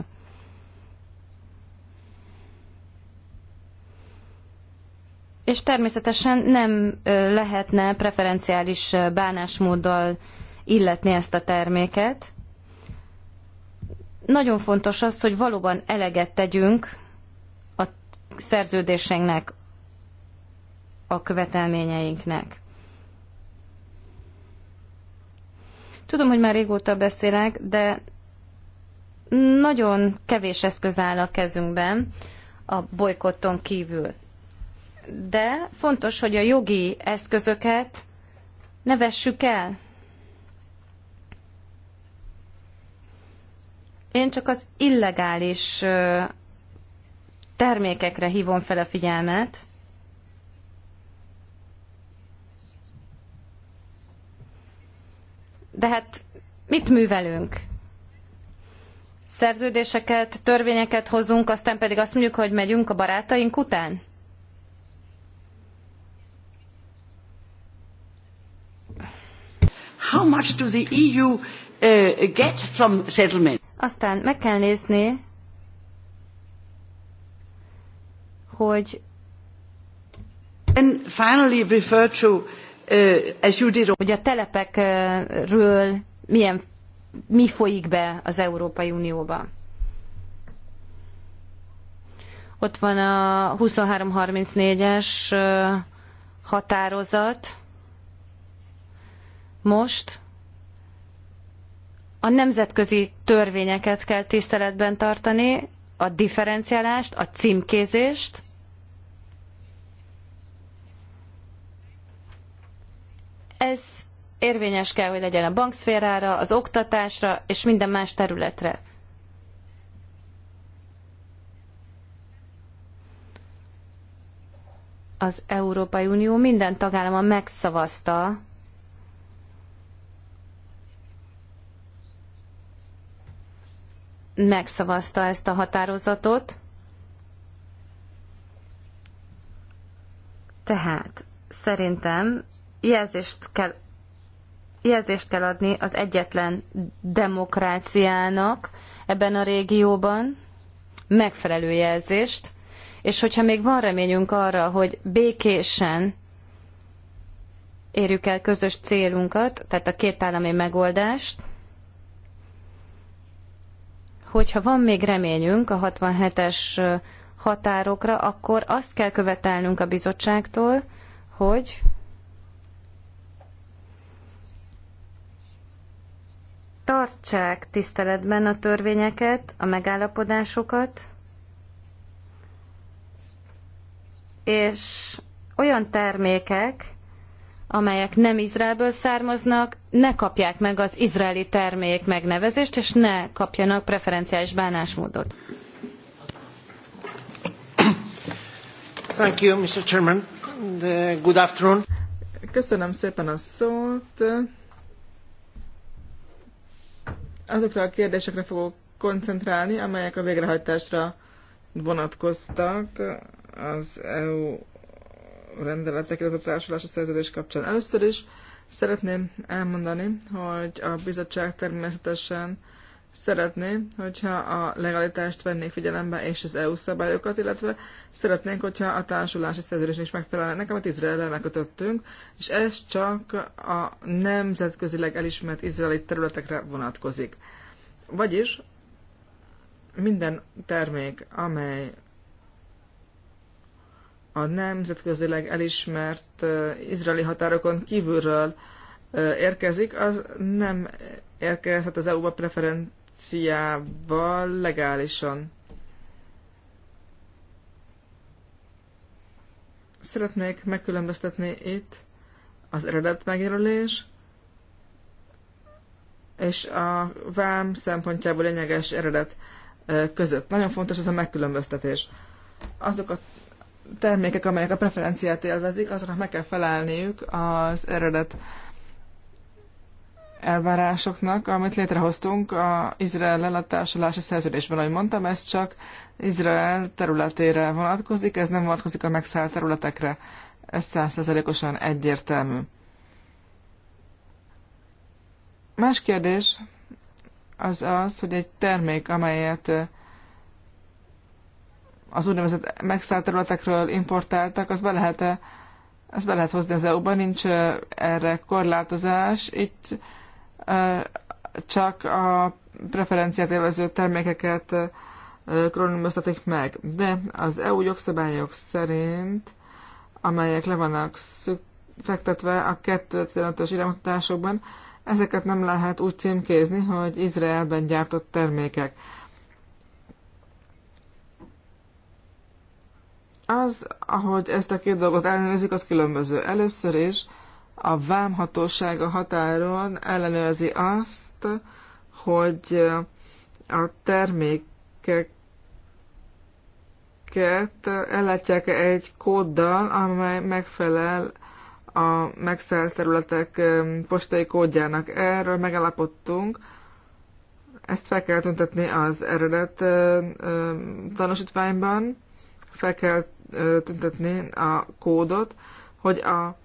És természetesen nem lehetne preferenciális bánásmóddal illetni ezt a terméket. Nagyon fontos az, hogy valóban eleget tegyünk a szerződésünknek, a követelményeinknek. Tudom, hogy már régóta beszélek, de nagyon kevés eszköz áll a kezünkben a bolykotton kívül. De fontos, hogy a jogi eszközöket ne vessük el. Én csak az illegális termékekre hívom fel a figyelmet. De hát mit művelünk? Szerződéseket, törvényeket hozunk, aztán pedig azt mondjuk, hogy megyünk a barátaink után? How much do the EU uh, get from settlement? Aztán meg kell nézni, hogy And finally refer to, uh, as you did... hogy a telepekről milyen, mi folyik be az Európai Unióba. Ott van a 2334-es uh, határozat most, a nemzetközi törvényeket kell tiszteletben tartani, a differenciálást, a címkézést, ez érvényes kell, hogy legyen a bankszférára, az oktatásra és minden más területre. Az Európai Unió minden tagállama megszavazta megszavazta ezt a határozatot. Tehát szerintem jelzést kell, jelzést kell adni az egyetlen demokráciának ebben a régióban, megfelelő jelzést, és hogyha még van reményünk arra, hogy békésen érjük el közös célunkat, tehát a két állami megoldást, hogyha van még reményünk a 67-es határokra, akkor azt kell követelnünk a bizottságtól, hogy tartsák tiszteletben a törvényeket, a megállapodásokat, és olyan termékek, amelyek nem Izraelből származnak, ne kapják meg az izraeli termék megnevezést, és ne kapjanak preferenciális bánásmódot. Thank you, Mr. Chairman. Good afternoon. Köszönöm szépen a szót. Azokra a kérdésekre fogok koncentrálni, amelyek a végrehajtásra vonatkoztak az EU rendeletek, illetve a társulási szerződés kapcsán. Először is szeretném elmondani, hogy a bizottság természetesen szeretné, hogyha a legalitást vennék figyelembe és az EU szabályokat, illetve szeretnénk, hogyha a társulási szerződés is Nekem, amit Izrael megkötöttünk, és ez csak a nemzetközileg elismert izraeli területekre vonatkozik. Vagyis minden termék, amely a nemzetközileg elismert izraeli határokon kívülről érkezik, az nem érkezhet az EU-ba preferenciával legálisan. Szeretnék megkülönböztetni itt az eredet megjelölés és a vám szempontjából lényeges eredet között. Nagyon fontos ez a megkülönböztetés. Azok a termékek, amelyek a preferenciát élvezik, azoknak meg kell felelniük az eredet elvárásoknak, amit létrehoztunk a Izrael a társulási szerződésben, ahogy mondtam, ez csak Izrael területére vonatkozik, ez nem vonatkozik a megszállt területekre. Ez százszerzelékosan egyértelmű. Más kérdés az az, hogy egy termék, amelyet az úgynevezett megszállt területekről importáltak, az be lehet-e, ezt be lehet hozni az EU-ba, nincs erre korlátozás, itt csak a preferenciát élvező termékeket különböztetik meg. De az EU jogszabályok szerint, amelyek le vannak fektetve a 2015-ös iránymutatásokban, ezeket nem lehet úgy címkézni, hogy Izraelben gyártott termékek. Az, ahogy ezt a két dolgot ellenőrzik, az különböző. Először is a vámhatóság a határon ellenőrzi azt, hogy a termékeket ellátják -e egy kóddal, amely megfelel a megszállt területek um, postai kódjának. Erről megállapodtunk, ezt fel kell tüntetni az eredet um, um, tanúsítványban, fel kell tüntetni a kódot, hogy a,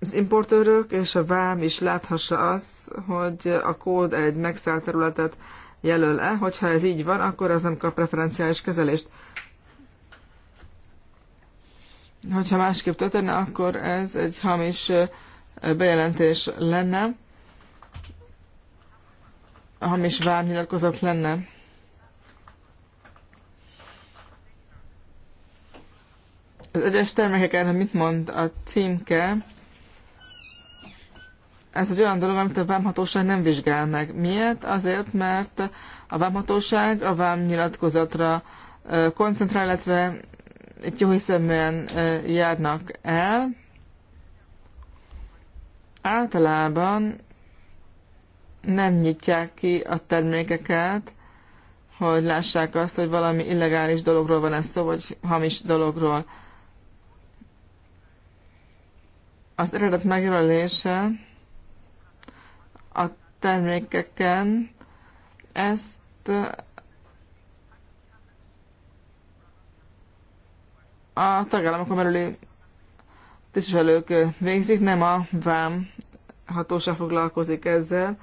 az importőrök és a vám is láthassa az, hogy a kód egy megszállt területet jelöl-e, hogyha ez így van, akkor az nem kap preferenciális kezelést. Hogyha másképp történne, akkor ez egy hamis bejelentés lenne, hamis vámnyilatkozat lenne. az egyes termékek ellen mit mond a címke, ez egy olyan dolog, amit a vámhatóság nem vizsgál meg. Miért? Azért, mert a vámhatóság a vámnyilatkozatra koncentrál, illetve itt jó hiszeműen járnak el. Általában nem nyitják ki a termékeket, hogy lássák azt, hogy valami illegális dologról van ez szó, vagy hamis dologról. az eredet megjelölése a termékeken ezt a tagállamokon belüli tisztviselők végzik, nem a vám hatóság foglalkozik ezzel.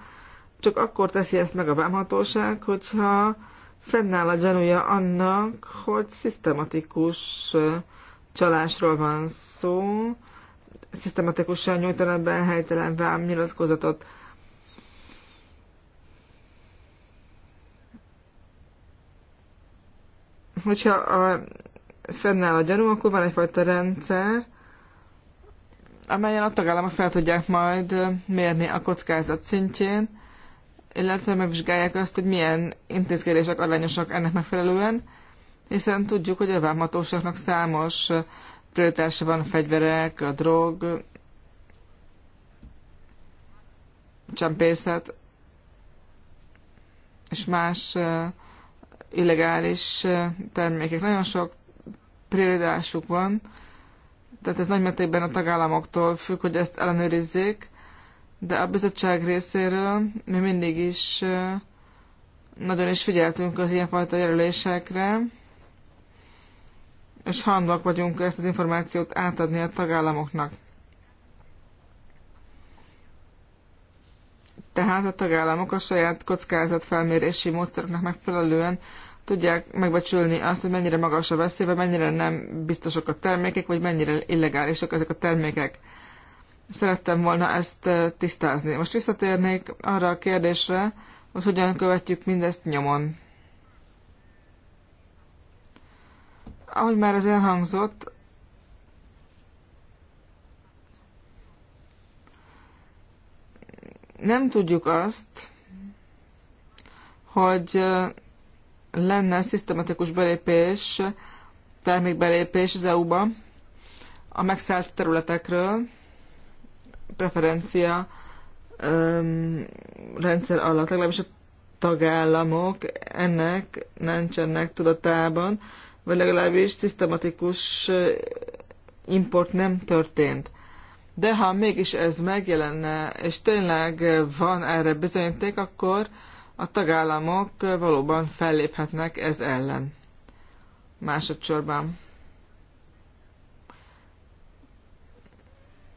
Csak akkor teszi ezt meg a vámhatóság, hogyha fennáll a gyanúja annak, hogy szisztematikus csalásról van szó, szisztematikusan nyújtana be helytelen vám nyilatkozatot. Hogyha a, fennáll a gyanú, akkor van egyfajta rendszer, amelyen a tagállamok fel tudják majd mérni a kockázat szintjén, illetve megvizsgálják azt, hogy milyen intézkedések arányosak ennek megfelelően, hiszen tudjuk, hogy a vámhatóságnak számos prioritása van a fegyverek, a drog, csempészet és más illegális termékek. Nagyon sok prioritásuk van, tehát ez nagy mértékben a tagállamoktól függ, hogy ezt ellenőrizzék, de a bizottság részéről mi mindig is nagyon is figyeltünk az ilyenfajta jelölésekre, és hajlandóak vagyunk ezt az információt átadni a tagállamoknak. Tehát a tagállamok a saját kockázatfelmérési módszereknek megfelelően tudják megbecsülni azt, hogy mennyire magas a veszélybe, mennyire nem biztosak a termékek, vagy mennyire illegálisak ezek a termékek. Szerettem volna ezt tisztázni. Most visszatérnék arra a kérdésre, hogy hogyan követjük mindezt nyomon. Ahogy már az elhangzott, nem tudjuk azt, hogy lenne szisztematikus belépés, termékbelépés az EU-ba a megszállt területekről, preferencia öm, rendszer alatt, legalábbis a tagállamok ennek nincsenek tudatában, vagy legalábbis szisztematikus import nem történt. De ha mégis ez megjelenne, és tényleg van erre bizonyíték, akkor a tagállamok valóban felléphetnek ez ellen. Másodszorban.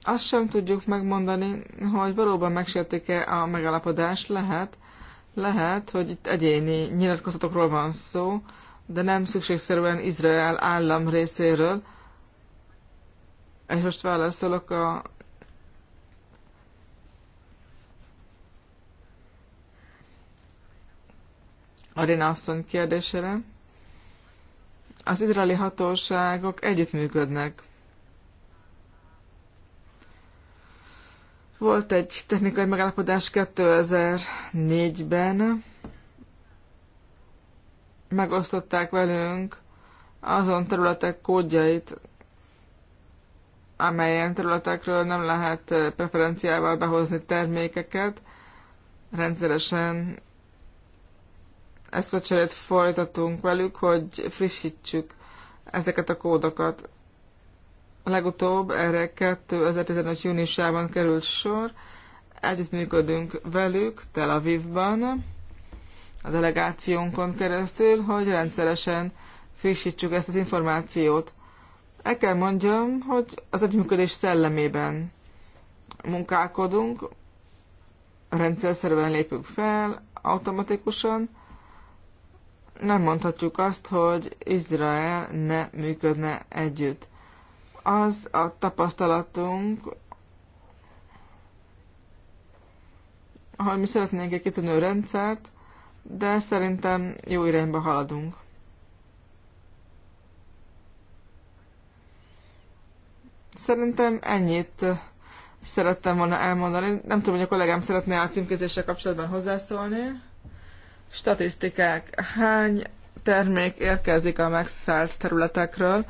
Azt sem tudjuk megmondani, hogy valóban megsértik-e a megalapodás Lehet, lehet, hogy itt egyéni nyilatkozatokról van szó, de nem szükségszerűen Izrael állam részéről. És most válaszolok a Arina asszony kérdésére. Az izraeli hatóságok együttműködnek. Volt egy technikai megállapodás 2004-ben, megosztották velünk azon területek kódjait, amelyen területekről nem lehet eh, preferenciával behozni termékeket. Rendszeresen ezt a cserét folytatunk velük, hogy frissítsük ezeket a kódokat. Legutóbb erre 2015. júniusában került sor, együttműködünk velük Tel Avivban, a delegációnkon keresztül, hogy rendszeresen frissítsük ezt az információt. El kell mondjam, hogy az együttműködés szellemében munkálkodunk, rendszerszerűen lépünk fel, automatikusan. Nem mondhatjuk azt, hogy Izrael ne működne együtt. Az a tapasztalatunk, ha mi szeretnénk egy kitűnő rendszert, de szerintem jó irányba haladunk. Szerintem ennyit szerettem volna elmondani. Nem tudom, hogy a kollégám szeretné a címkézéssel kapcsolatban hozzászólni. Statisztikák. Hány termék érkezik a megszállt területekről?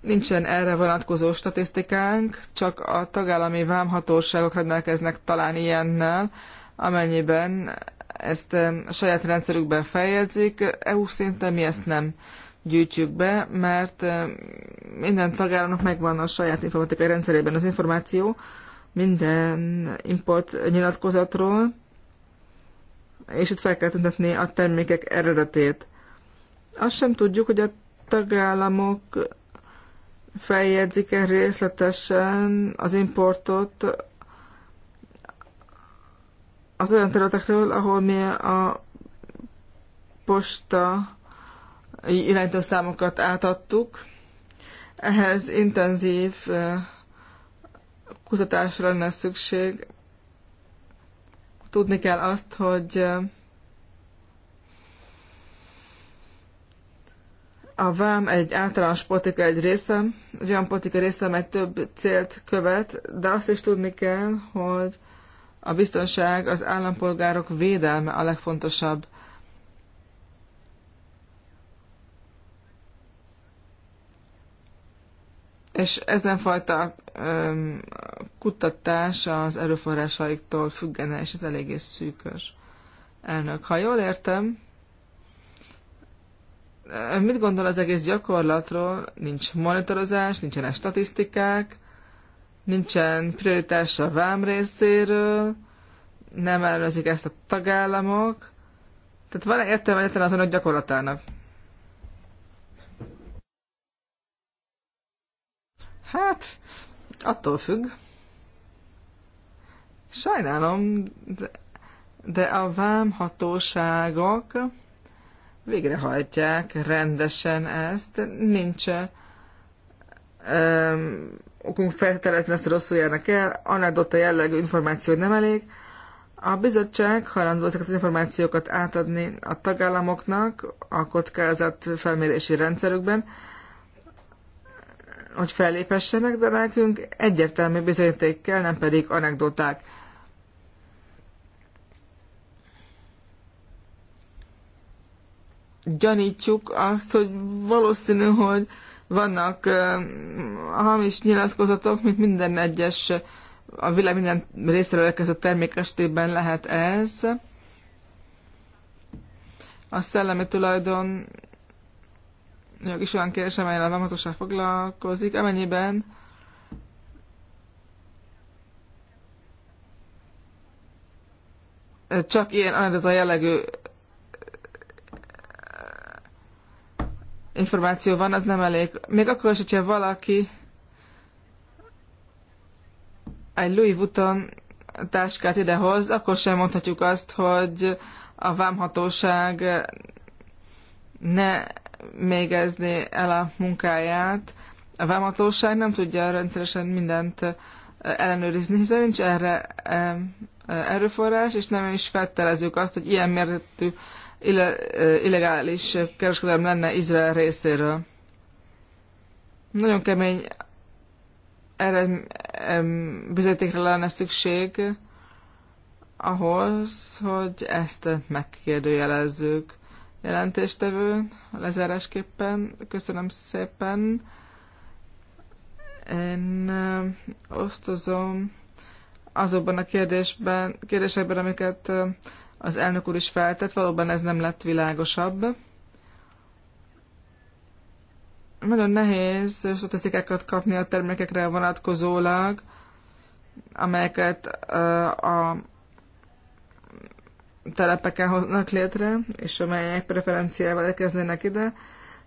Nincsen erre vonatkozó statisztikánk, csak a tagállami vámhatóságok rendelkeznek talán ilyennel, amennyiben ezt a saját rendszerükben feljegyzik, EU szinten mi ezt nem gyűjtjük be, mert minden tagállamnak megvan a saját informatikai rendszerében az információ minden import nyilatkozatról, és itt fel kell tüntetni a termékek eredetét. Azt sem tudjuk, hogy a tagállamok feljegyzik-e részletesen az importot az olyan területekről, ahol mi a posta számokat átadtuk. Ehhez intenzív kutatásra lenne szükség. Tudni kell azt, hogy a vám egy általános politika egy része, egy olyan politika része, amely több célt követ, de azt is tudni kell, hogy a biztonság az állampolgárok védelme a legfontosabb. És ezen fajta öm, kutatás az erőforrásaiktól függene, és ez eléggé szűkös. Elnök, ha jól értem, mit gondol az egész gyakorlatról? Nincs monitorozás, nincsenek statisztikák, nincsen prioritás a vám részéről, nem elvezik ezt a tagállamok. Tehát van-e értelme egyetlen az önök gyakorlatának? Hát, attól függ. Sajnálom, de, de a vámhatóságok végrehajtják rendesen ezt, nincs okunk feltételezni ezt, hogy rosszul járnak el, anekdota jellegű információ nem elég. A bizottság hajlandó ezeket az információkat átadni a tagállamoknak a kockázat felmérési rendszerükben, hogy fellépessenek, de nekünk egyértelmű bizonyíték kell, nem pedig anekdoták. Gyanítjuk azt, hogy valószínű, hogy vannak uh, hamis nyilatkozatok, mint minden egyes, a világ minden részéről érkező termék esetében lehet ez. A szellemi tulajdon is olyan kérdés, amelyen a vámhatóság foglalkozik, amennyiben csak ilyen anedota jellegű információ van, az nem elég. Még akkor is, hogyha valaki egy Louis Vuitton táskát idehoz, akkor sem mondhatjuk azt, hogy a vámhatóság ne mégezni el a munkáját. A vámhatóság nem tudja rendszeresen mindent eh, ellenőrizni, hiszen nincs erre eh, erőforrás, és nem is feltelezzük azt, hogy ilyen mértékű illegális kereskedelem lenne Izrael részéről. Nagyon kemény erre bizetékre lenne szükség ahhoz, hogy ezt megkérdőjelezzük. Jelentéstevő lezárásképpen köszönöm szépen. Én osztozom azokban a kérdésben, kérdésekben, amiket az elnök úr is feltett, valóban ez nem lett világosabb. Nagyon nehéz statisztikákat kapni a termékekre vonatkozólag, amelyeket a telepeken hoznak létre, és amelyek preferenciával érkeznének ide,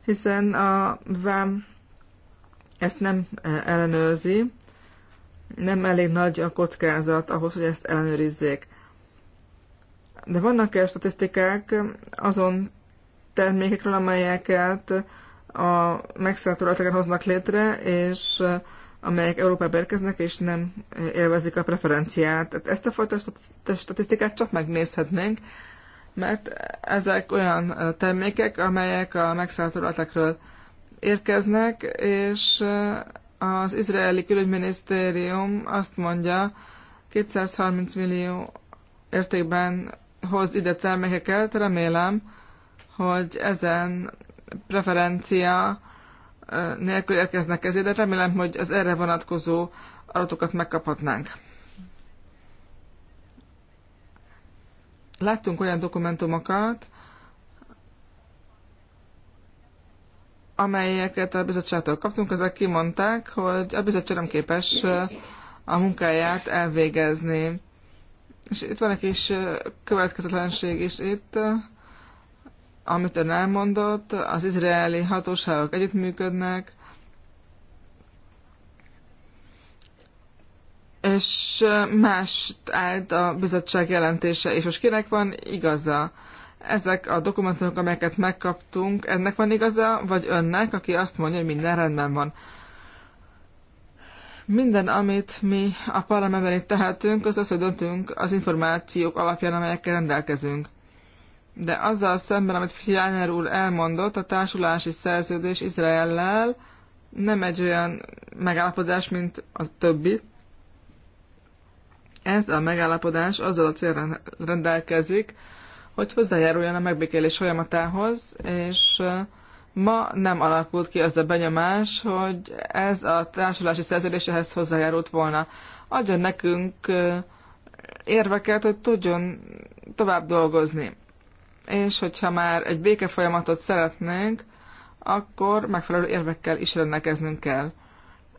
hiszen a vám ezt nem ellenőrzi, nem elég nagy a kockázat ahhoz, hogy ezt ellenőrizzék. De vannak-e statisztikák azon termékekről, amelyeket a megszállt területeken hoznak létre, és amelyek Európába érkeznek, és nem élvezik a preferenciát. Tehát ezt a fajta statisztikát csak megnézhetnénk, mert ezek olyan termékek, amelyek a megszállt területekről érkeznek, és az izraeli külügyminisztérium azt mondja, 230 millió értékben hoz ide termékeket. Remélem, hogy ezen preferencia nélkül érkeznek ezért, de remélem, hogy az erre vonatkozó adatokat megkaphatnánk. Láttunk olyan dokumentumokat, amelyeket a bizottságtól kaptunk, ezek kimondták, hogy a bizottság nem képes a munkáját elvégezni. És itt van egy kis következetlenség is itt, amit ön elmondott, az izraeli hatóságok együttműködnek, és más állt a bizottság jelentése, és most kinek van igaza? Ezek a dokumentumok, amelyeket megkaptunk, ennek van igaza, vagy önnek, aki azt mondja, hogy minden rendben van? Minden, amit mi a parlamentben itt tehetünk, az az, hogy döntünk az információk alapján, amelyekkel rendelkezünk. De azzal szemben, amit Fjellner úr elmondott, a társulási szerződés Izraellel nem egy olyan megállapodás, mint a többi. Ez a megállapodás azzal a célra rendelkezik, hogy hozzájáruljon a megbékélés folyamatához, és Ma nem alakult ki az a benyomás, hogy ez a társulási szerződéshez hozzájárult volna. Adjon nekünk érveket, hogy tudjon tovább dolgozni. És hogyha már egy béke folyamatot szeretnénk, akkor megfelelő érvekkel is rendelkeznünk kell.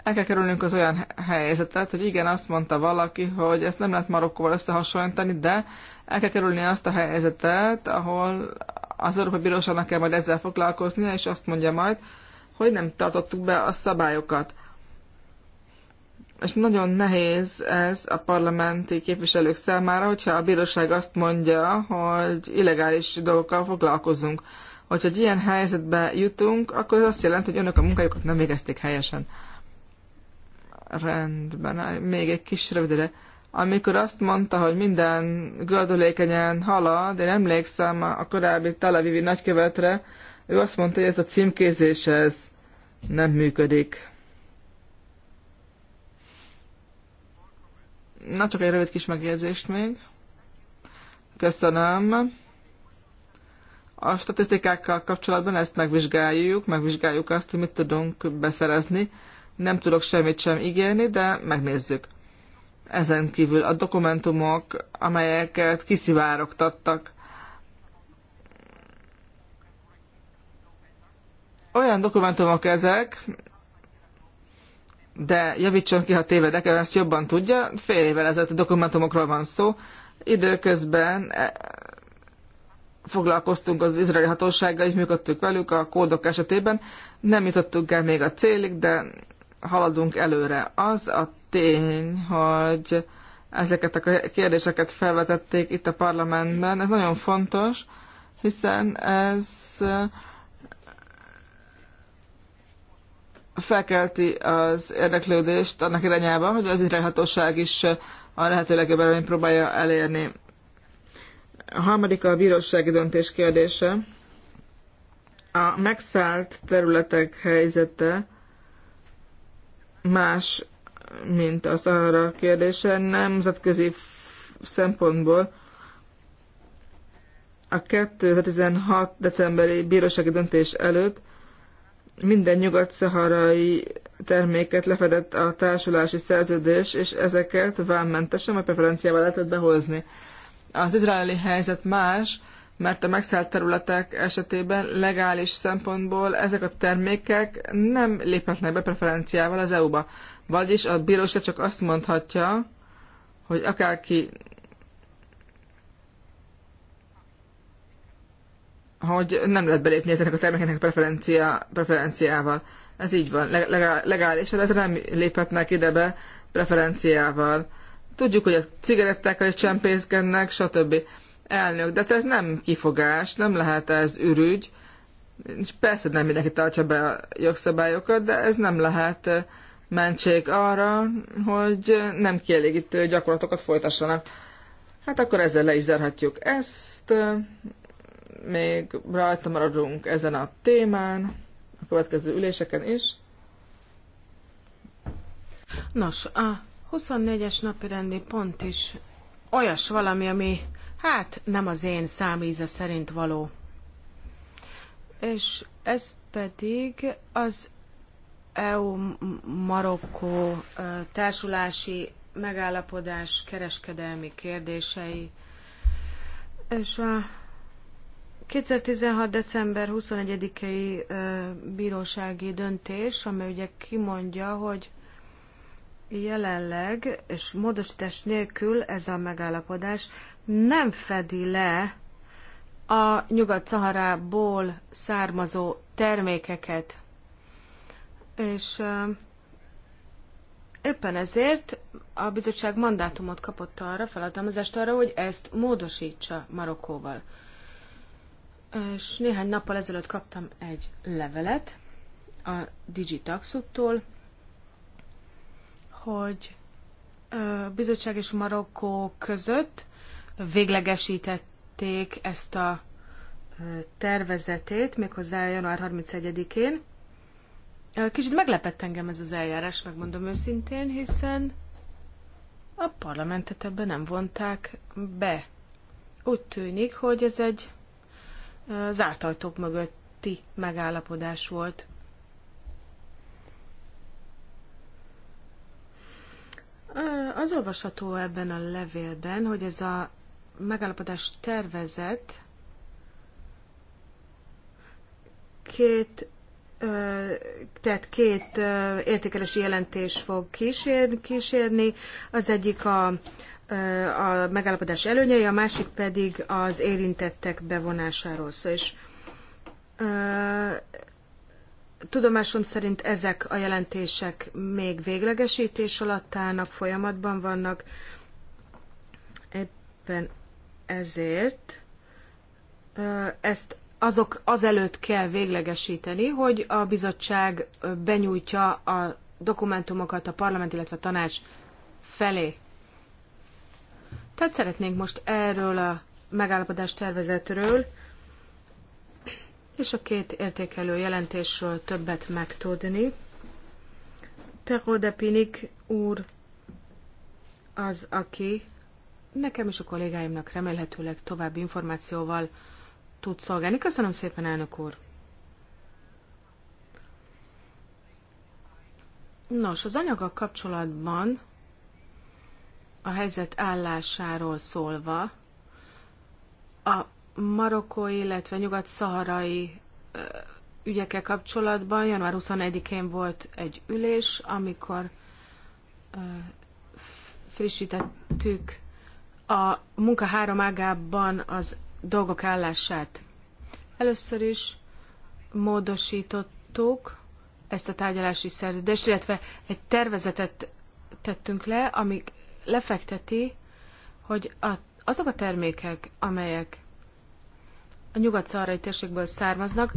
El kell kerülnünk az olyan helyzetet, hogy igen, azt mondta valaki, hogy ezt nem lehet Marokkóval összehasonlítani, de el kell kerülni azt a helyzetet, ahol az Európai Bíróságnak kell majd ezzel foglalkoznia, és azt mondja majd, hogy nem tartottuk be a szabályokat. És nagyon nehéz ez a parlamenti képviselők számára, hogyha a bíróság azt mondja, hogy illegális dolgokkal foglalkozunk. Hogyha egy ilyen helyzetbe jutunk, akkor ez azt jelenti, hogy önök a munkájukat nem végezték helyesen. Rendben, még egy kis rövidre amikor azt mondta, hogy minden gördülékenyen halad, én emlékszem a korábbi Tel Avivi nagykövetre, ő azt mondta, hogy ez a címkézés ez nem működik. Na, csak egy rövid kis megjegyzést még. Köszönöm. A statisztikákkal kapcsolatban ezt megvizsgáljuk, megvizsgáljuk azt, hogy mit tudunk beszerezni. Nem tudok semmit sem ígérni, de megnézzük ezen kívül a dokumentumok, amelyeket kiszivárogtattak. Olyan dokumentumok ezek, de javítson ki, ha tévedek, ezt jobban tudja, fél évvel ezelőtt a dokumentumokról van szó. Időközben e, foglalkoztunk az izraeli hatósággal, és működtük velük a kódok esetében. Nem jutottunk el még a célig, de haladunk előre. Az a tény, hogy ezeket a kérdéseket felvetették itt a parlamentben. Ez nagyon fontos, hiszen ez eh, felkelti az érdeklődést annak irányába, hogy az irányhatóság is a lehető legjobb eredményt próbálja elérni. A harmadik a bírósági döntés kérdése. A megszállt területek helyzete más mint az arra kérdése, nemzetközi szempontból a 2016. decemberi bírósági döntés előtt minden nyugat-szaharai terméket lefedett a társulási szerződés, és ezeket vámmentesen vagy preferenciával lehetett behozni. Az izraeli helyzet más, mert a megszállt területek esetében legális szempontból ezek a termékek nem léphetnek be preferenciával az EU-ba. Vagyis a bíróság csak azt mondhatja, hogy akárki hogy nem lehet belépni ezeknek a termékeknek preferencia, preferenciával. Ez így van, legálisan hát ez nem léphetnek ide be preferenciával. Tudjuk, hogy a cigarettákkal is csempészkednek, stb elnök, de hát ez nem kifogás, nem lehet ez ürügy, és persze nem mindenki tartsa be a jogszabályokat, de ez nem lehet mentség arra, hogy nem kielégítő gyakorlatokat folytassanak. Hát akkor ezzel le is zárhatjuk ezt, még rajta maradunk ezen a témán, a következő üléseken is. Nos, a 24-es napi rendi pont is olyas valami, ami hát nem az én számíze szerint való. És ez pedig az EU-Marokkó társulási megállapodás kereskedelmi kérdései. És a 2016. december 21-i bírósági döntés, amely ugye kimondja, hogy jelenleg és módosítás nélkül ez a megállapodás nem fedi le a Nyugat-Szaharából származó termékeket. És éppen ezért a bizottság mandátumot kapott arra, feladalmazást arra, hogy ezt módosítsa Marokkóval. És néhány nappal ezelőtt kaptam egy levelet a Digitaxuttól, hogy a bizottság és Marokkó között véglegesítették ezt a tervezetét, méghozzá január 31-én. Kicsit meglepett engem ez az eljárás, megmondom őszintén, hiszen a parlamentet ebben nem vonták be. Úgy tűnik, hogy ez egy zárt ajtók mögötti megállapodás volt. Az olvasható ebben a levélben, hogy ez a megállapodás tervezet két tehát két értékelési jelentés fog kísérni. Az egyik a, a megállapodás előnyei, a másik pedig az érintettek bevonásáról szól. És tudomásom szerint ezek a jelentések még véglegesítés alatt állnak, folyamatban vannak. Éppen ezért ezt azok azelőtt kell véglegesíteni, hogy a bizottság benyújtja a dokumentumokat a parlament, illetve a tanács felé. Tehát szeretnénk most erről a megállapodás tervezetről és a két értékelő jelentésről többet megtudni. Perro de Pinik úr az, aki nekem és a kollégáimnak remélhetőleg további információval tud szolgálni. Köszönöm szépen, elnök úr! Nos, az anyaggal kapcsolatban a helyzet állásáról szólva, a marokkói, illetve nyugat-szaharai ügyekkel kapcsolatban január 21-én volt egy ülés, amikor frissítettük a munka három ágában az dolgok állását. Először is módosítottuk ezt a tárgyalási szerződést, illetve egy tervezetet tettünk le, ami lefekteti, hogy a, azok a termékek, amelyek a nyugat szarai térségből származnak,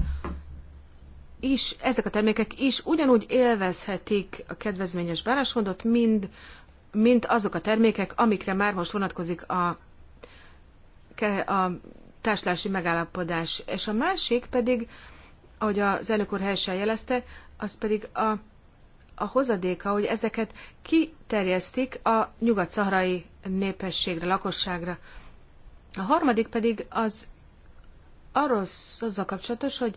is, ezek a termékek is ugyanúgy élvezhetik a kedvezményes bánásmódot, mind mint azok a termékek, amikre már most vonatkozik a, a társlási megállapodás. És a másik pedig, ahogy az elnök úr helyesen jelezte, az pedig a, a hozadéka, hogy ezeket kiterjesztik a nyugat-szaharai népességre, lakosságra. A harmadik pedig az arról azzal kapcsolatos, hogy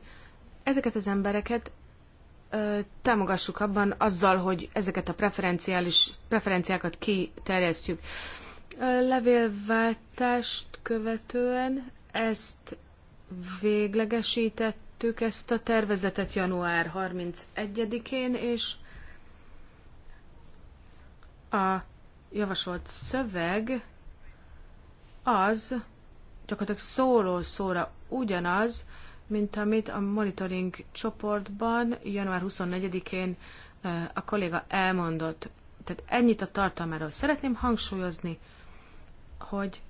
ezeket az embereket támogassuk abban azzal, hogy ezeket a preferenciális preferenciákat kiterjesztjük. Levélváltást követően ezt véglegesítettük, ezt a tervezetet január 31-én, és a javasolt szöveg az gyakorlatilag szóról szóra ugyanaz, mint amit a monitoring csoportban január 24-én a kolléga elmondott. Tehát ennyit a tartalmáról. Szeretném hangsúlyozni, hogy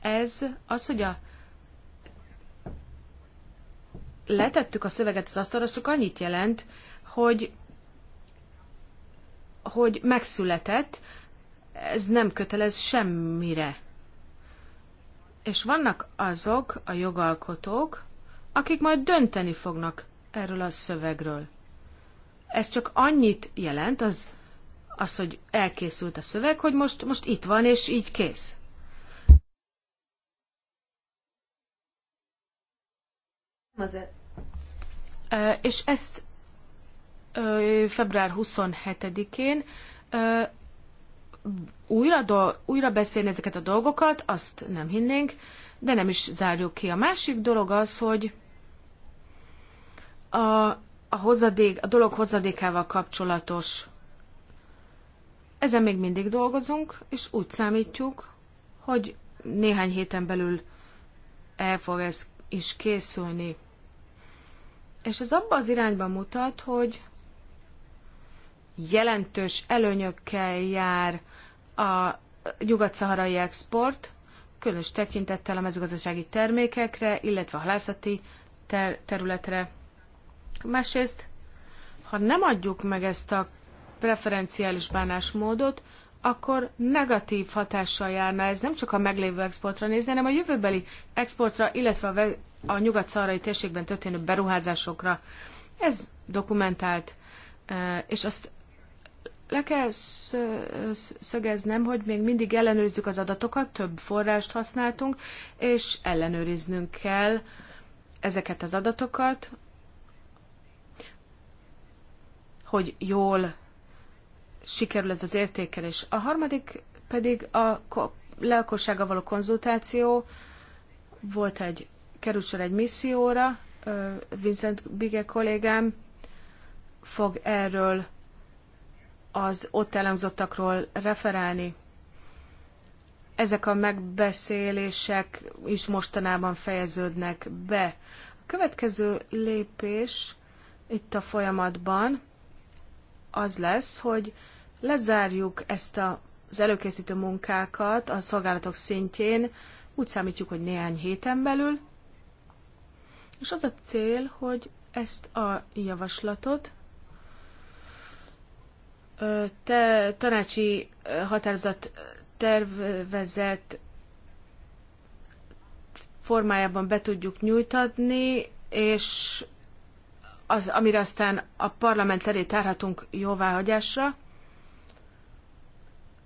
ez az, hogy a letettük a szöveget az asztalra, csak annyit jelent, hogy, hogy megszületett, ez nem kötelez semmire. És vannak azok a jogalkotók, akik majd dönteni fognak erről a szövegről. Ez csak annyit jelent, az, az hogy elkészült a szöveg, hogy most, most itt van, és így kész. Azért. És ezt február 27-én újra, do, újra beszélni ezeket a dolgokat, azt nem hinnénk, de nem is zárjuk ki. A másik dolog az, hogy a, a, hozadék, a dolog hozadékával kapcsolatos. Ezen még mindig dolgozunk, és úgy számítjuk, hogy néhány héten belül el fog ez is készülni. És ez abba az irányba mutat, hogy jelentős előnyökkel jár a nyugat-szaharai export, különös tekintettel a mezőgazdasági termékekre, illetve a halászati ter- területre. Másrészt, ha nem adjuk meg ezt a preferenciális bánásmódot, akkor negatív hatással járna ez nem csak a meglévő exportra nézni, hanem a jövőbeli exportra, illetve a, a nyugat-szarai térségben történő beruházásokra. Ez dokumentált, e, és azt le kell szögeznem, hogy még mindig ellenőrizzük az adatokat, több forrást használtunk, és ellenőriznünk kell ezeket az adatokat, hogy jól sikerül ez az értékelés. A harmadik pedig a lelkossága való konzultáció. Volt egy, került egy misszióra, Vincent Bige kollégám fog erről az ott elhangzottakról referálni. Ezek a megbeszélések is mostanában fejeződnek be. A következő lépés itt a folyamatban az lesz, hogy lezárjuk ezt a, az előkészítő munkákat a szolgálatok szintjén, úgy számítjuk, hogy néhány héten belül, és az a cél, hogy ezt a javaslatot te, tanácsi határozat tervezett formájában be tudjuk nyújtatni, és az, amire aztán a parlament elé tárhatunk jóváhagyásra,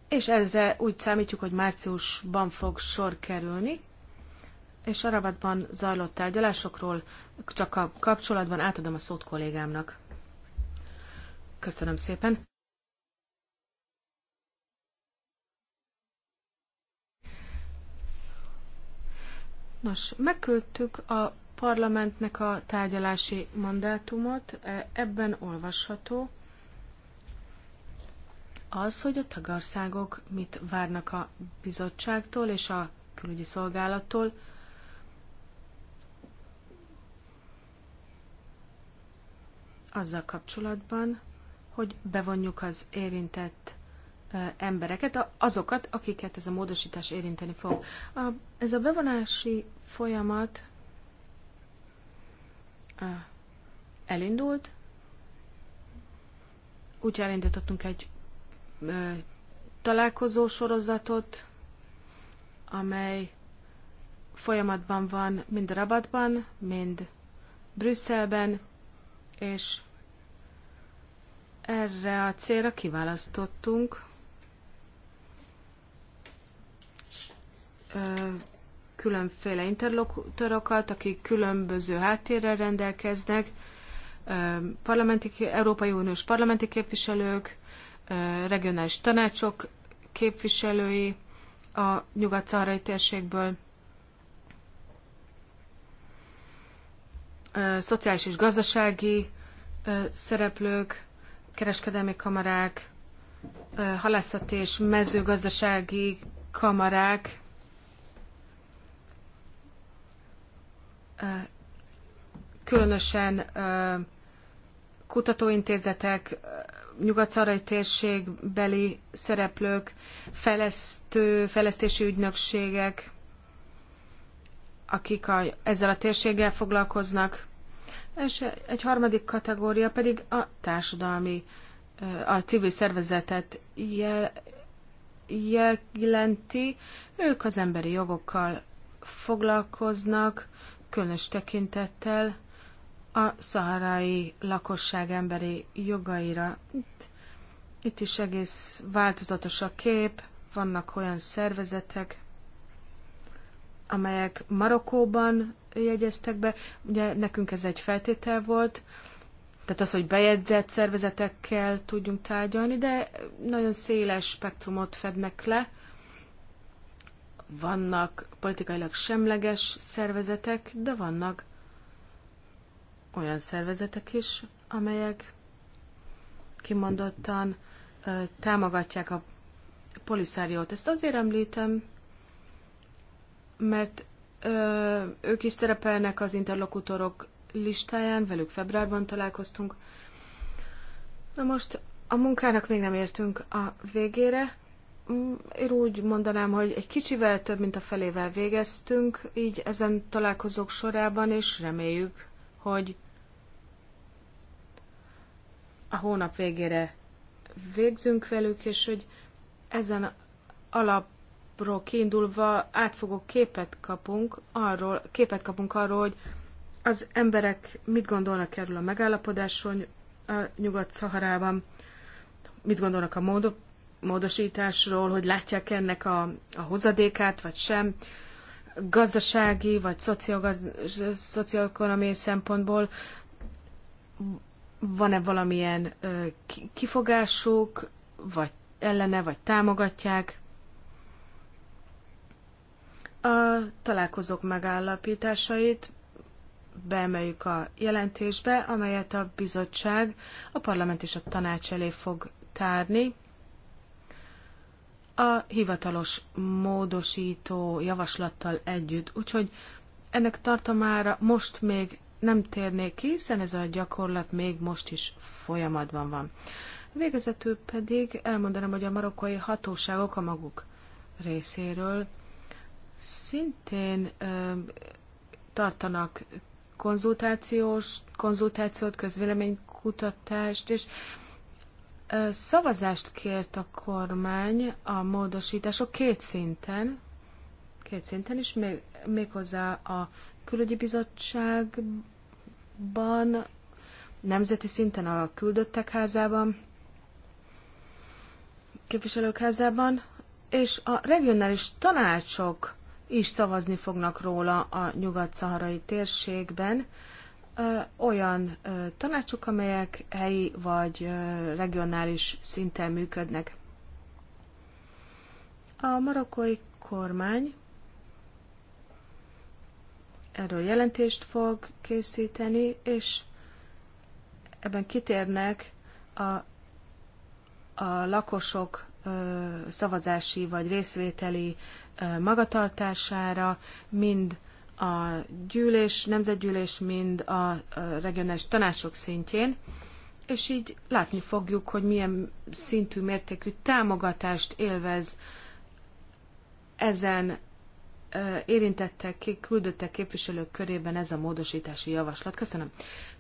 és ezre úgy számítjuk, hogy márciusban fog sor kerülni, és a rabatban zajlott tárgyalásokról csak a kapcsolatban átadom a szót kollégámnak. Köszönöm szépen. Nos, megküldtük a parlamentnek a tárgyalási mandátumot. E, ebben olvasható az, hogy a tagországok mit várnak a bizottságtól és a külügyi szolgálattól, azzal kapcsolatban, hogy bevonjuk az érintett e, embereket, azokat, akiket ez a módosítás érinteni fog. A, ez a bevonási folyamat elindult. úgy elindítottunk egy ö, találkozó sorozatot, amely folyamatban van mind Rabatban, mind Brüsszelben, és erre a célra kiválasztottunk ö, különféle interlokutorokat, akik különböző háttérrel rendelkeznek, parlamenti, Európai Uniós parlamenti képviselők, regionális tanácsok képviselői a nyugat-szaharai térségből, szociális és gazdasági szereplők, kereskedelmi kamarák, halászati és mezőgazdasági kamarák, különösen kutatóintézetek, nyugat térségbeli szereplők, fejlesztő, fejlesztési ügynökségek, akik a, ezzel a térséggel foglalkoznak, és egy harmadik kategória pedig a társadalmi, a civil szervezetet jel, jelenti, ők az emberi jogokkal foglalkoznak, különös tekintettel a szaharai lakosság emberi jogaira. Itt, itt is egész változatos a kép, vannak olyan szervezetek, amelyek Marokkóban jegyeztek be. Ugye nekünk ez egy feltétel volt, tehát az, hogy bejegyzett szervezetekkel tudjunk tárgyalni, de nagyon széles spektrumot fednek le, vannak politikailag semleges szervezetek, de vannak olyan szervezetek is, amelyek kimondottan támogatják a poliszáriót. Ezt azért említem, mert ö, ők is szerepelnek az interlokutorok listáján, velük februárban találkoztunk. Na most a munkának még nem értünk a végére, Mm, én úgy mondanám, hogy egy kicsivel több, mint a felével végeztünk, így ezen találkozók sorában, és reméljük, hogy a hónap végére végzünk velük, és hogy ezen alapról kiindulva átfogó képet kapunk arról, képet kapunk arról, hogy az emberek mit gondolnak erről a megállapodásról a Nyugat-Szaharában, mit gondolnak a módosításról, hogy látják ennek a, a hozadékát, vagy sem, gazdasági, vagy szociokonomiai szempontból van-e valamilyen ö, kifogásuk, vagy ellene, vagy támogatják. A találkozók megállapításait beemeljük a jelentésbe, amelyet a bizottság, a parlament és a tanács elé fog tárni a hivatalos módosító javaslattal együtt, úgyhogy ennek tartomára most még nem térnék ki, hiszen ez a gyakorlat még most is folyamatban van. Végezetül pedig elmondanám, hogy a marokkai hatóságok a maguk részéről szintén ö, tartanak konzultációs, konzultációt, közvéleménykutatást, és Szavazást kért a kormány a módosítások két szinten, két szinten is, még, méghozzá a külügyi bizottságban, nemzeti szinten a küldöttek házában, képviselők házában, és a regionális tanácsok is szavazni fognak róla a nyugat-szaharai térségben, olyan tanácsok, amelyek helyi vagy regionális szinten működnek. A marokkói kormány erről jelentést fog készíteni, és ebben kitérnek a, a lakosok szavazási vagy részvételi magatartására, mind a gyűlés, nemzetgyűlés, mind a regionális tanácsok szintjén, és így látni fogjuk, hogy milyen szintű mértékű támogatást élvez ezen érintettek, küldöttek képviselők körében ez a módosítási javaslat. Köszönöm,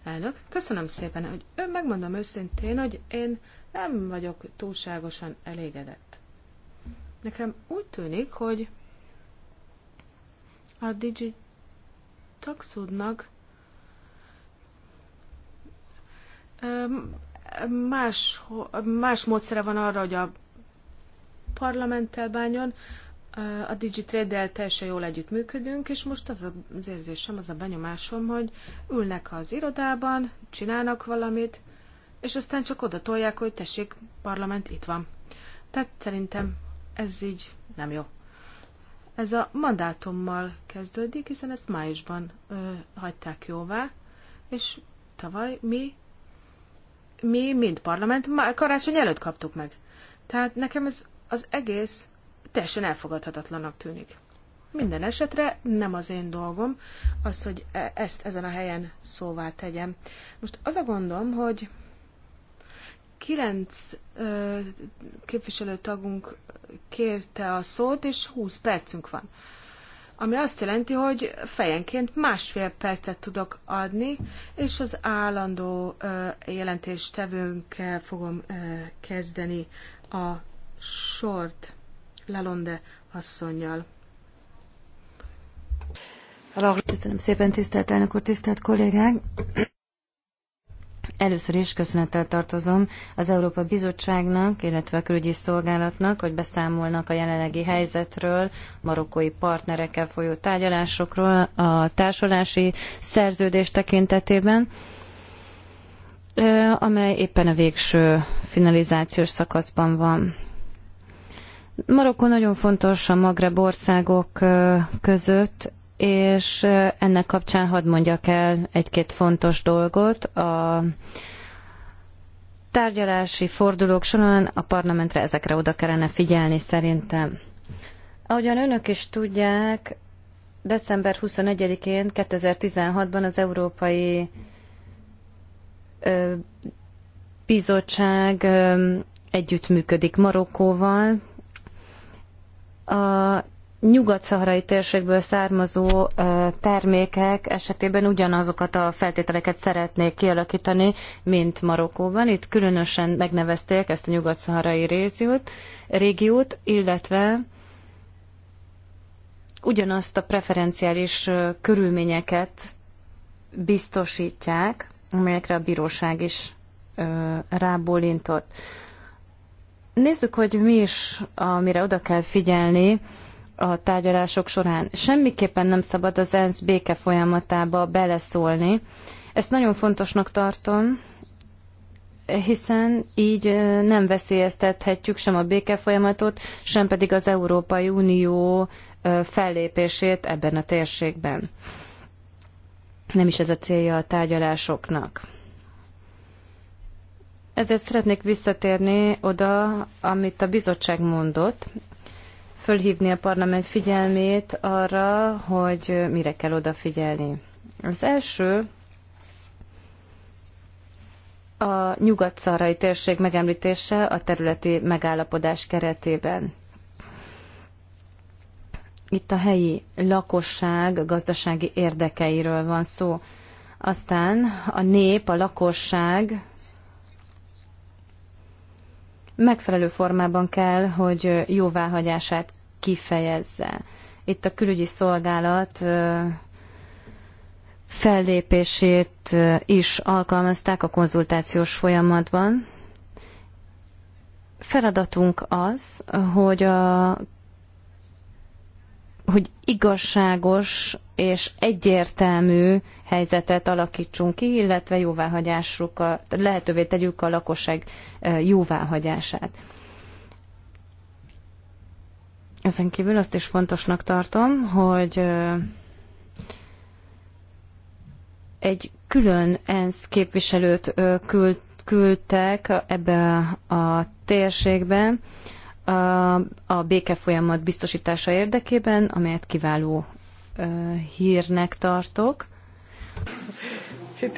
elnök. Köszönöm szépen, hogy ön megmondom őszintén, hogy én nem vagyok túlságosan elégedett. Nekem úgy tűnik, hogy a digit taxudnak más, más módszere van arra, hogy a parlamenttel bánjon, a Digitrade-del teljesen jól együttműködünk, és most az az érzésem, az a benyomásom, hogy ülnek az irodában, csinálnak valamit, és aztán csak oda tolják, hogy tessék, parlament itt van. Tehát szerintem ez így nem jó. Ez a mandátummal kezdődik, hiszen ezt májusban ö, hagyták jóvá, és tavaly mi, mi, mind parlament, már karácsony előtt kaptuk meg. Tehát nekem ez az egész teljesen elfogadhatatlanak tűnik. Minden esetre nem az én dolgom az, hogy e-, ezt ezen a helyen szóvá tegyem. Most az a gondom, hogy Kilenc ö, képviselőtagunk kérte a szót, és 20 percünk van. Ami azt jelenti, hogy fejenként másfél percet tudok adni, és az állandó ö, jelentéstevőnkkel fogom ö, kezdeni a sort Lalonde asszonynal. Köszönöm szépen, tisztelt elnök úr, tisztelt kollégák! Először is köszönettel tartozom az Európa Bizottságnak, illetve a külügyi szolgálatnak, hogy beszámolnak a jelenlegi helyzetről, marokkói partnerekkel folyó tárgyalásokról, a társulási szerződés tekintetében amely éppen a végső finalizációs szakaszban van. Marokkó nagyon fontos a Magreb országok között, és ennek kapcsán hadd mondjak el egy-két fontos dolgot. A tárgyalási fordulók során a parlamentre ezekre oda kellene figyelni szerintem. Ahogyan önök is tudják, december 21-én 2016-ban az Európai Bizottság együttműködik Marokkóval. A nyugat-szaharai térségből származó termékek esetében ugyanazokat a feltételeket szeretnék kialakítani, mint Marokkóban. Itt különösen megnevezték ezt a nyugat-szaharai régiót, illetve ugyanazt a preferenciális körülményeket biztosítják, amelyekre a bíróság is rábólintott. Nézzük, hogy mi is, amire oda kell figyelni a tárgyalások során. Semmiképpen nem szabad az ENSZ béke folyamatába beleszólni. Ezt nagyon fontosnak tartom, hiszen így nem veszélyeztethetjük sem a béke folyamatot, sem pedig az Európai Unió fellépését ebben a térségben. Nem is ez a célja a tárgyalásoknak. Ezért szeretnék visszatérni oda, amit a bizottság mondott, fölhívni a parlament figyelmét arra, hogy mire kell odafigyelni. Az első a nyugat-szarai térség megemlítése a területi megállapodás keretében. Itt a helyi lakosság gazdasági érdekeiről van szó. Aztán a nép, a lakosság megfelelő formában kell, hogy jóváhagyását kifejezze. Itt a külügyi szolgálat fellépését is alkalmazták a konzultációs folyamatban. Feladatunk az, hogy a hogy igazságos és egyértelmű helyzetet alakítsunk ki, illetve jóváhagyásuk, a lehetővé tegyük a lakosság e, jóváhagyását. Ezen kívül azt is fontosnak tartom, hogy e, egy külön ENSZ képviselőt e, küld, küldtek ebbe a térségbe, a béke folyamat biztosítása érdekében, amelyet kiváló hírnek tartok. *laughs*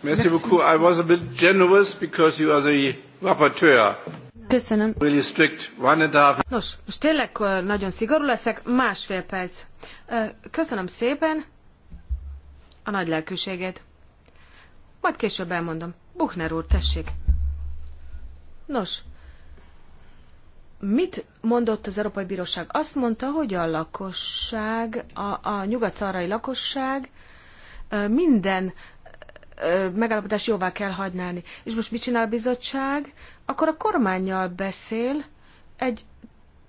Merci beaucoup. I was a bit generous because you are the rapporteur. Köszönöm. Really strict, one and a half. Nos, most tényleg nagyon szigorú leszek, másfél perc. Köszönöm szépen a nagy lelkűséget. Majd később elmondom. Buchner úr, tessék. Nos, Mit mondott az Európai Bíróság? Azt mondta, hogy a lakosság, a, a nyugat-szarai lakosság minden megállapodás jóvá kell hagynálni. És most mit csinál a bizottság? Akkor a kormányjal beszél, egy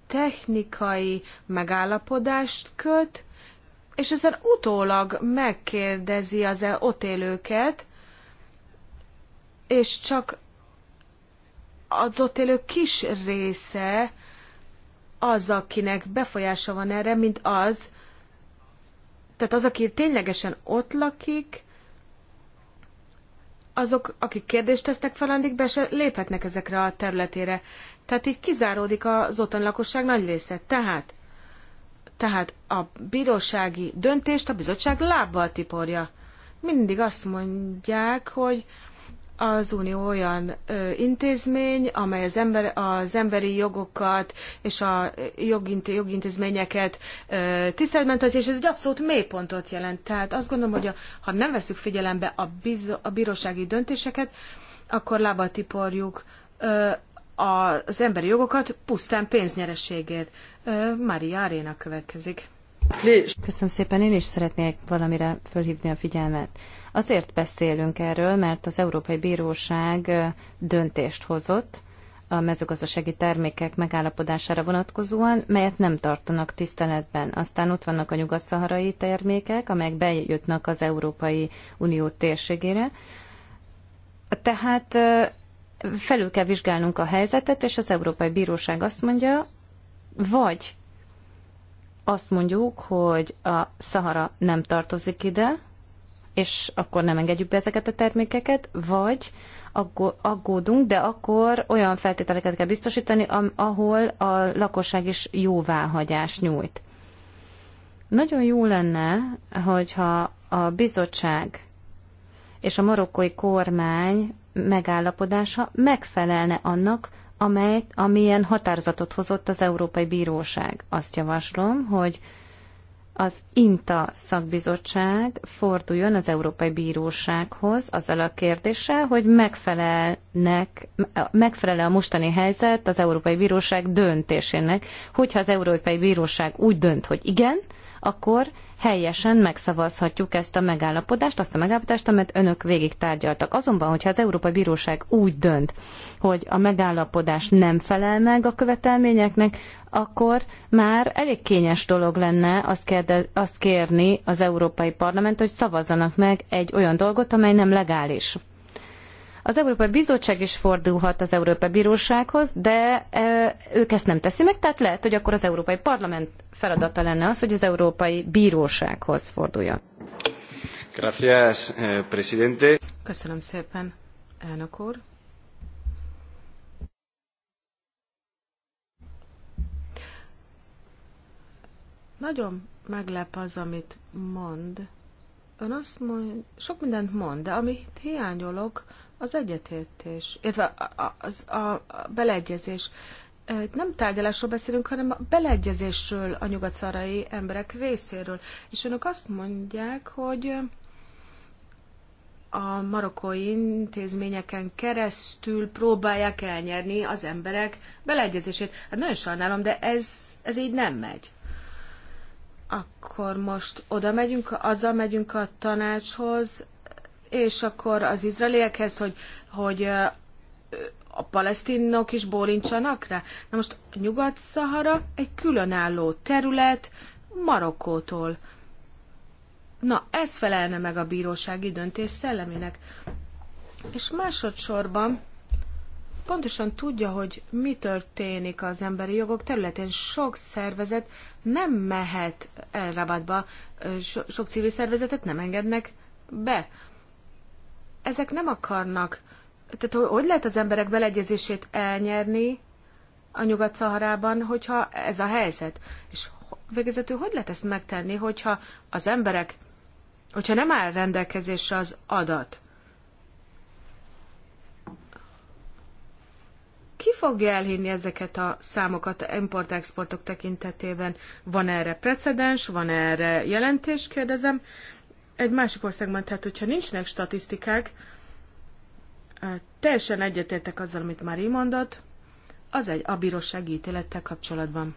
technikai megállapodást köt, és ezzel utólag megkérdezi az ott élőket, és csak az ott élő kis része az, akinek befolyása van erre, mint az, tehát az, aki ténylegesen ott lakik, azok, akik kérdést tesznek fel, addig be se léphetnek ezekre a területére. Tehát így kizáródik az otthon lakosság nagy része. Tehát, tehát a bírósági döntést a bizottság lábbal tiporja. Mindig azt mondják, hogy az Unió olyan ö, intézmény, amely az, ember, az emberi jogokat és a jogint, jogintézményeket ö, tiszteletben tartja, és ez egy abszolút mélypontot jelent. Tehát azt gondolom, hogy a, ha nem veszük figyelembe a, biz, a bírósági döntéseket, akkor lába tiporjuk ö, az emberi jogokat pusztán pénznyereségért. Maria Arena következik. Köszönöm szépen, én is szeretnék valamire fölhívni a figyelmet. Azért beszélünk erről, mert az Európai Bíróság döntést hozott a mezőgazdasági termékek megállapodására vonatkozóan, melyet nem tartanak tiszteletben. Aztán ott vannak a nyugat-szaharai termékek, amelyek bejutnak az Európai Unió térségére. Tehát felül kell vizsgálnunk a helyzetet, és az Európai Bíróság azt mondja, vagy azt mondjuk, hogy a Szahara nem tartozik ide, és akkor nem engedjük be ezeket a termékeket, vagy aggódunk, de akkor olyan feltételeket kell biztosítani, ahol a lakosság is jóváhagyás nyújt. Nagyon jó lenne, hogyha a bizottság és a marokkói kormány megállapodása megfelelne annak, amely, amilyen határozatot hozott az Európai Bíróság. Azt javaslom, hogy az INTA szakbizottság forduljon az Európai Bírósághoz azzal a kérdéssel, hogy megfelelnek, megfelel a mostani helyzet az Európai Bíróság döntésének. Hogyha az Európai Bíróság úgy dönt, hogy igen, akkor helyesen megszavazhatjuk ezt a megállapodást, azt a megállapodást, amit önök végig tárgyaltak. Azonban, hogyha az Európai Bíróság úgy dönt, hogy a megállapodás nem felel meg a követelményeknek, akkor már elég kényes dolog lenne azt, kérde, azt kérni az Európai Parlament, hogy szavazzanak meg egy olyan dolgot, amely nem legális. Az Európai Bizottság is fordulhat az Európai Bírósághoz, de e, ők ezt nem teszi meg, tehát lehet, hogy akkor az Európai Parlament feladata lenne az, hogy az Európai Bírósághoz forduljon. Gracias, eh, presidente. Köszönöm szépen, elnök úr. Nagyon meglep az, amit mond. Ön azt mond, sok mindent mond, de amit hiányolok, az egyetértés, illetve az a beleegyezés. Nem tárgyalásról beszélünk, hanem a beleegyezésről a nyugat emberek részéről. És önök azt mondják, hogy a marokkói intézményeken keresztül próbálják elnyerni az emberek beleegyezését. Hát nagyon sajnálom, de ez, ez így nem megy. Akkor most oda megyünk, azzal megyünk a tanácshoz, és akkor az izraeliekhez, hogy, hogy a palesztinok is bólincsanak rá. Na most Nyugat-Szahara egy különálló terület Marokkótól. Na, ez felelne meg a bírósági döntés szellemének. És másodszorban pontosan tudja, hogy mi történik az emberi jogok területén. Sok szervezet nem mehet el Rabatba, sok civil szervezetet nem engednek be ezek nem akarnak. Tehát hogy lehet az emberek beleegyezését elnyerni a Nyugat-Szaharában, hogyha ez a helyzet? És végezetül hogy lehet ezt megtenni, hogyha az emberek, hogyha nem áll rendelkezésre az adat? Ki fogja elhinni ezeket a számokat import-exportok tekintetében? Van erre precedens, van erre jelentés, kérdezem egy másik országban, tehát hogyha nincsenek statisztikák, teljesen egyetértek azzal, amit Mari mondott, az egy abírósági bírósági ítélettel kapcsolatban.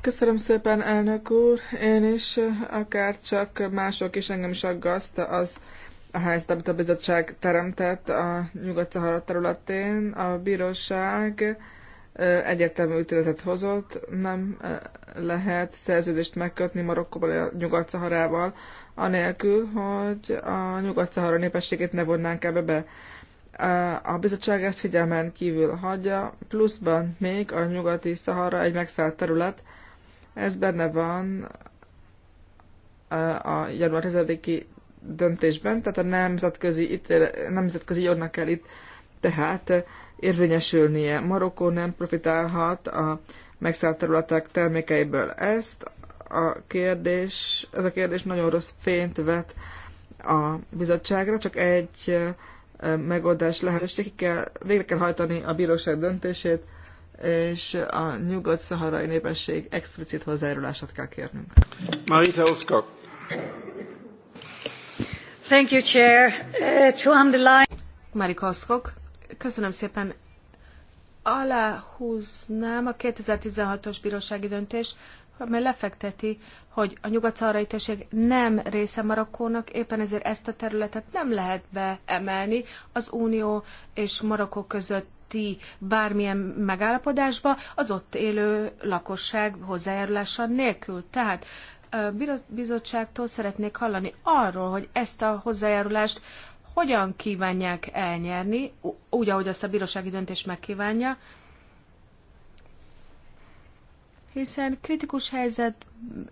Köszönöm szépen, elnök úr. Én is, akár csak mások is, engem is aggaszt az a helyzet, amit a bizottság teremtett a nyugat területén. A bíróság egyértelmű ítéletet hozott, nem lehet szerződést megkötni Marokkóval, a Nyugat-Szaharával, anélkül, hogy a Nyugat-Szahara népességét ne vonnánk ebbe be. A bizottság ezt figyelmen kívül hagyja, pluszban még a nyugati Szahara egy megszállt terület, ez benne van a január 10 döntésben, tehát a nemzetközi, ítéle, nemzetközi jognak kell itt tehát érvényesülnie. Marokkó nem profitálhat a megszállt területek termékeiből. Ezt a kérdés, ez a kérdés nagyon rossz fényt vet a bizottságra, csak egy megoldás lehetőség, kell, végre kell hajtani a bíróság döntését, és a nyugat-szaharai népesség explicit hozzájárulását kell kérnünk. Marita Oszka. Thank you, Chair. Uh, to underline... Marika Oszkok. Köszönöm szépen. Aláhúznám a 2016-os bírósági döntés, amely lefekteti, hogy a nyugat térség nem része Marokkónak, éppen ezért ezt a területet nem lehet beemelni az Unió és Marokkó közötti bármilyen megállapodásba az ott élő lakosság hozzájárulása nélkül. Tehát bizottságtól szeretnék hallani arról, hogy ezt a hozzájárulást hogyan kívánják elnyerni, úgy, ahogy azt a bírósági döntés megkívánja, hiszen kritikus helyzet,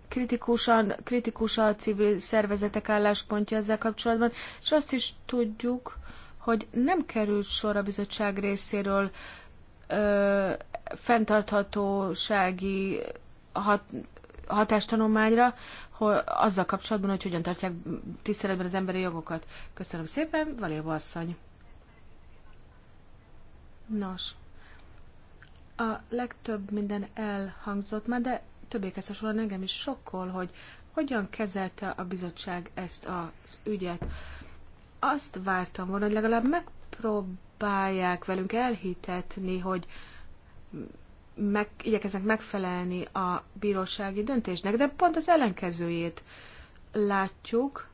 kritikusan, kritikus a civil szervezetek álláspontja ezzel kapcsolatban, és azt is tudjuk, hogy nem került sor a bizottság részéről ö, fenntarthatósági hat, hatástanulmányra, hogy azzal kapcsolatban, hogy hogyan tartják tiszteletben az emberi jogokat. Köszönöm szépen, Valéva asszony. Nos, a legtöbb minden elhangzott már, de többékhez hasonlóan engem is sokkol, hogy hogyan kezelte a bizottság ezt az ügyet. Azt vártam volna, hogy legalább megpróbálják velünk elhitetni, hogy meg, igyekeznek megfelelni a bírósági döntésnek, de pont az ellenkezőjét látjuk,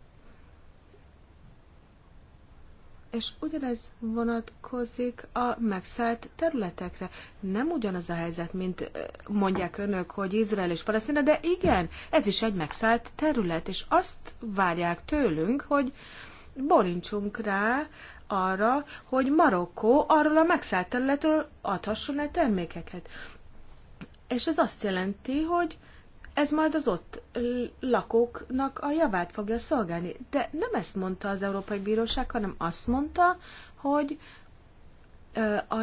és ugyanez vonatkozik a megszállt területekre. Nem ugyanaz a helyzet, mint mondják önök, hogy Izrael és Palesztina, de igen, ez is egy megszállt terület, és azt várják tőlünk, hogy borincsunk rá arra, hogy Marokkó arról a megszállt területről adhasson el termékeket. És ez azt jelenti, hogy ez majd az ott lakóknak a javát fogja szolgálni. De nem ezt mondta az Európai Bíróság, hanem azt mondta, hogy a,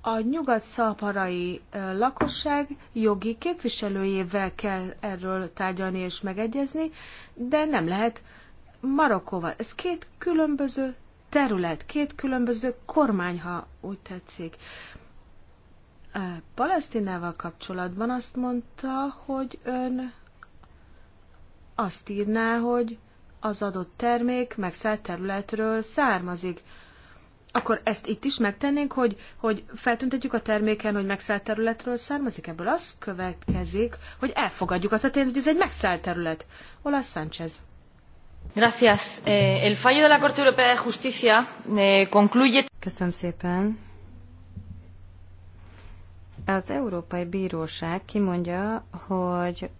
a nyugat-szaparai lakosság jogi képviselőjével kell erről tárgyalni és megegyezni, de nem lehet Marokkóval. Ez két különböző terület, két különböző kormány, ha úgy tetszik. Palesztinával kapcsolatban azt mondta, hogy ön azt írná, hogy az adott termék megszállt területről származik. Akkor ezt itt is megtennénk, hogy, hogy feltüntetjük a terméken, hogy megszállt területről származik? Ebből az következik, hogy elfogadjuk azt a tényt, hogy ez egy megszállt terület. Olasz Sánchez. Gracias. Eh, el fallo de la Corte Europea de Justicia eh, concluye... Köszönöm szépen. Az Európai Bíróság kimondja, hogy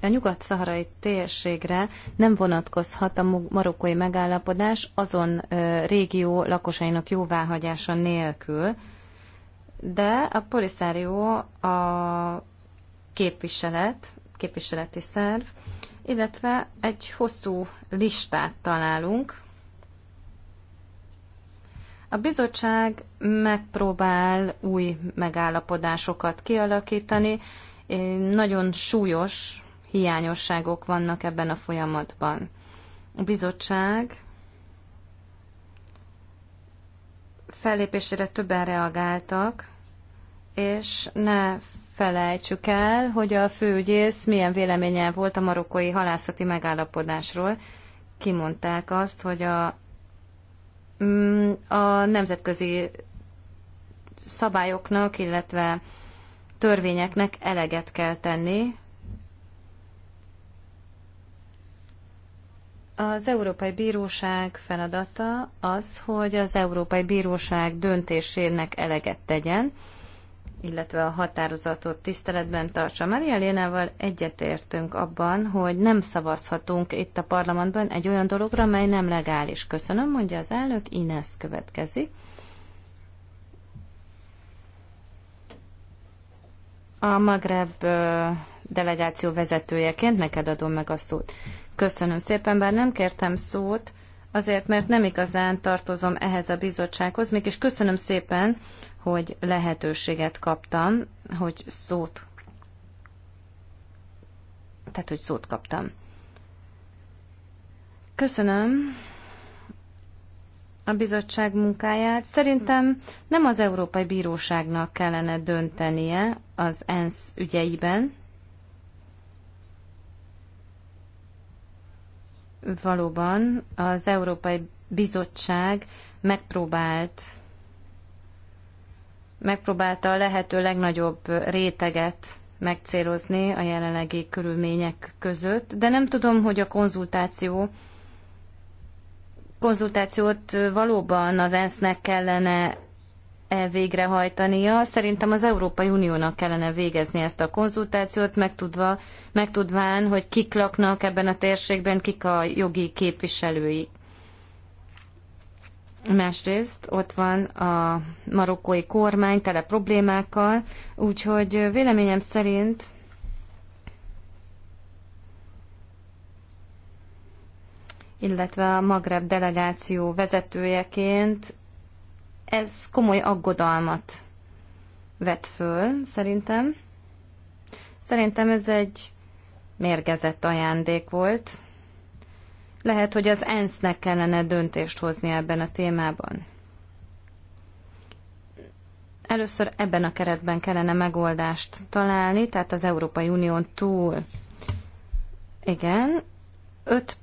a nyugat-szaharai térségre nem vonatkozhat a marokkói megállapodás azon régió lakosainak jóváhagyása nélkül, de a poliszárió a képviselet, képviseleti szerv, illetve egy hosszú listát találunk a bizottság megpróbál új megállapodásokat kialakítani. Nagyon súlyos hiányosságok vannak ebben a folyamatban. A bizottság fellépésére többen reagáltak, és ne felejtsük el, hogy a főügyész milyen véleménye volt a marokkói halászati megállapodásról. Kimondták azt, hogy a Mm, a nemzetközi szabályoknak, illetve törvényeknek eleget kell tenni. Az Európai Bíróság feladata az, hogy az Európai Bíróság döntésének eleget tegyen, illetve a határozatot tiszteletben tartsa. Maria Lénával egyetértünk abban, hogy nem szavazhatunk itt a parlamentben egy olyan dologra, mely nem legális. Köszönöm, mondja az elnök, Ines következik. A Magreb delegáció vezetőjeként neked adom meg a szót. Köszönöm szépen, bár nem kértem szót, azért, mert nem igazán tartozom ehhez a bizottsághoz, mégis köszönöm szépen, hogy lehetőséget kaptam, hogy szót tehát, hogy szót kaptam. Köszönöm a bizottság munkáját. Szerintem nem az Európai Bíróságnak kellene döntenie az ENSZ ügyeiben, valóban az Európai Bizottság megpróbált megpróbálta a lehető legnagyobb réteget megcélozni a jelenlegi körülmények között, de nem tudom, hogy a konzultáció konzultációt valóban az ENSZ-nek kellene végrehajtania. Szerintem az Európai Uniónak kellene végezni ezt a konzultációt, megtudva, megtudván, hogy kik laknak ebben a térségben, kik a jogi képviselői. Másrészt ott van a marokkói kormány tele problémákkal, úgyhogy véleményem szerint illetve a Magreb delegáció vezetőjeként ez komoly aggodalmat vet föl, szerintem. Szerintem ez egy mérgezett ajándék volt. Lehet, hogy az ENSZ-nek kellene döntést hozni ebben a témában. Először ebben a keretben kellene megoldást találni, tehát az Európai Unión túl. Igen, öt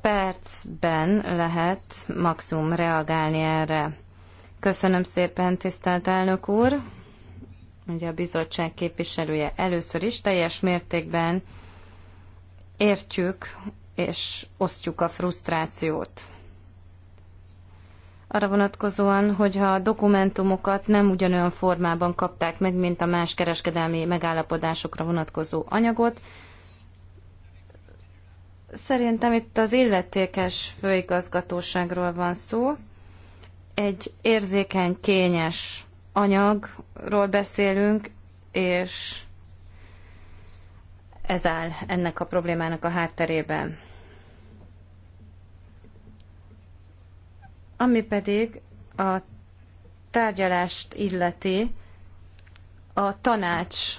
percben lehet maximum reagálni erre. Köszönöm szépen, tisztelt elnök úr! Ugye a bizottság képviselője először is teljes mértékben értjük és osztjuk a frusztrációt. Arra vonatkozóan, hogyha a dokumentumokat nem ugyanolyan formában kapták meg, mint a más kereskedelmi megállapodásokra vonatkozó anyagot, Szerintem itt az illetékes főigazgatóságról van szó, egy érzékeny, kényes anyagról beszélünk, és ez áll ennek a problémának a hátterében. Ami pedig a tárgyalást illeti, a tanács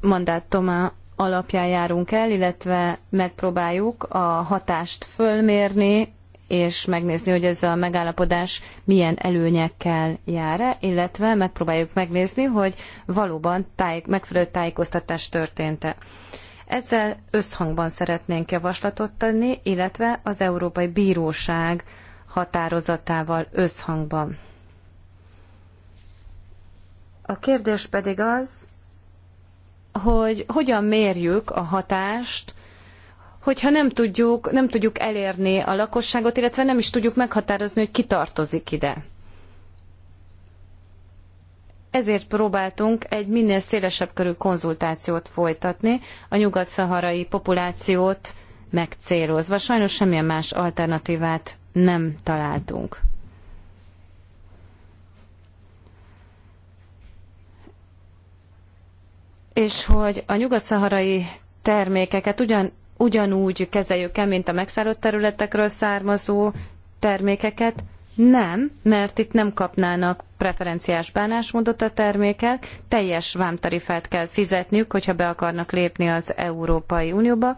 mandátuma alapján járunk el, illetve megpróbáljuk a hatást fölmérni, és megnézni, hogy ez a megállapodás milyen előnyekkel jár -e, illetve megpróbáljuk megnézni, hogy valóban táj, megfelelő tájékoztatás történt-e. Ezzel összhangban szeretnénk javaslatot tenni, illetve az Európai Bíróság határozatával összhangban. A kérdés pedig az, hogy hogyan mérjük a hatást hogyha nem tudjuk, nem tudjuk elérni a lakosságot, illetve nem is tudjuk meghatározni, hogy ki tartozik ide. Ezért próbáltunk egy minél szélesebb körű konzultációt folytatni, a nyugat-szaharai populációt megcélozva. Sajnos semmilyen más alternatívát nem találtunk. És hogy a nyugat-szaharai termékeket ugyan ugyanúgy kezeljük-e, mint a megszállott területekről származó termékeket? Nem, mert itt nem kapnának preferenciás bánásmódot a termékek, teljes vámtarifát kell fizetniük, hogyha be akarnak lépni az Európai Unióba.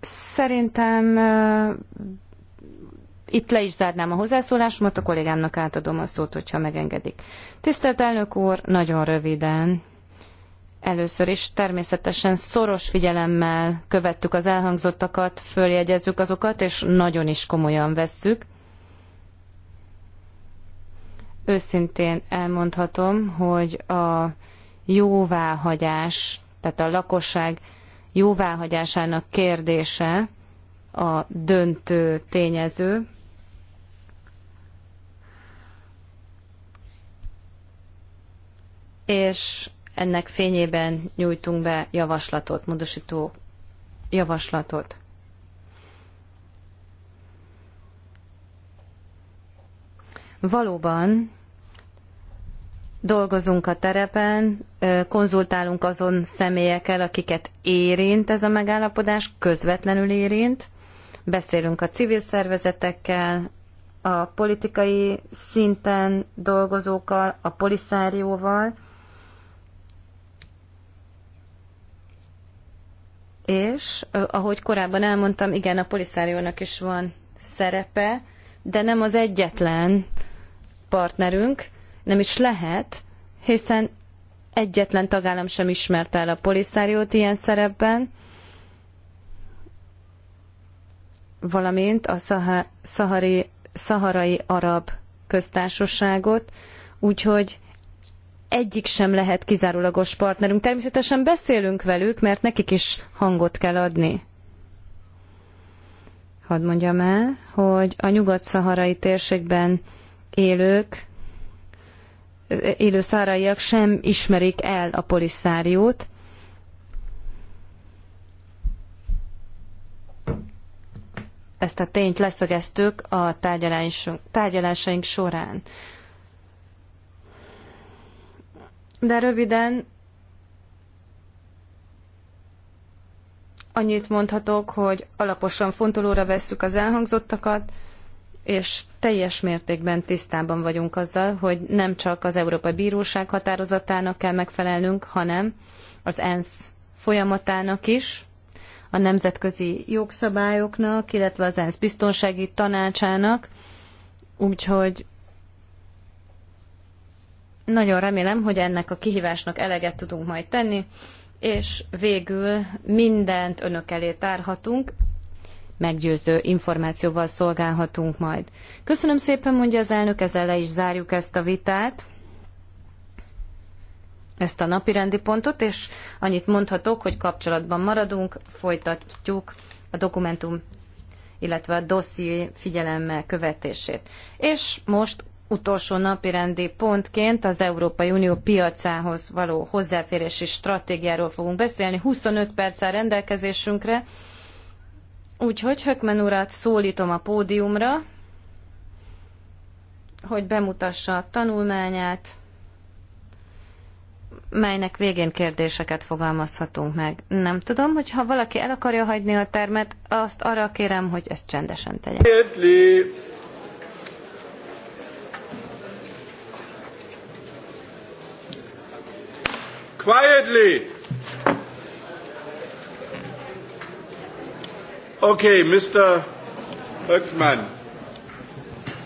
Szerintem itt le is zárnám a hozzászólásomat, a kollégámnak átadom a szót, hogyha megengedik. Tisztelt elnök úr, nagyon röviden. Először is természetesen szoros figyelemmel követtük az elhangzottakat, följegyezzük azokat, és nagyon is komolyan vesszük. Őszintén elmondhatom, hogy a jóváhagyás, tehát a lakosság jóváhagyásának kérdése a döntő tényező, és ennek fényében nyújtunk be javaslatot, módosító javaslatot. Valóban dolgozunk a terepen, konzultálunk azon személyekkel, akiket érint ez a megállapodás, közvetlenül érint, beszélünk a civil szervezetekkel, a politikai szinten dolgozókkal, a poliszárióval, és ahogy korábban elmondtam, igen, a poliszáriónak is van szerepe, de nem az egyetlen partnerünk, nem is lehet, hiszen egyetlen tagállam sem ismerte el a poliszáriót ilyen szerepben, valamint a szahari, szaharai arab köztársaságot, úgyhogy egyik sem lehet kizárólagos partnerünk. Természetesen beszélünk velük, mert nekik is hangot kell adni. Hadd mondjam el, hogy a nyugat-szaharai térségben élők, élő száraiak sem ismerik el a poliszáriót, ezt a tényt leszögeztük a tárgyalásaink során. De röviden annyit mondhatok, hogy alaposan fontolóra vesszük az elhangzottakat, és teljes mértékben tisztában vagyunk azzal, hogy nem csak az Európai Bíróság határozatának kell megfelelnünk, hanem az ENSZ folyamatának is, a nemzetközi jogszabályoknak, illetve az ENSZ biztonsági tanácsának, úgyhogy nagyon remélem, hogy ennek a kihívásnak eleget tudunk majd tenni, és végül mindent önök elé tárhatunk, meggyőző információval szolgálhatunk majd. Köszönöm szépen, mondja az elnök, ezzel le is zárjuk ezt a vitát, ezt a napirendi pontot, és annyit mondhatok, hogy kapcsolatban maradunk, folytatjuk a dokumentum, illetve a dosszié figyelemmel követését. És most utolsó napirendi pontként az Európai Unió piacához való hozzáférési stratégiáról fogunk beszélni. 25 perc áll rendelkezésünkre, úgyhogy Hökmen urat szólítom a pódiumra, hogy bemutassa a tanulmányát, melynek végén kérdéseket fogalmazhatunk meg. Nem tudom, hogy ha valaki el akarja hagyni a termet, azt arra kérem, hogy ezt csendesen tegye. Értli. Quietly. Okay, Mr. Höckman.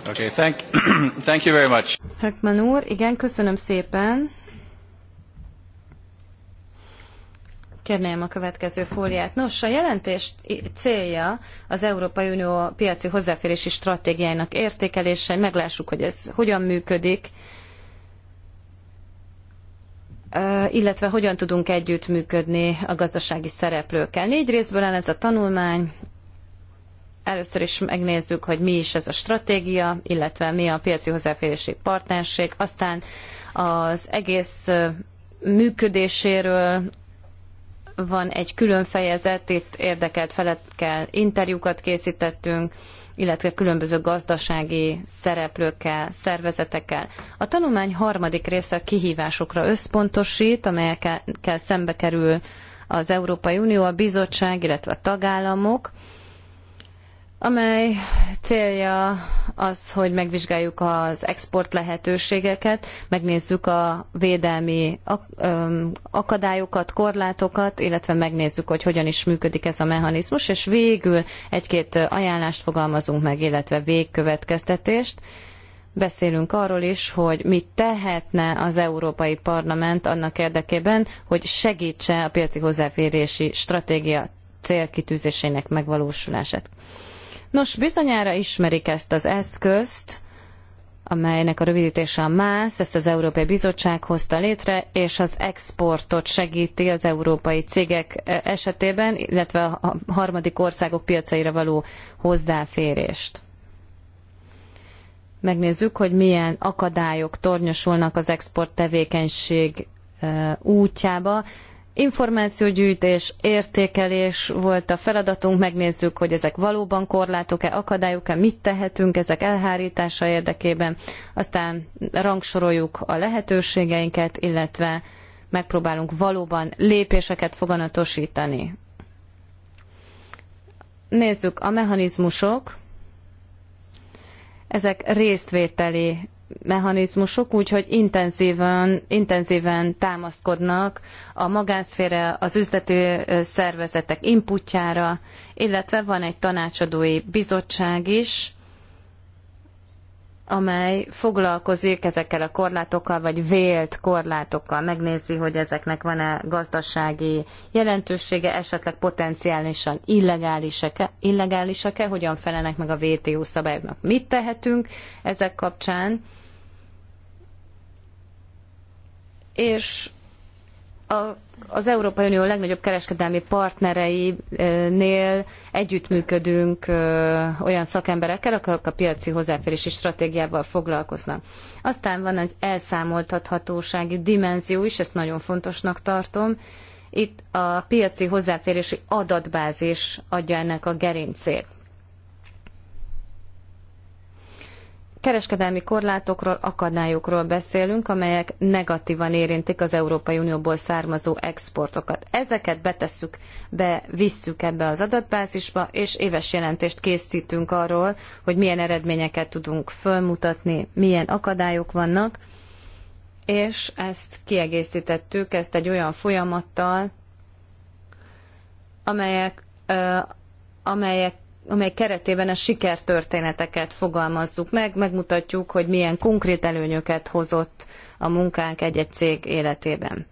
Okay, thank, *clears throat* thank you very much. Höckman úr, igen, köszönöm szépen. Kérném a következő fóliát. Nos, a jelentés célja az Európai Unió piaci hozzáférési stratégiájának értékelése, meglássuk, hogy ez hogyan működik, illetve hogyan tudunk együttműködni a gazdasági szereplőkkel. Négy részből áll ez a tanulmány. Először is megnézzük, hogy mi is ez a stratégia, illetve mi a piaci hozzáférési partnerség. Aztán az egész működéséről van egy külön fejezet, itt érdekelt felekkel interjúkat készítettünk, illetve különböző gazdasági szereplőkkel, szervezetekkel. A tanulmány harmadik része a kihívásokra összpontosít, amelyekkel szembe kerül az Európai Unió, a bizottság, illetve a tagállamok amely célja az, hogy megvizsgáljuk az export lehetőségeket, megnézzük a védelmi akadályokat, korlátokat, illetve megnézzük, hogy hogyan is működik ez a mechanizmus, és végül egy-két ajánlást fogalmazunk meg, illetve végkövetkeztetést. Beszélünk arról is, hogy mit tehetne az Európai Parlament annak érdekében, hogy segítse a piaci hozzáférési stratégia célkitűzésének megvalósulását. Nos, bizonyára ismerik ezt az eszközt, amelynek a rövidítése a MÁSZ, ezt az Európai Bizottság hozta létre, és az exportot segíti az európai cégek e, esetében, illetve a harmadik országok piacaira való hozzáférést. Megnézzük, hogy milyen akadályok tornyosulnak az export tevékenység e, útjába információgyűjtés, értékelés volt a feladatunk, megnézzük, hogy ezek valóban korlátok-e, akadályok-e, mit tehetünk ezek elhárítása érdekében, aztán rangsoroljuk a lehetőségeinket, illetve megpróbálunk valóban lépéseket foganatosítani. Nézzük, a mechanizmusok, ezek résztvételi mechanizmusok, úgyhogy intenzíven, intenzíven támaszkodnak a magánszféra, az üzleti szervezetek inputjára, illetve van egy tanácsadói bizottság is, amely foglalkozik ezekkel a korlátokkal, vagy vélt korlátokkal, megnézi, hogy ezeknek van-e gazdasági jelentősége, esetleg potenciálisan illegálisak e illegálisak e hogyan felelnek meg a WTO szabályoknak. Mit tehetünk ezek kapcsán? és a, az Európai Unió legnagyobb kereskedelmi partnereinél együttműködünk olyan szakemberekkel, akik a piaci hozzáférési stratégiával foglalkoznak. Aztán van egy elszámoltathatósági dimenzió is, ezt nagyon fontosnak tartom. Itt a piaci hozzáférési adatbázis adja ennek a gerincét. kereskedelmi korlátokról, akadályokról beszélünk, amelyek negatívan érintik az Európai Unióból származó exportokat. Ezeket betesszük, be, visszük ebbe az adatbázisba, és éves jelentést készítünk arról, hogy milyen eredményeket tudunk fölmutatni, milyen akadályok vannak, és ezt kiegészítettük, ezt egy olyan folyamattal, amelyek, amelyek amely keretében a sikertörténeteket fogalmazzuk meg, megmutatjuk, hogy milyen konkrét előnyöket hozott a munkánk egy-egy cég életében.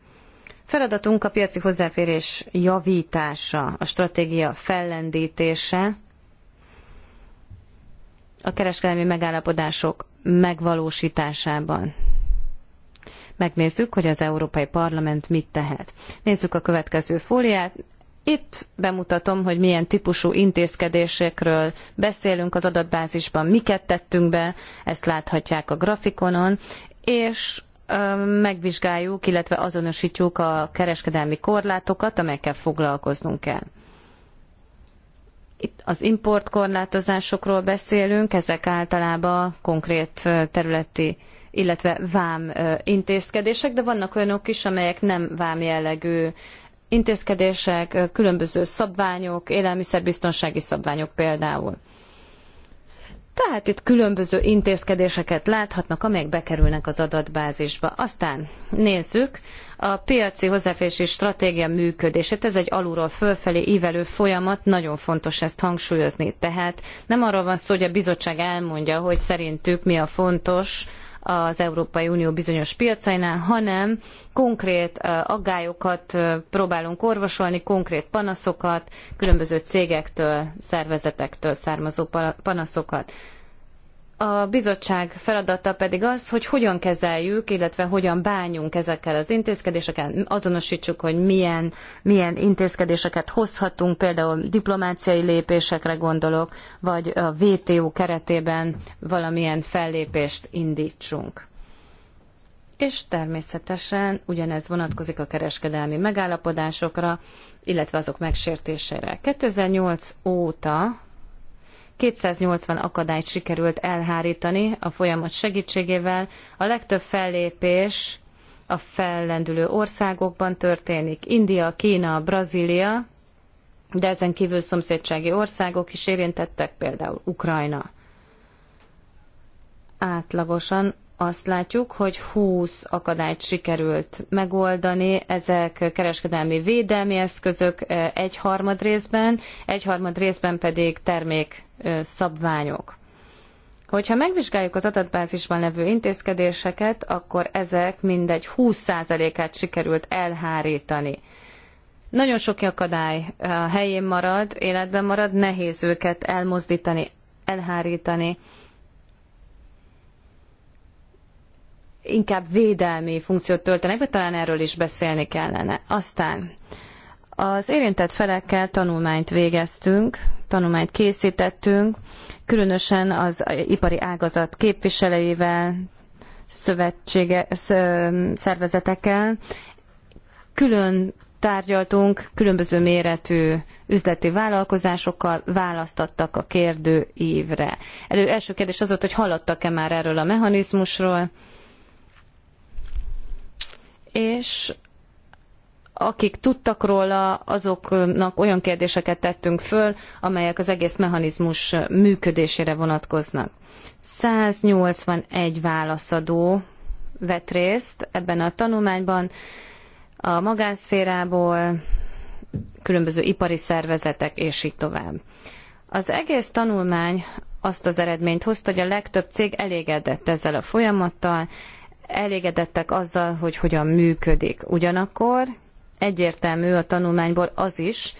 Feladatunk a piaci hozzáférés javítása, a stratégia fellendítése, a kereskedelmi megállapodások megvalósításában. Megnézzük, hogy az Európai Parlament mit tehet. Nézzük a következő fóliát. Itt bemutatom, hogy milyen típusú intézkedésekről beszélünk az adatbázisban, miket tettünk be, ezt láthatják a grafikonon, és megvizsgáljuk, illetve azonosítjuk a kereskedelmi korlátokat, amelyekkel foglalkoznunk kell. Itt az importkorlátozásokról beszélünk, ezek általában konkrét területi, illetve vám intézkedések, de vannak olyanok is, amelyek nem vám jellegű intézkedések, különböző szabványok, élelmiszerbiztonsági szabványok például. Tehát itt különböző intézkedéseket láthatnak, amelyek bekerülnek az adatbázisba. Aztán nézzük a piaci hozzáférési stratégia működését. Ez egy alulról fölfelé ívelő folyamat, nagyon fontos ezt hangsúlyozni. Tehát nem arról van szó, hogy a bizottság elmondja, hogy szerintük mi a fontos, az Európai Unió bizonyos piacainál, hanem konkrét aggályokat próbálunk orvosolni, konkrét panaszokat, különböző cégektől, szervezetektől származó panaszokat. A bizottság feladata pedig az, hogy hogyan kezeljük, illetve hogyan bánjunk ezekkel az intézkedésekkel, azonosítsuk, hogy milyen, milyen intézkedéseket hozhatunk, például diplomáciai lépésekre gondolok, vagy a WTO keretében valamilyen fellépést indítsunk. És természetesen ugyanez vonatkozik a kereskedelmi megállapodásokra, illetve azok megsértésére. 2008 óta 280 akadályt sikerült elhárítani a folyamat segítségével. A legtöbb fellépés a fellendülő országokban történik. India, Kína, Brazília, de ezen kívül szomszédsági országok is érintettek, például Ukrajna. Átlagosan azt látjuk, hogy 20 akadályt sikerült megoldani, ezek kereskedelmi védelmi eszközök egy harmad részben, egy harmad részben pedig termék szabványok. Hogyha megvizsgáljuk az adatbázisban levő intézkedéseket, akkor ezek mindegy 20%-át sikerült elhárítani. Nagyon sok akadály a helyén marad, életben marad, nehéz őket elmozdítani, elhárítani. inkább védelmi funkciót töltenek be, talán erről is beszélni kellene. Aztán az érintett felekkel tanulmányt végeztünk, tanulmányt készítettünk, különösen az ipari ágazat képviselőivel, szövetsége, szervezetekkel. Külön tárgyaltunk különböző méretű üzleti vállalkozásokkal, választattak a évre. Elő, első kérdés az volt, hogy hallottak-e már erről a mechanizmusról, és akik tudtak róla, azoknak olyan kérdéseket tettünk föl, amelyek az egész mechanizmus működésére vonatkoznak. 181 válaszadó vett részt ebben a tanulmányban, a magánszférából, különböző ipari szervezetek, és így tovább. Az egész tanulmány azt az eredményt hozta, hogy a legtöbb cég elégedett ezzel a folyamattal, elégedettek azzal, hogy hogyan működik. Ugyanakkor egyértelmű a tanulmányból az is,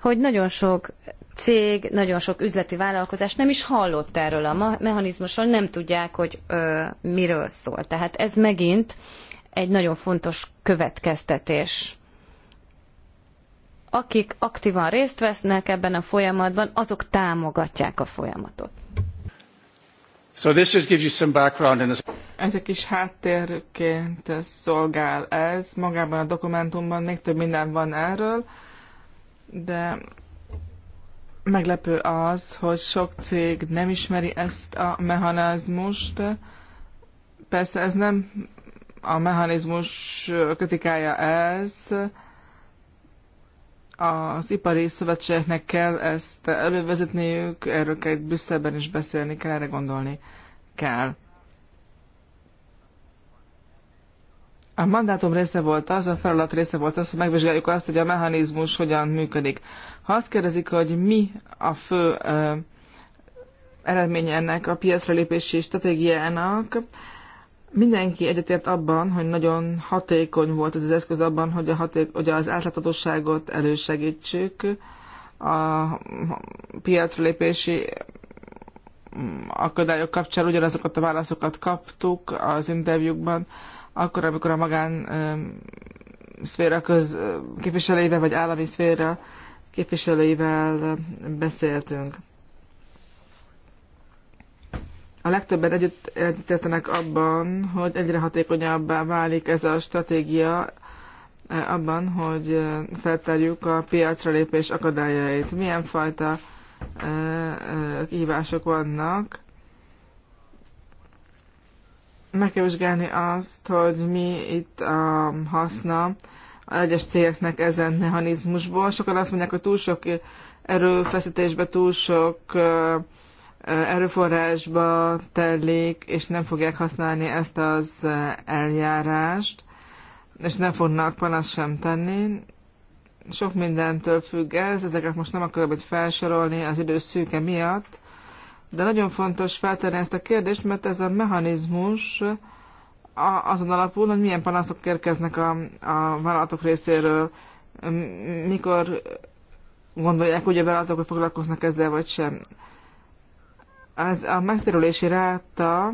hogy nagyon sok cég, nagyon sok üzleti vállalkozás nem is hallott erről a mechanizmusról, nem tudják, hogy ö, miről szól. Tehát ez megint egy nagyon fontos következtetés. Akik aktívan részt vesznek ebben a folyamatban, azok támogatják a folyamatot. So this just gives you some background in this. Ez egy kis háttérként szolgál ez. Magában a dokumentumban még több minden van erről, de meglepő az, hogy sok cég nem ismeri ezt a mechanizmust. Persze ez nem a mechanizmus kritikája ez, az ipari szövetségeknek kell ezt elővezetniük, erről kell Brüsszelben is beszélni kell, erre gondolni kell. A mandátum része volt az, a feladat része volt az, hogy megvizsgáljuk azt, hogy a mechanizmus hogyan működik. Ha azt kérdezik, hogy mi a fő uh, eredménye ennek a piacra lépési stratégiának, Mindenki egyetért abban, hogy nagyon hatékony volt ez az eszköz abban, hogy, a haték, hogy az átláthatóságot elősegítsük, a piacra lépési mm, akadályok kapcsán ugyanazokat a válaszokat kaptuk az interjúkban, akkor, amikor a magán szféra köz képviselőivel, vagy állami szféra képviselőivel beszéltünk. A legtöbben együtt egyetértenek abban, hogy egyre hatékonyabbá válik ez a stratégia, eh, abban, hogy eh, feltárjuk a piacra lépés akadályait. Milyen fajta eh, kihívások vannak. Meg kell vizsgálni azt, hogy mi itt a haszna az egyes cégeknek ezen mechanizmusból. Sokan azt mondják, hogy túl sok erőfeszítésbe, túl sok erőforrásba telik, és nem fogják használni ezt az eljárást, és nem fognak panaszt sem tenni. Sok mindentől függ ez, ezeket most nem akarom itt felsorolni az idő szűke miatt, de nagyon fontos feltenni ezt a kérdést, mert ez a mechanizmus azon alapul, hogy milyen panaszok érkeznek a, a vállalatok részéről, mikor gondolják, hogy a vállalatok, hogy foglalkoznak ezzel, vagy sem az a megterülési ráta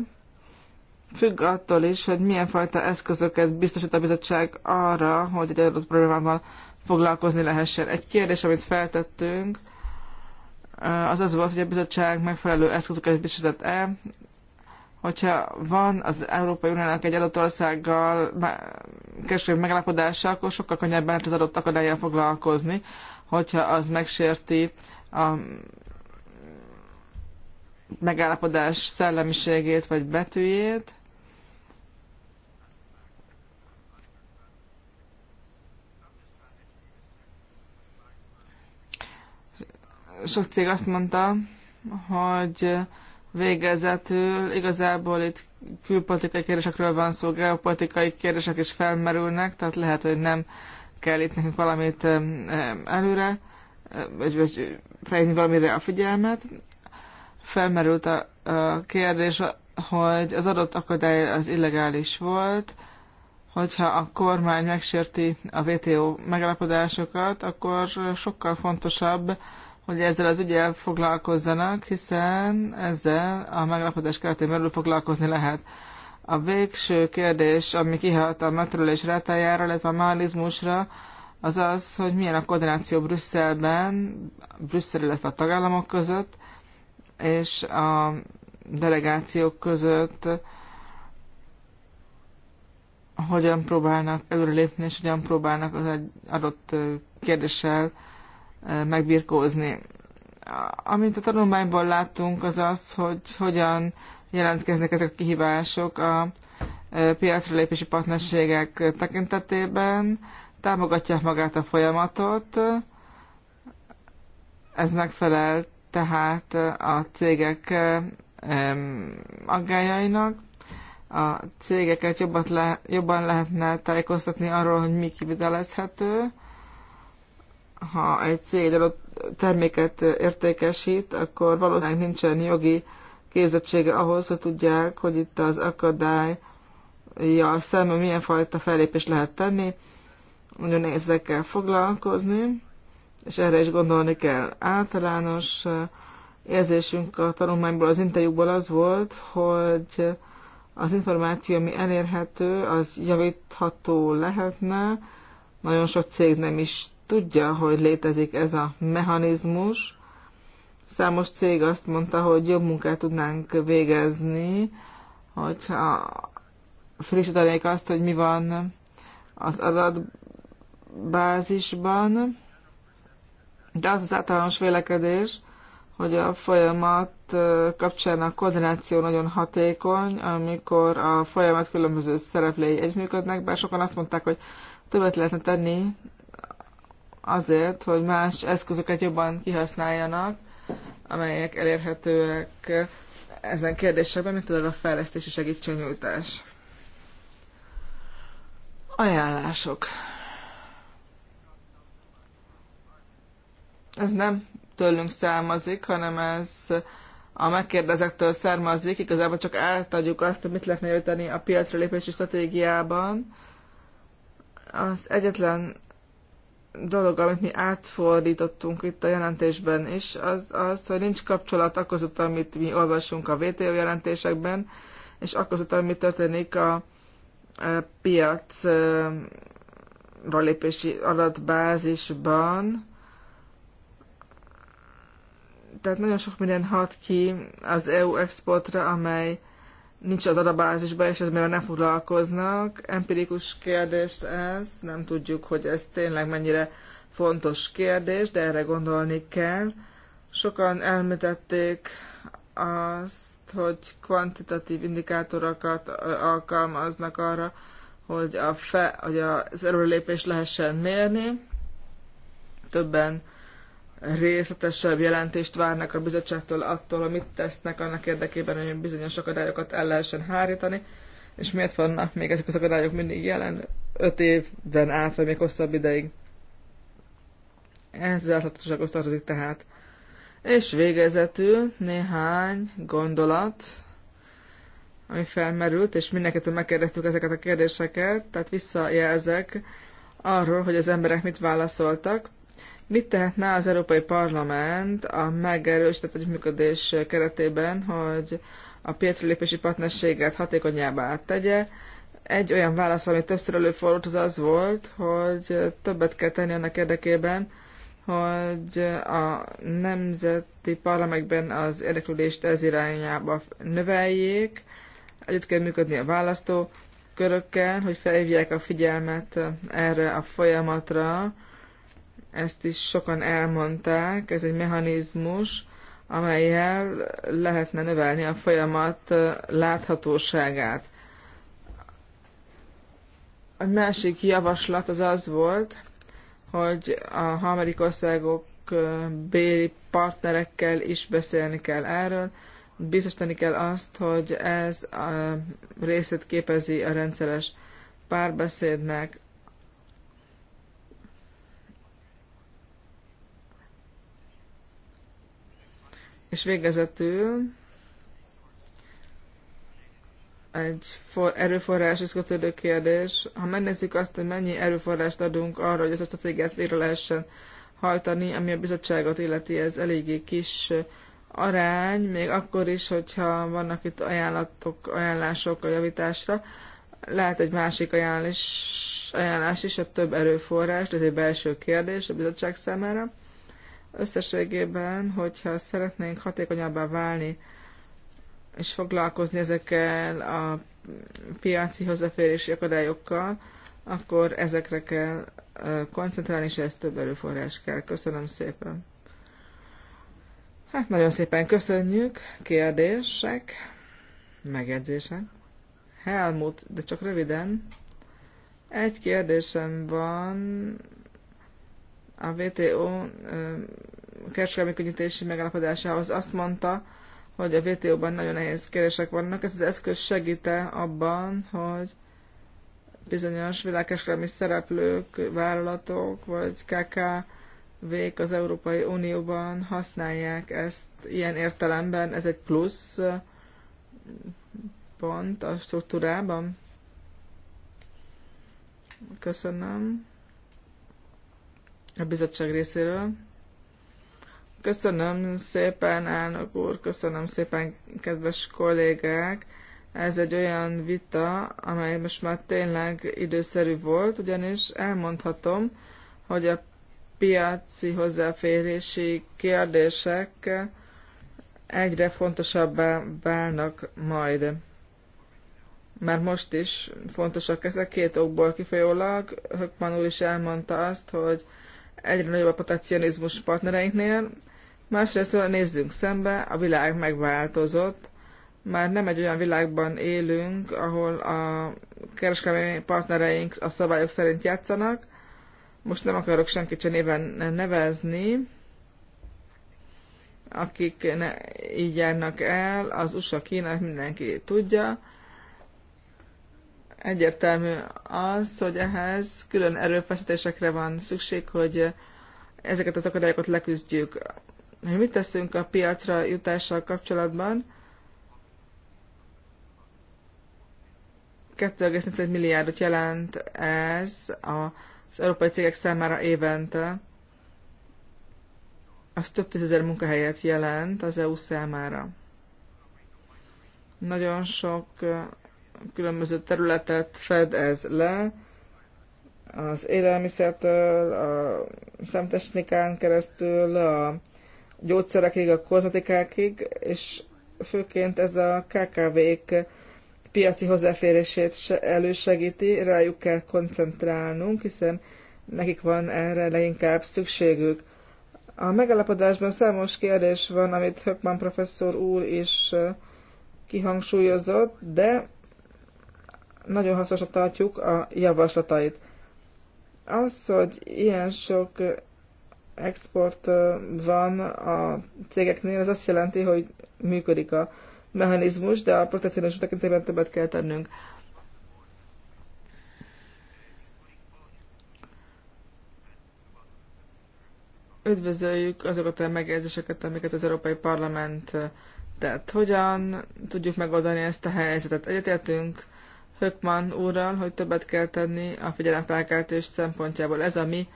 függ attól is, hogy milyen fajta eszközöket biztosít a bizottság arra, hogy egy adott problémával foglalkozni lehessen. Egy kérdés, amit feltettünk, az az volt, hogy a bizottság megfelelő eszközöket biztosított-e, hogyha van az Európai Uniónak egy adott országgal kereskedelmi megállapodása, akkor sokkal könnyebben lehet az adott akadályjal foglalkozni, hogyha az megsérti a megállapodás szellemiségét vagy betűjét. Sok cég azt mondta, hogy végezetül igazából itt külpolitikai kérdésekről van szó, geopolitikai kérdések is felmerülnek, tehát lehet, hogy nem kell itt nekünk valamit előre, vagy, vagy fejezni valamire a figyelmet felmerült a, a kérdés, hogy az adott akadály az illegális volt, hogyha a kormány megsérti a WTO megállapodásokat, akkor sokkal fontosabb, hogy ezzel az ügyel foglalkozzanak, hiszen ezzel a megállapodás keretén belül foglalkozni lehet. A végső kérdés, ami kihat a megtörölés rátájára, illetve a málizmusra, az az, hogy milyen a koordináció Brüsszelben, Brüsszel, illetve a tagállamok között, és a delegációk között hogyan próbálnak előrelépni, és hogyan próbálnak az egy adott kérdéssel eh, megbirkózni. Amint a tanulmányból láttunk, az az, hogy hogyan jelentkeznek ezek a kihívások a eh, piacra lépési partnerségek tekintetében, támogatják magát a folyamatot, ez megfelelt tehát a cégek aggájainak. A cégeket jobbat le, jobban lehetne tájékoztatni arról, hogy mi kivitelezhető. Ha egy cég egy adott terméket értékesít, akkor valószínűleg nincsen jogi képzettsége ahhoz, hogy tudják, hogy itt az akadály ja, szemben milyen fajta fellépést lehet tenni. Nagyon nehéz ezekkel foglalkozni és erre is gondolni kell. Általános eh, érzésünk a tanulmányból, az interjúkból az volt, hogy az információ, ami elérhető, az javítható lehetne. Nagyon sok cég nem is tudja, hogy létezik ez a mechanizmus. Számos cég azt mondta, hogy jobb munkát tudnánk végezni, hogyha frissítenék azt, hogy mi van az adatbázisban, de az az általános vélekedés, hogy a folyamat kapcsán a koordináció nagyon hatékony, amikor a folyamat különböző szereplői együttműködnek, bár sokan azt mondták, hogy többet lehetne tenni azért, hogy más eszközöket jobban kihasználjanak, amelyek elérhetőek ezen kérdésekben, mint például a fejlesztési segítségnyújtás. Ajánlások. ez nem tőlünk származik, hanem ez a megkérdezektől származik, igazából csak átadjuk azt, mit lehetne jöteni a piacra lépési stratégiában. Az egyetlen dolog, amit mi átfordítottunk itt a jelentésben is, az, az hogy nincs kapcsolat akkozott, amit mi olvasunk a VTO jelentésekben, és akkozott, amit történik a, a e, piacra lépési adatbázisban, tehát nagyon sok minden hat ki az EU exportra, amely nincs az adabázisban és ez mivel nem foglalkoznak. Empirikus kérdés ez, nem tudjuk, hogy ez tényleg mennyire fontos kérdés, de erre gondolni kell. Sokan elmítették azt, hogy kvantitatív indikátorokat alkalmaznak arra, hogy, a fe, hogy az előrelépést lehessen mérni. Többen részletesebb jelentést várnak a bizottságtól attól, hogy mit tesznek annak érdekében, hogy bizonyos akadályokat el lehessen hárítani, és miért vannak még ezek az akadályok mindig jelen öt évben át, vagy még hosszabb ideig. Ez az tartozik tehát. És végezetül néhány gondolat, ami felmerült, és mindenkitől megkérdeztük ezeket a kérdéseket, tehát visszajelzek arról, hogy az emberek mit válaszoltak. Mit tehetne az Európai Parlament a megerősített működés keretében, hogy a piacrelépési partnerséget hatékonyabbá tegye? Egy olyan válasz, ami többször előfordult, az az volt, hogy többet kell tenni annak érdekében, hogy a nemzeti parlamentben az érdeklődést ez irányába növeljék, együtt kell működni a választó körökkel, hogy felhívják a figyelmet erre a folyamatra, ezt is sokan elmondták, ez egy mechanizmus, amelyel lehetne növelni a folyamat láthatóságát. A másik javaslat az az volt, hogy a harmadik országok béli partnerekkel is beszélni kell erről, biztosítani kell azt, hogy ez a részét képezi a rendszeres párbeszédnek. És végezetül egy for, erőforráshoz kötődő kérdés. Ha megnézzük azt, hogy mennyi erőforrást adunk arra, hogy ez a stratégiát végre lehessen hajtani, ami a bizottságot illeti, ez eléggé kis arány, még akkor is, hogyha vannak itt ajánlatok, ajánlások a javításra. Lehet egy másik ajánlás, ajánlás is, a több erőforrás, ez egy belső kérdés a bizottság számára. Összességében, hogyha szeretnénk hatékonyabbá válni, és foglalkozni ezekkel a piaci hozzáférési akadályokkal, akkor ezekre kell koncentrálni, és ez több erőforrás kell. Köszönöm szépen. Hát nagyon szépen köszönjük. Kérdések, megjegyzések. Helmut, de csak röviden. Egy kérdésem van, a WTO kereskedelmi könnyítési megállapodásához azt mondta, hogy a WTO-ban nagyon nehéz kérések vannak. Ez az eszköz segíte abban, hogy bizonyos világkereskedelmi szereplők, vállalatok vagy KKV-k az Európai Unióban használják ezt ilyen értelemben. Ez egy plusz pont a struktúrában. Köszönöm a bizottság részéről. Köszönöm szépen, elnök úr, köszönöm szépen, kedves kollégák. Ez egy olyan vita, amely most már tényleg időszerű volt, ugyanis elmondhatom, hogy a piaci hozzáférési kérdések egyre fontosabbá válnak majd. Már most is fontosak ezek két okból kifolyólag. Hökman úr is elmondta azt, hogy egyre nagyobb a protekcionizmus partnereinknél. Másrészt nézzünk szembe, a világ megváltozott, már nem egy olyan világban élünk, ahol a kereskedelmi partnereink a szabályok szerint játszanak. Most nem akarok senkit se néven nevezni, akik ne, így járnak el, az USA, Kína, mindenki tudja egyértelmű az, hogy ehhez külön erőfeszítésekre van szükség, hogy ezeket az akadályokat leküzdjük. Hogy mit teszünk a piacra jutással kapcsolatban? 2,4 milliárdot jelent ez az európai cégek számára évente. Az több tízezer munkahelyet jelent az EU számára. Nagyon sok különböző területet fed ez le, az élelmiszertől, a szemtechnikán keresztül, a gyógyszerekig, a kozmetikákig, és főként ez a KKV-k piaci hozzáférését elősegíti, rájuk kell koncentrálnunk, hiszen nekik van erre leginkább szükségük. A megállapodásban számos kérdés van, amit Höckman professzor úr is kihangsúlyozott, de nagyon hasznosra tartjuk a javaslatait. Az, hogy ilyen sok export van a cégeknél, ez azt jelenti, hogy működik a mechanizmus, de a protekcionizmus tekintetében többet kell tennünk. Üdvözöljük azokat a megjegyzéseket, amiket az Európai Parlament tett. Hogyan tudjuk megoldani ezt a helyzetet? Egyetértünk Hökman úrral, hogy többet kell tenni a figyelemfelkeltés szempontjából. Ez a mi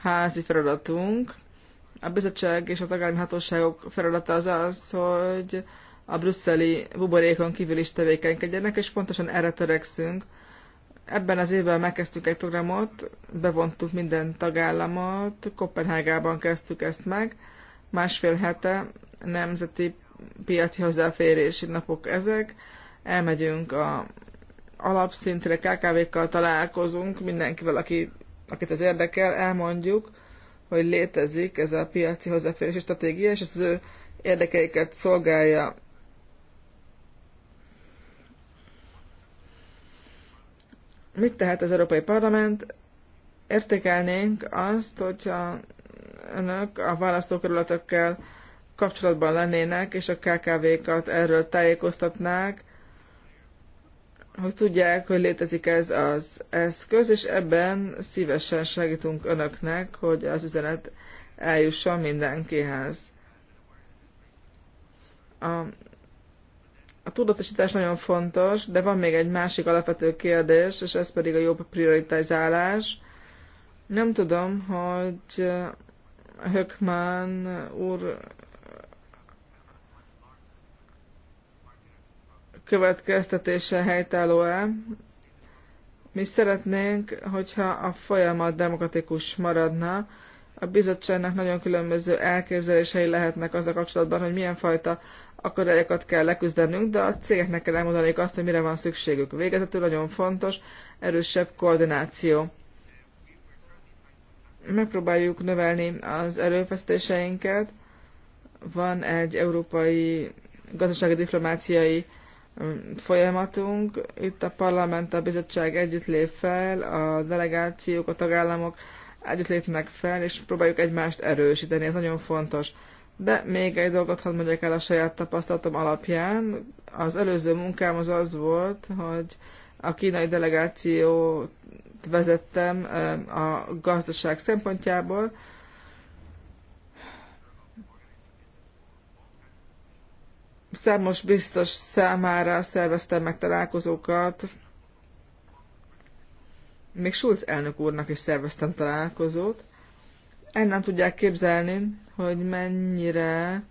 házi feladatunk. A bizottság és a tagállami hatóságok feladata az az, hogy a brüsszeli buborékon kívül is tevékenykedjenek, és pontosan erre törekszünk. Ebben az évben megkezdtük egy programot, bevontuk minden tagállamot, Kopenhágában kezdtük ezt meg, másfél hete nemzeti piaci hozzáférési napok ezek, elmegyünk a alapszintre KKV-kkal találkozunk, mindenkivel, aki, akit ez érdekel, elmondjuk, hogy létezik ez a piaci hozzáférési stratégia, és az ő érdekeiket szolgálja. Mit tehet az Európai Parlament? Értékelnénk azt, hogyha önök a választókerületekkel kapcsolatban lennének, és a KKV-kat erről tájékoztatnák, hogy tudják, hogy létezik ez az eszköz, és ebben szívesen segítünk önöknek, hogy az üzenet eljusson mindenkihez. A, a tudatosítás nagyon fontos, de van még egy másik alapvető kérdés, és ez pedig a jobb prioritizálás. Nem tudom, hogy Hökman úr következtetése helytálló-e. Mi szeretnénk, hogyha a folyamat demokratikus maradna. A bizottságnak nagyon különböző elképzelései lehetnek azzal kapcsolatban, hogy milyen fajta akadályokat kell leküzdenünk, de a cégeknek kell elmondaniuk azt, hogy mire van szükségük. Végezetül nagyon fontos, erősebb koordináció. Megpróbáljuk növelni az erőfeszítéseinket. Van egy európai gazdasági diplomáciai folyamatunk. Itt a parlament, a bizottság együtt lép fel, a delegációk, a tagállamok együtt lépnek fel, és próbáljuk egymást erősíteni, ez nagyon fontos. De még egy dolgot hadd mondjak el a saját tapasztalatom alapján. Az előző munkám az az volt, hogy a kínai delegációt vezettem eh, a gazdaság szempontjából, Számos biztos számára szerveztem meg találkozókat, még Schulz elnök úrnak is szerveztem találkozót. El nem tudják képzelni, hogy mennyire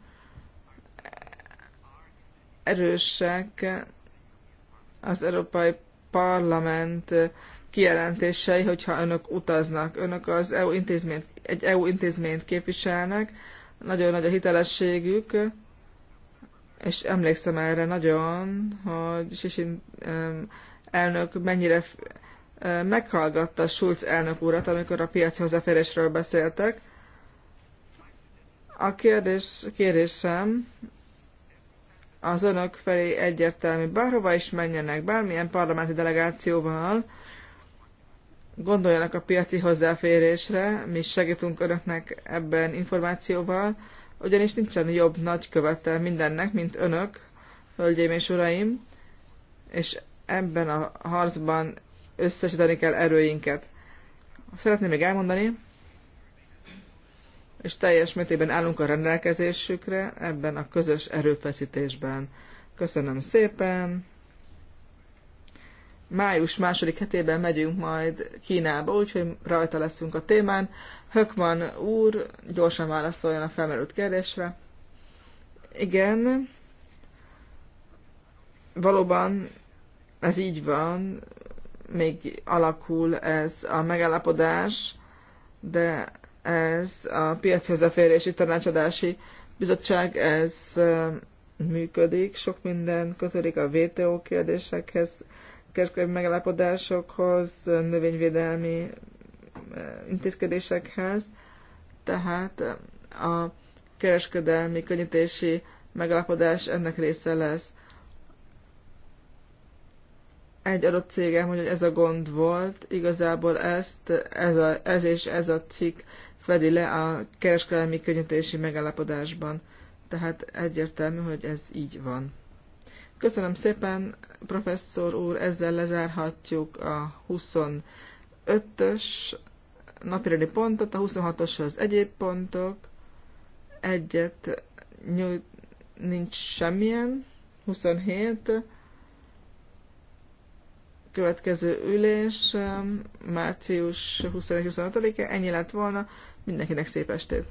erősek az Európai Parlament kijelentései, hogyha önök utaznak. Önök az EU intézményt, egy EU intézményt képviselnek, nagyon nagy a hitelességük, és emlékszem erre nagyon, hogy Sisin elnök mennyire meghallgatta Schulz elnök urat, amikor a piaci hozzáférésről beszéltek. A kérdés, kérésem az önök felé egyértelmű, bárhova is menjenek, bármilyen parlamenti delegációval, gondoljanak a piaci hozzáférésre, mi segítünk önöknek ebben információval, ugyanis nincsen jobb nagykövete mindennek, mint önök, hölgyeim és uraim, és ebben a harcban összesíteni kell erőinket. Szeretném még elmondani, és teljes mértékben állunk a rendelkezésükre ebben a közös erőfeszítésben. Köszönöm szépen! május második hetében megyünk majd Kínába, úgyhogy rajta leszünk a témán. Hökman úr, gyorsan válaszoljon a felmerült kérdésre. Igen, valóban ez így van, még alakul ez a megállapodás, de ez a piaci hozzáférési tanácsadási bizottság, ez működik, sok minden kötődik a VTO kérdésekhez, kereskedelmi megállapodásokhoz, növényvédelmi eh, intézkedésekhez, tehát eh, a kereskedelmi könnyítési megállapodás ennek része lesz. Egy adott cégem, hogy ez a gond volt, igazából ezt, ez, a, ez és ez a cikk fedi le a kereskedelmi könnyítési megállapodásban. Tehát egyértelmű, hogy ez így van. Köszönöm szépen, professzor úr, ezzel lezárhatjuk a 25-ös napirendi pontot, a 26-os az egyéb pontok, egyet nyújt, nincs semmilyen, 27, következő ülés, um, március 21-25-e, ennyi lett volna, mindenkinek szép estét!